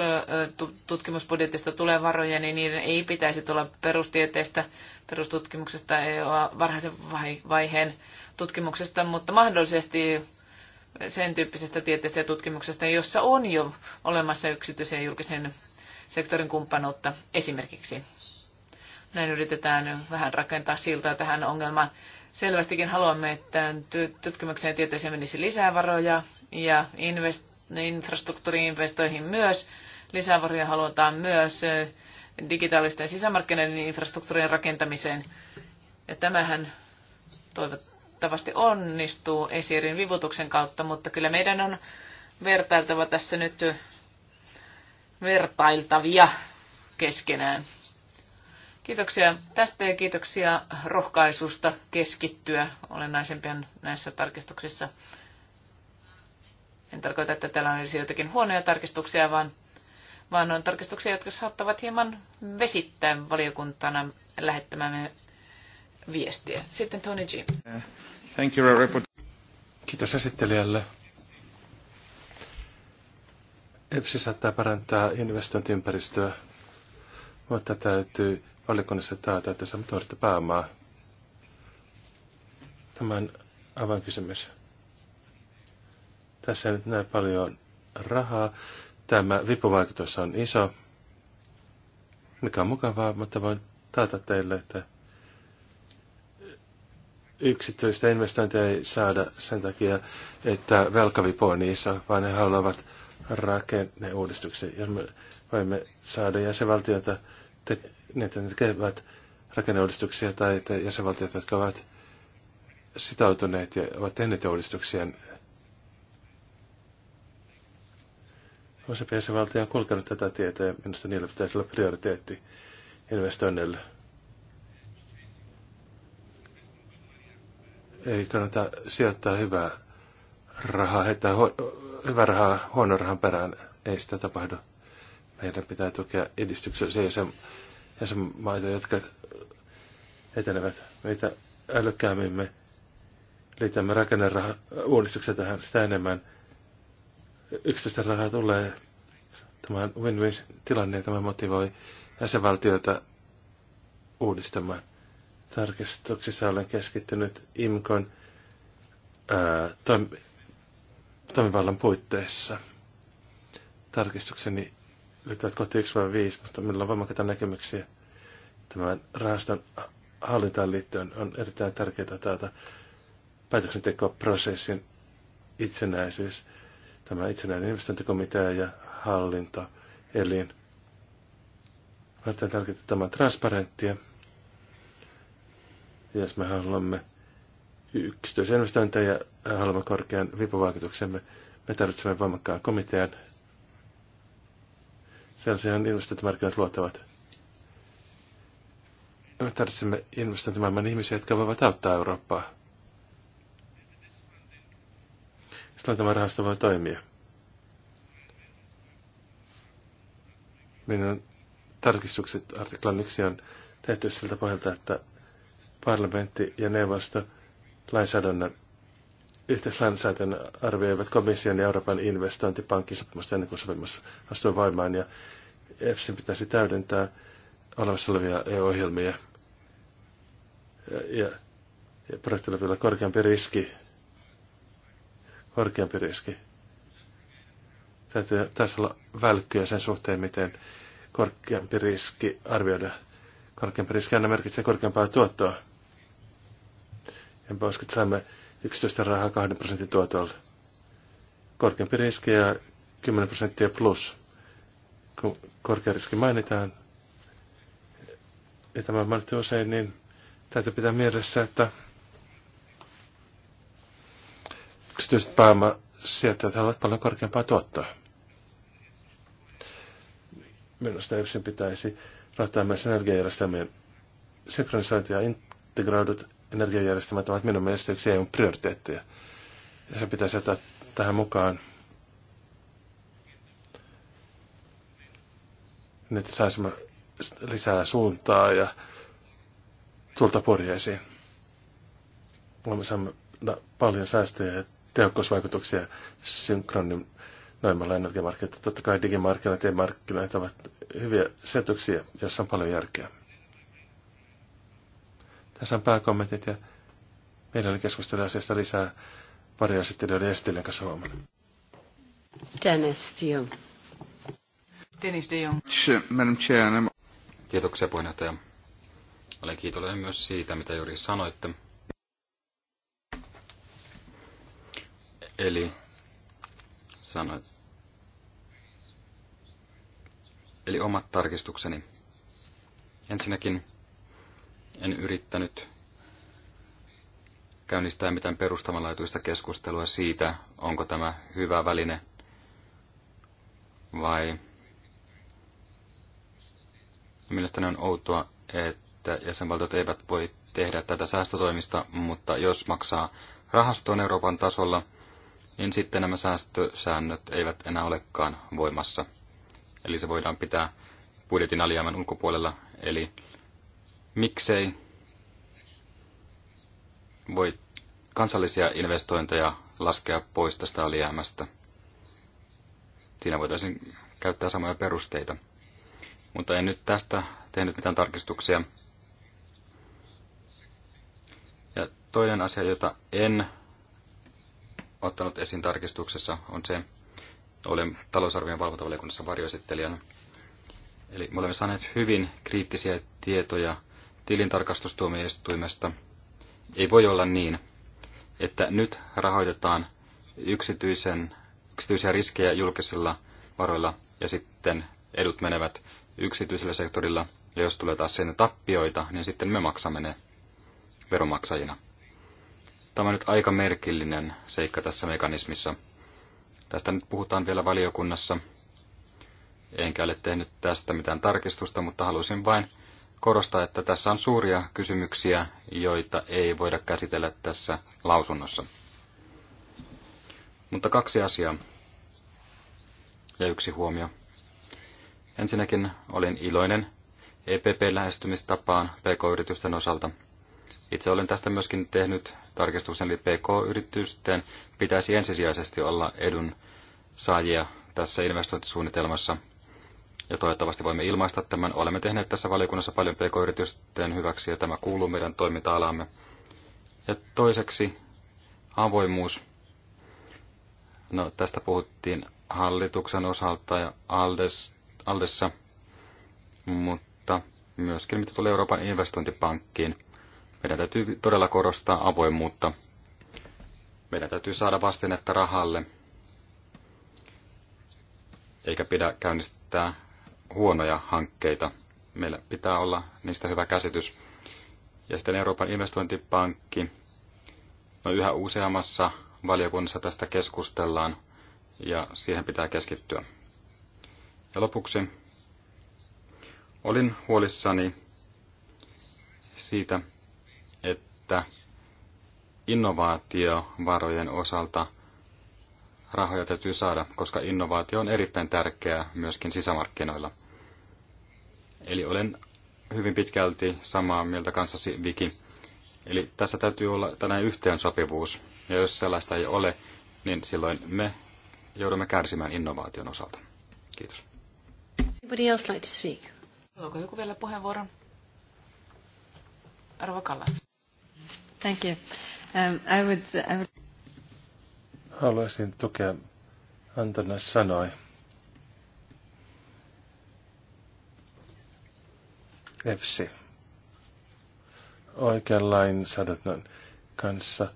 [SPEAKER 1] tutkimusbudjetista tulee varoja, niin niiden ei pitäisi tulla perustieteestä, perustutkimuksesta, e, varhaisen vaiheen tutkimuksesta, mutta mahdollisesti sen tyyppisestä tieteestä ja tutkimuksesta, jossa on jo olemassa yksityisen ja julkisen sektorin kumppanuutta esimerkiksi. Näin yritetään vähän rakentaa siltaa tähän ongelmaan. Selvästikin haluamme, että tutkimukseen ja tieteeseen menisi lisää varoja ja invest- infrastruktuuriinvestoihin myös. Lisävaroja halutaan myös digitaalisten sisämarkkinoiden infrastruktuurien rakentamiseen. Ja tämähän toivottavasti onnistuu esirin vivutuksen kautta, mutta kyllä meidän on vertailtava tässä nyt vertailtavia keskenään. Kiitoksia tästä ja kiitoksia rohkaisusta keskittyä olennaisempien näissä tarkistuksissa. En tarkoita, että täällä olisi jotakin huonoja tarkistuksia, vaan, vaan on tarkistuksia, jotka saattavat hieman vesittää valiokuntana lähettämämme viestiä. Sitten Tony G.
[SPEAKER 2] Thank you, report. Kiitos esittelijälle. EPSI saattaa parantaa investointiympäristöä, mutta täytyy valiokunnassa taata, että saamme tuoretta pääomaa. Tämän avainkysymys. kysymys tässä ei nyt näin paljon rahaa. Tämä vipuvaikutus on iso, mikä on mukavaa, mutta voin taata teille, että yksityistä investointia ei saada sen takia, että velkavipu on iso, vaan ne haluavat rakenneuudistuksia. Jos me voimme saada jäsenvaltioita, te, niitä tekevät rakenneuudistuksia tai te jäsenvaltioita, jotka ovat sitoutuneet ja ovat tehneet uudistuksia, Osa valtio on kulkenut tätä tietä ja minusta niillä pitäisi olla prioriteetti investoinnille. Ei kannata sijoittaa hyvää rahaa, heittää huo- hyvää rahaa huonon rahan perään. Ei sitä tapahdu. Meidän pitää tukea edistyksellisiä jäsen, jäsenmaita, jotka etenevät meitä älykkäämmin. Me liitämme rakenneraha uudistuksia tähän sitä enemmän – yksityistä rahaa tulee. Tämä on win-win tilanne ja tämä motivoi jäsenvaltioita uudistamaan. Tarkistuksissa olen keskittynyt IMKON ää, toimivallan puitteissa. Tarkistukseni liittyvät kohti 1 vai 5, mutta minulla on voimakkaita näkemyksiä tämän rahaston hallintaan liittyen on erittäin tärkeää taata päätöksentekoprosessin itsenäisyys tämä itsenäinen investointikomitea ja hallintoelin. Varten tarkoittaa tämä transparenttia. Ja jos me haluamme investointeja ja haluamme korkean vipuvaikutuksemme, me tarvitsemme voimakkaan komitean. Sellaisiahan investointimarkkinat luottavat. Me tarvitsemme investointimaailman ihmisiä, jotka voivat auttaa Eurooppaa. Sillä tämä rahasto voi toimia. Minun tarkistukset artiklan 1 on tehty siltä pohjalta, että parlamentti ja neuvosto lainsäädännön yhteislainsäätön arvioivat komission ja Euroopan investointipankin sopimusta ennen kuin sopimus astuu voimaan. Ja EFSin pitäisi täydentää olemassa olevia EU-ohjelmia. Ja, ja, ja projektilla vielä korkeampi riski korkeampi riski. Täytyy tässä olla välkkyä sen suhteen, miten korkeampi riski arvioida. Korkeampi riski aina merkitsee korkeampaa tuottoa. Enpä usko, että saamme yksityistä rahaa 2 prosentin tuotolla. Korkeampi riski ja 10 prosenttia plus. Kun korkea riski mainitaan, ja tämä mainittu usein, niin täytyy pitää mielessä, että Yksityiset pääomasijoittajat haluavat paljon korkeampaa tuottoa. Minusta yksin pitäisi rahoittaa myös energiajärjestelmien synkronisointi ja integroidut energiajärjestelmät ovat minun mielestä yksi EUn prioriteetteja. Ja se pitäisi ottaa tähän mukaan. Nyt niin saisimme lisää suuntaa ja tulta purjeisiin. Voimme saada paljon säästöjä ja tehokkuusvaikutuksia synkronimoimalla energiamarkkinoita. Totta kai digimarkkinat ja markkinat ovat hyviä setuksia joissa on paljon järkeä. Tässä on pääkommentit ja mielelläni keskustelen asiasta lisää pari asettelijoiden esittelijän kanssa huomenna.
[SPEAKER 3] Dennis de Jong. Dennis de Jong.
[SPEAKER 4] Kiitoksia puheenjohtaja. Olen kiitollinen myös siitä, mitä juuri sanoitte. Eli, sanoit, eli omat tarkistukseni. Ensinnäkin en yrittänyt käynnistää mitään perustavanlaatuista keskustelua siitä, onko tämä hyvä väline vai mielestäni on outoa, että jäsenvaltiot eivät voi tehdä tätä säästötoimista, mutta jos maksaa rahastoon Euroopan tasolla, niin sitten nämä säästösäännöt eivät enää olekaan voimassa. Eli se voidaan pitää budjetin alijäämän ulkopuolella. Eli miksei voi kansallisia investointeja laskea pois tästä alijäämästä. Siinä voitaisiin käyttää samoja perusteita. Mutta en nyt tästä tehnyt mitään tarkistuksia. Ja toinen asia, jota en ottanut esiin tarkistuksessa, on se, olen talousarvion valvontavaliokunnassa varjoesittelijänä. Eli me olemme saaneet hyvin kriittisiä tietoja tilintarkastustuomioistuimesta. Ei voi olla niin, että nyt rahoitetaan yksityisen, yksityisiä riskejä julkisilla varoilla ja sitten edut menevät yksityisellä sektorilla. Ja jos tulee taas sinne tappioita, niin sitten me maksamme ne veromaksajina. Tämä on nyt aika merkillinen seikka tässä mekanismissa. Tästä nyt puhutaan vielä valiokunnassa. Enkä ole tehnyt tästä mitään tarkistusta, mutta halusin vain korostaa, että tässä on suuria kysymyksiä, joita ei voida käsitellä tässä lausunnossa. Mutta kaksi asiaa ja yksi huomio. Ensinnäkin olin iloinen EPP-lähestymistapaan PK-yritysten osalta – itse olen tästä myöskin tehnyt tarkistuksen, eli PK-yritysten pitäisi ensisijaisesti olla edun saajia tässä investointisuunnitelmassa. Ja toivottavasti voimme ilmaista tämän. Olemme tehneet tässä valiokunnassa paljon PK-yritysten hyväksi ja tämä kuuluu meidän toiminta-alaamme. Ja toiseksi avoimuus. No, tästä puhuttiin hallituksen osalta ja Aldes, Aldessa, mutta myöskin mitä tulee Euroopan investointipankkiin – meidän täytyy todella korostaa avoimuutta. Meidän täytyy saada vastennetta rahalle, eikä pidä käynnistää huonoja hankkeita. Meillä pitää olla niistä hyvä käsitys. Ja sitten Euroopan investointipankki. No yhä useammassa valiokunnassa tästä keskustellaan ja siihen pitää keskittyä. Ja lopuksi olin huolissani siitä, että innovaatiovarojen osalta rahoja täytyy saada, koska innovaatio on erittäin tärkeää myöskin sisämarkkinoilla. Eli olen hyvin pitkälti samaa mieltä kanssasi, Viki. Eli tässä täytyy olla tällainen yhteensopivuus, ja jos sellaista ei ole, niin silloin me joudumme kärsimään innovaation osalta. Kiitos.
[SPEAKER 3] Anybody else like to speak?
[SPEAKER 1] Haluaako joku vielä puheenvuoron? Arvo Kallas.
[SPEAKER 3] Thank you. Um, I would, I would...
[SPEAKER 2] Haluaisin tukea Antona sanoi. EFSI. Oikean sadatnan kanssa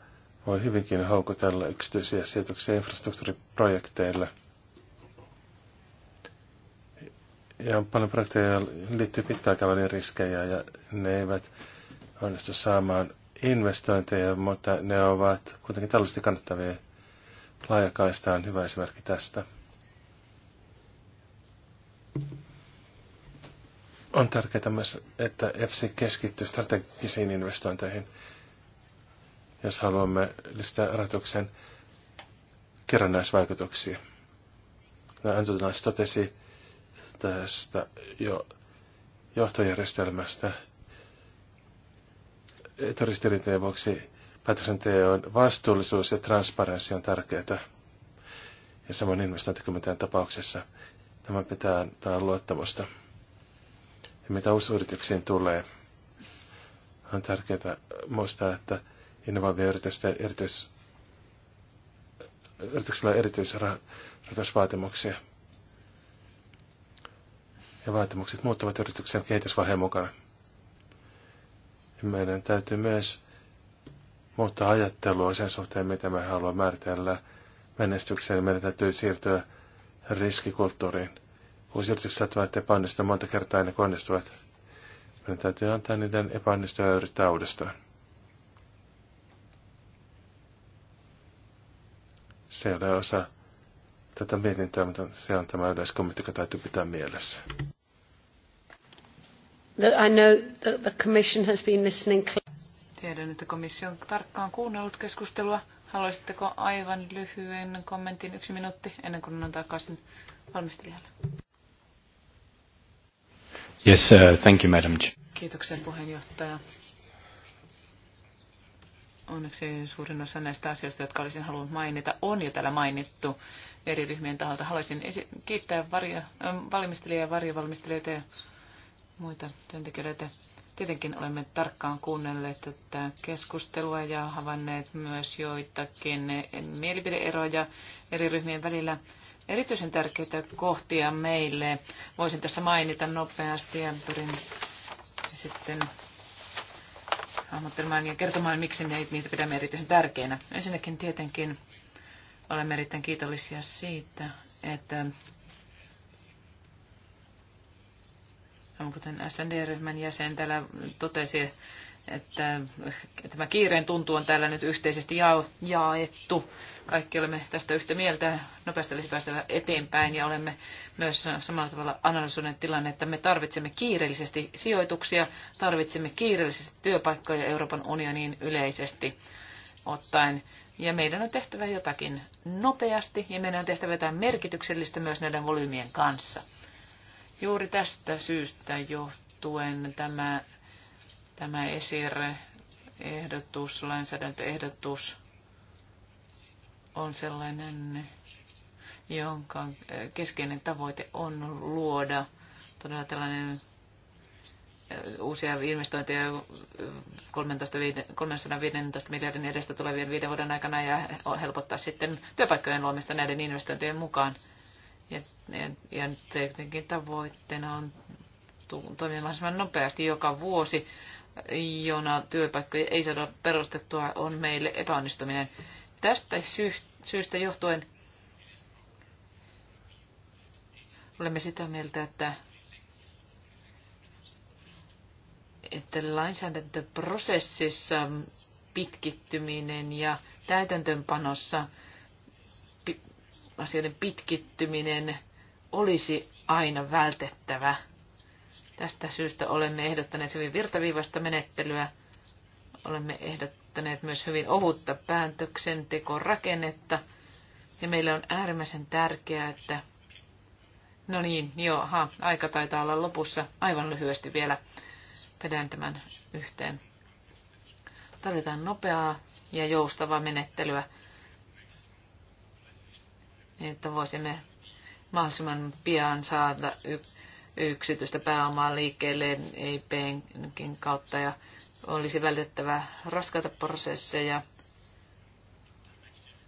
[SPEAKER 2] voi hyvinkin houkutella yksityisiä sijoituksia infrastruktuuriprojekteille. Ja on paljon projekteja, joilla liittyy pitkäaikavälin riskejä ja ne eivät onnistu saamaan investointeja, mutta ne ovat kuitenkin taloudellisesti kannattavia. Laajakaista on hyvä esimerkki tästä. On tärkeää myös, että EFSI keskittyy strategisiin investointeihin, jos haluamme lisätä rahoituksen kerrannaisvaikutuksia. No, Antonas totesi tästä jo johtojärjestelmästä – eturistiriitojen vuoksi päätöksenteon vastuullisuus ja transparenssi on tärkeää. Ja samoin investointikomitean tapauksessa tämä pitää antaa luottamusta. Ja mitä uusyrityksiin tulee, on tärkeää muistaa, että innovaavien yritysten erityis, yrityksillä on erityisrahoitusvaatimuksia. Ja vaatimukset muuttuvat yrityksen kehitysvaiheen mukana meidän täytyy myös muuttaa ajattelua sen suhteen, mitä me haluamme määritellä menestykseen. Meidän täytyy siirtyä riskikulttuuriin. Uusi yritykset saattavat epäonnistua monta kertaa ennen kuin onnistuvat. Meidän täytyy antaa niiden epäonnistua ja yrittää uudestaan. Se ei ole osa tätä mietintöä, mutta se on tämä yleiskommentti, joka täytyy pitää mielessä.
[SPEAKER 3] I know that the commission has been listening.
[SPEAKER 1] Tiedän, että komissio on tarkkaan kuunnellut keskustelua. Haluaisitteko aivan lyhyen kommentin, yksi minuutti, ennen kuin annan takaisin valmistelijalle?
[SPEAKER 4] Yes, uh, thank you, madam.
[SPEAKER 1] Kiitoksia puheenjohtaja. Onneksi suurin osa näistä asioista, jotka olisin halunnut mainita, on jo täällä mainittu eri ryhmien taholta. Haluaisin kiittää varjo, äh, ja varjovalmistelijoita muita työntekijöitä. Tietenkin olemme tarkkaan kuunnelleet tätä keskustelua ja havainneet myös joitakin mielipideeroja eri ryhmien välillä. Erityisen tärkeitä kohtia meille voisin tässä mainita nopeasti ja pyrin sitten hahmottelemaan ja kertomaan, miksi niitä pidämme erityisen tärkeinä. Ensinnäkin tietenkin olemme erittäin kiitollisia siitä, että Aivan kuten SND-ryhmän jäsen täällä totesi, että tämä kiireen tuntu on täällä nyt yhteisesti jaettu. Kaikki olemme tästä yhtä mieltä, nopeasti olisi päästävä eteenpäin ja olemme myös samalla tavalla analysoineet tilanne, että me tarvitsemme kiireellisesti sijoituksia, tarvitsemme kiireellisesti työpaikkoja Euroopan unioniin yleisesti ottaen. Ja meidän on tehtävä jotakin nopeasti ja meidän on tehtävä jotain merkityksellistä myös näiden volyymien kanssa. Juuri tästä syystä johtuen tämä, tämä esirehdotus, lainsäädäntöehdotus on sellainen, jonka keskeinen tavoite on luoda todella tällainen uusia investointeja 315 miljardin edestä tulevien viiden vuoden aikana ja helpottaa sitten työpaikkojen luomista näiden investointien mukaan. Ja, ja, ja tietenkin tavoitteena on toimia mahdollisimman nopeasti joka vuosi, jona työpaikkoja ei saada perustettua, on meille epäonnistuminen. Tästä syystä johtuen olemme sitä mieltä, että, että lainsäädäntöprosessissa pitkittyminen ja täytäntöönpanossa – asioiden pitkittyminen olisi aina vältettävä. Tästä syystä olemme ehdottaneet hyvin virtaviivasta menettelyä. Olemme ehdottaneet myös hyvin ohutta päätöksentekorakennetta. Ja meillä on äärimmäisen tärkeää, että... No niin, joo, ha, aika taitaa olla lopussa. Aivan lyhyesti vielä vedän tämän yhteen. Tarvitaan nopeaa ja joustavaa menettelyä niin että voisimme mahdollisimman pian saada yksityistä pääomaa liikkeelle EIPnkin kautta ja olisi välitettävä raskaita prosesseja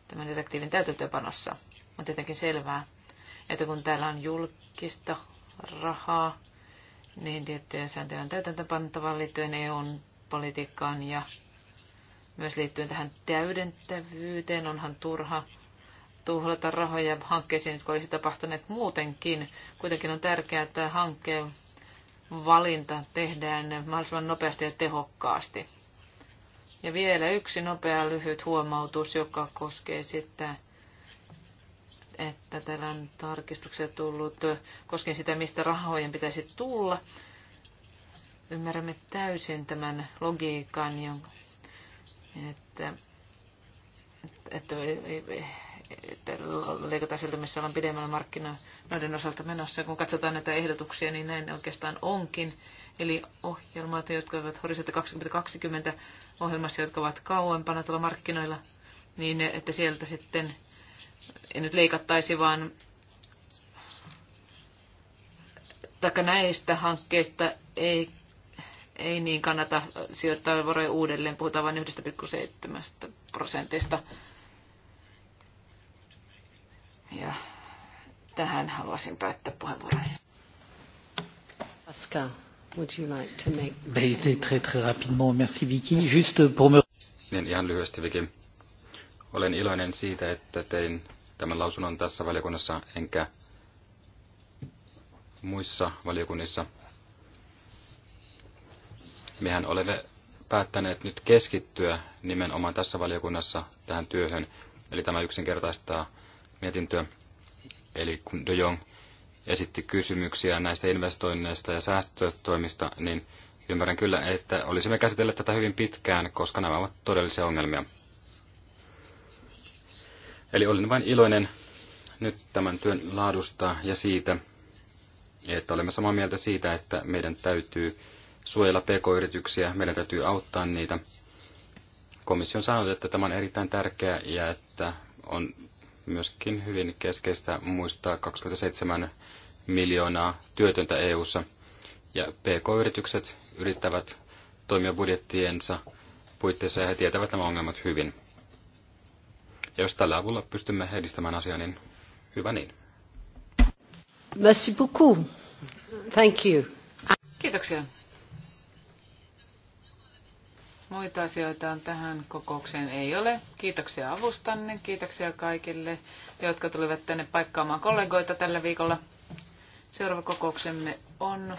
[SPEAKER 1] tämän direktiivin täytäntöönpanossa. On tietenkin selvää, että kun täällä on julkista rahaa, niin tiettyjä sääntöjä on täytäntöönpantavan liittyen EUn politiikkaan ja myös liittyen tähän täydentävyyteen onhan turha tuhlata rahoja hankkeisiin, jotka olisi tapahtuneet muutenkin. Kuitenkin on tärkeää, että hankkeen valinta tehdään mahdollisimman nopeasti ja tehokkaasti. Ja vielä yksi nopea lyhyt huomautus, joka koskee sitä, että täällä on tarkistuksia tullut koskien sitä, mistä rahojen pitäisi tulla. Ymmärrämme täysin tämän logiikan, että, että leikataan siltä, missä ollaan pidemmällä markkinoiden osalta menossa. Kun katsotaan näitä ehdotuksia, niin näin oikeastaan onkin. Eli ohjelmat, jotka ovat Horisontti 2020 ohjelmassa, jotka ovat kauempana tuolla markkinoilla, niin että sieltä sitten ei nyt leikattaisi, vaan taikka näistä hankkeista ei, ei niin kannata sijoittaa varoja uudelleen. Puhutaan vain 1,7 prosentista ja tähän haluaisin päättää puheenvuoron.
[SPEAKER 3] Pascal, would you like to make... Ben,
[SPEAKER 1] très, très rapidement. Merci Vicky. Juste pour me...
[SPEAKER 4] Niin, ihan lyhyesti Vicky. Olen iloinen siitä, että tein tämän lausunnon tässä valiokunnassa, enkä muissa valiokunnissa. Mehän olemme päättäneet nyt keskittyä nimenomaan tässä valiokunnassa tähän työhön, eli tämä yksinkertaistaa mietintöä. Eli kun De Jong esitti kysymyksiä näistä investoinneista ja säästötoimista, niin ymmärrän kyllä, että olisimme käsitelleet tätä hyvin pitkään, koska nämä ovat todellisia ongelmia. Eli olin vain iloinen nyt tämän työn laadusta ja siitä, että olemme samaa mieltä siitä, että meidän täytyy suojella pk-yrityksiä, meidän täytyy auttaa niitä. Komissio on sanonut, että tämä on erittäin tärkeää ja että on myöskin hyvin keskeistä muistaa 27 miljoonaa työtöntä EU:ssa ja PK-yritykset yrittävät toimia budjettiensa puitteissa ja he tietävät nämä ongelmat hyvin. Ja jos tällä avulla pystymme edistämään asiaa, niin hyvä niin.
[SPEAKER 3] Merci beaucoup. Thank you.
[SPEAKER 1] Kiitoksia. Muita asioita on tähän kokoukseen ei ole. Kiitoksia avustanne, kiitoksia kaikille, jotka tulivat tänne paikkaamaan kollegoita tällä viikolla. Seuraava kokouksemme on,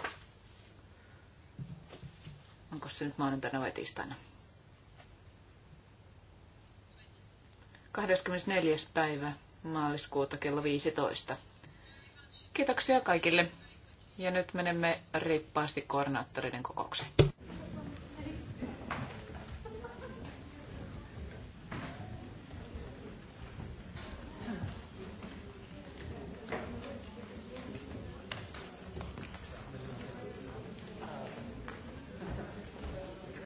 [SPEAKER 1] onko se nyt maanantaina vai tiistaina? 24. päivä maaliskuuta kello 15. Kiitoksia kaikille. Ja nyt menemme riippaasti koordinaattoreiden kokoukseen.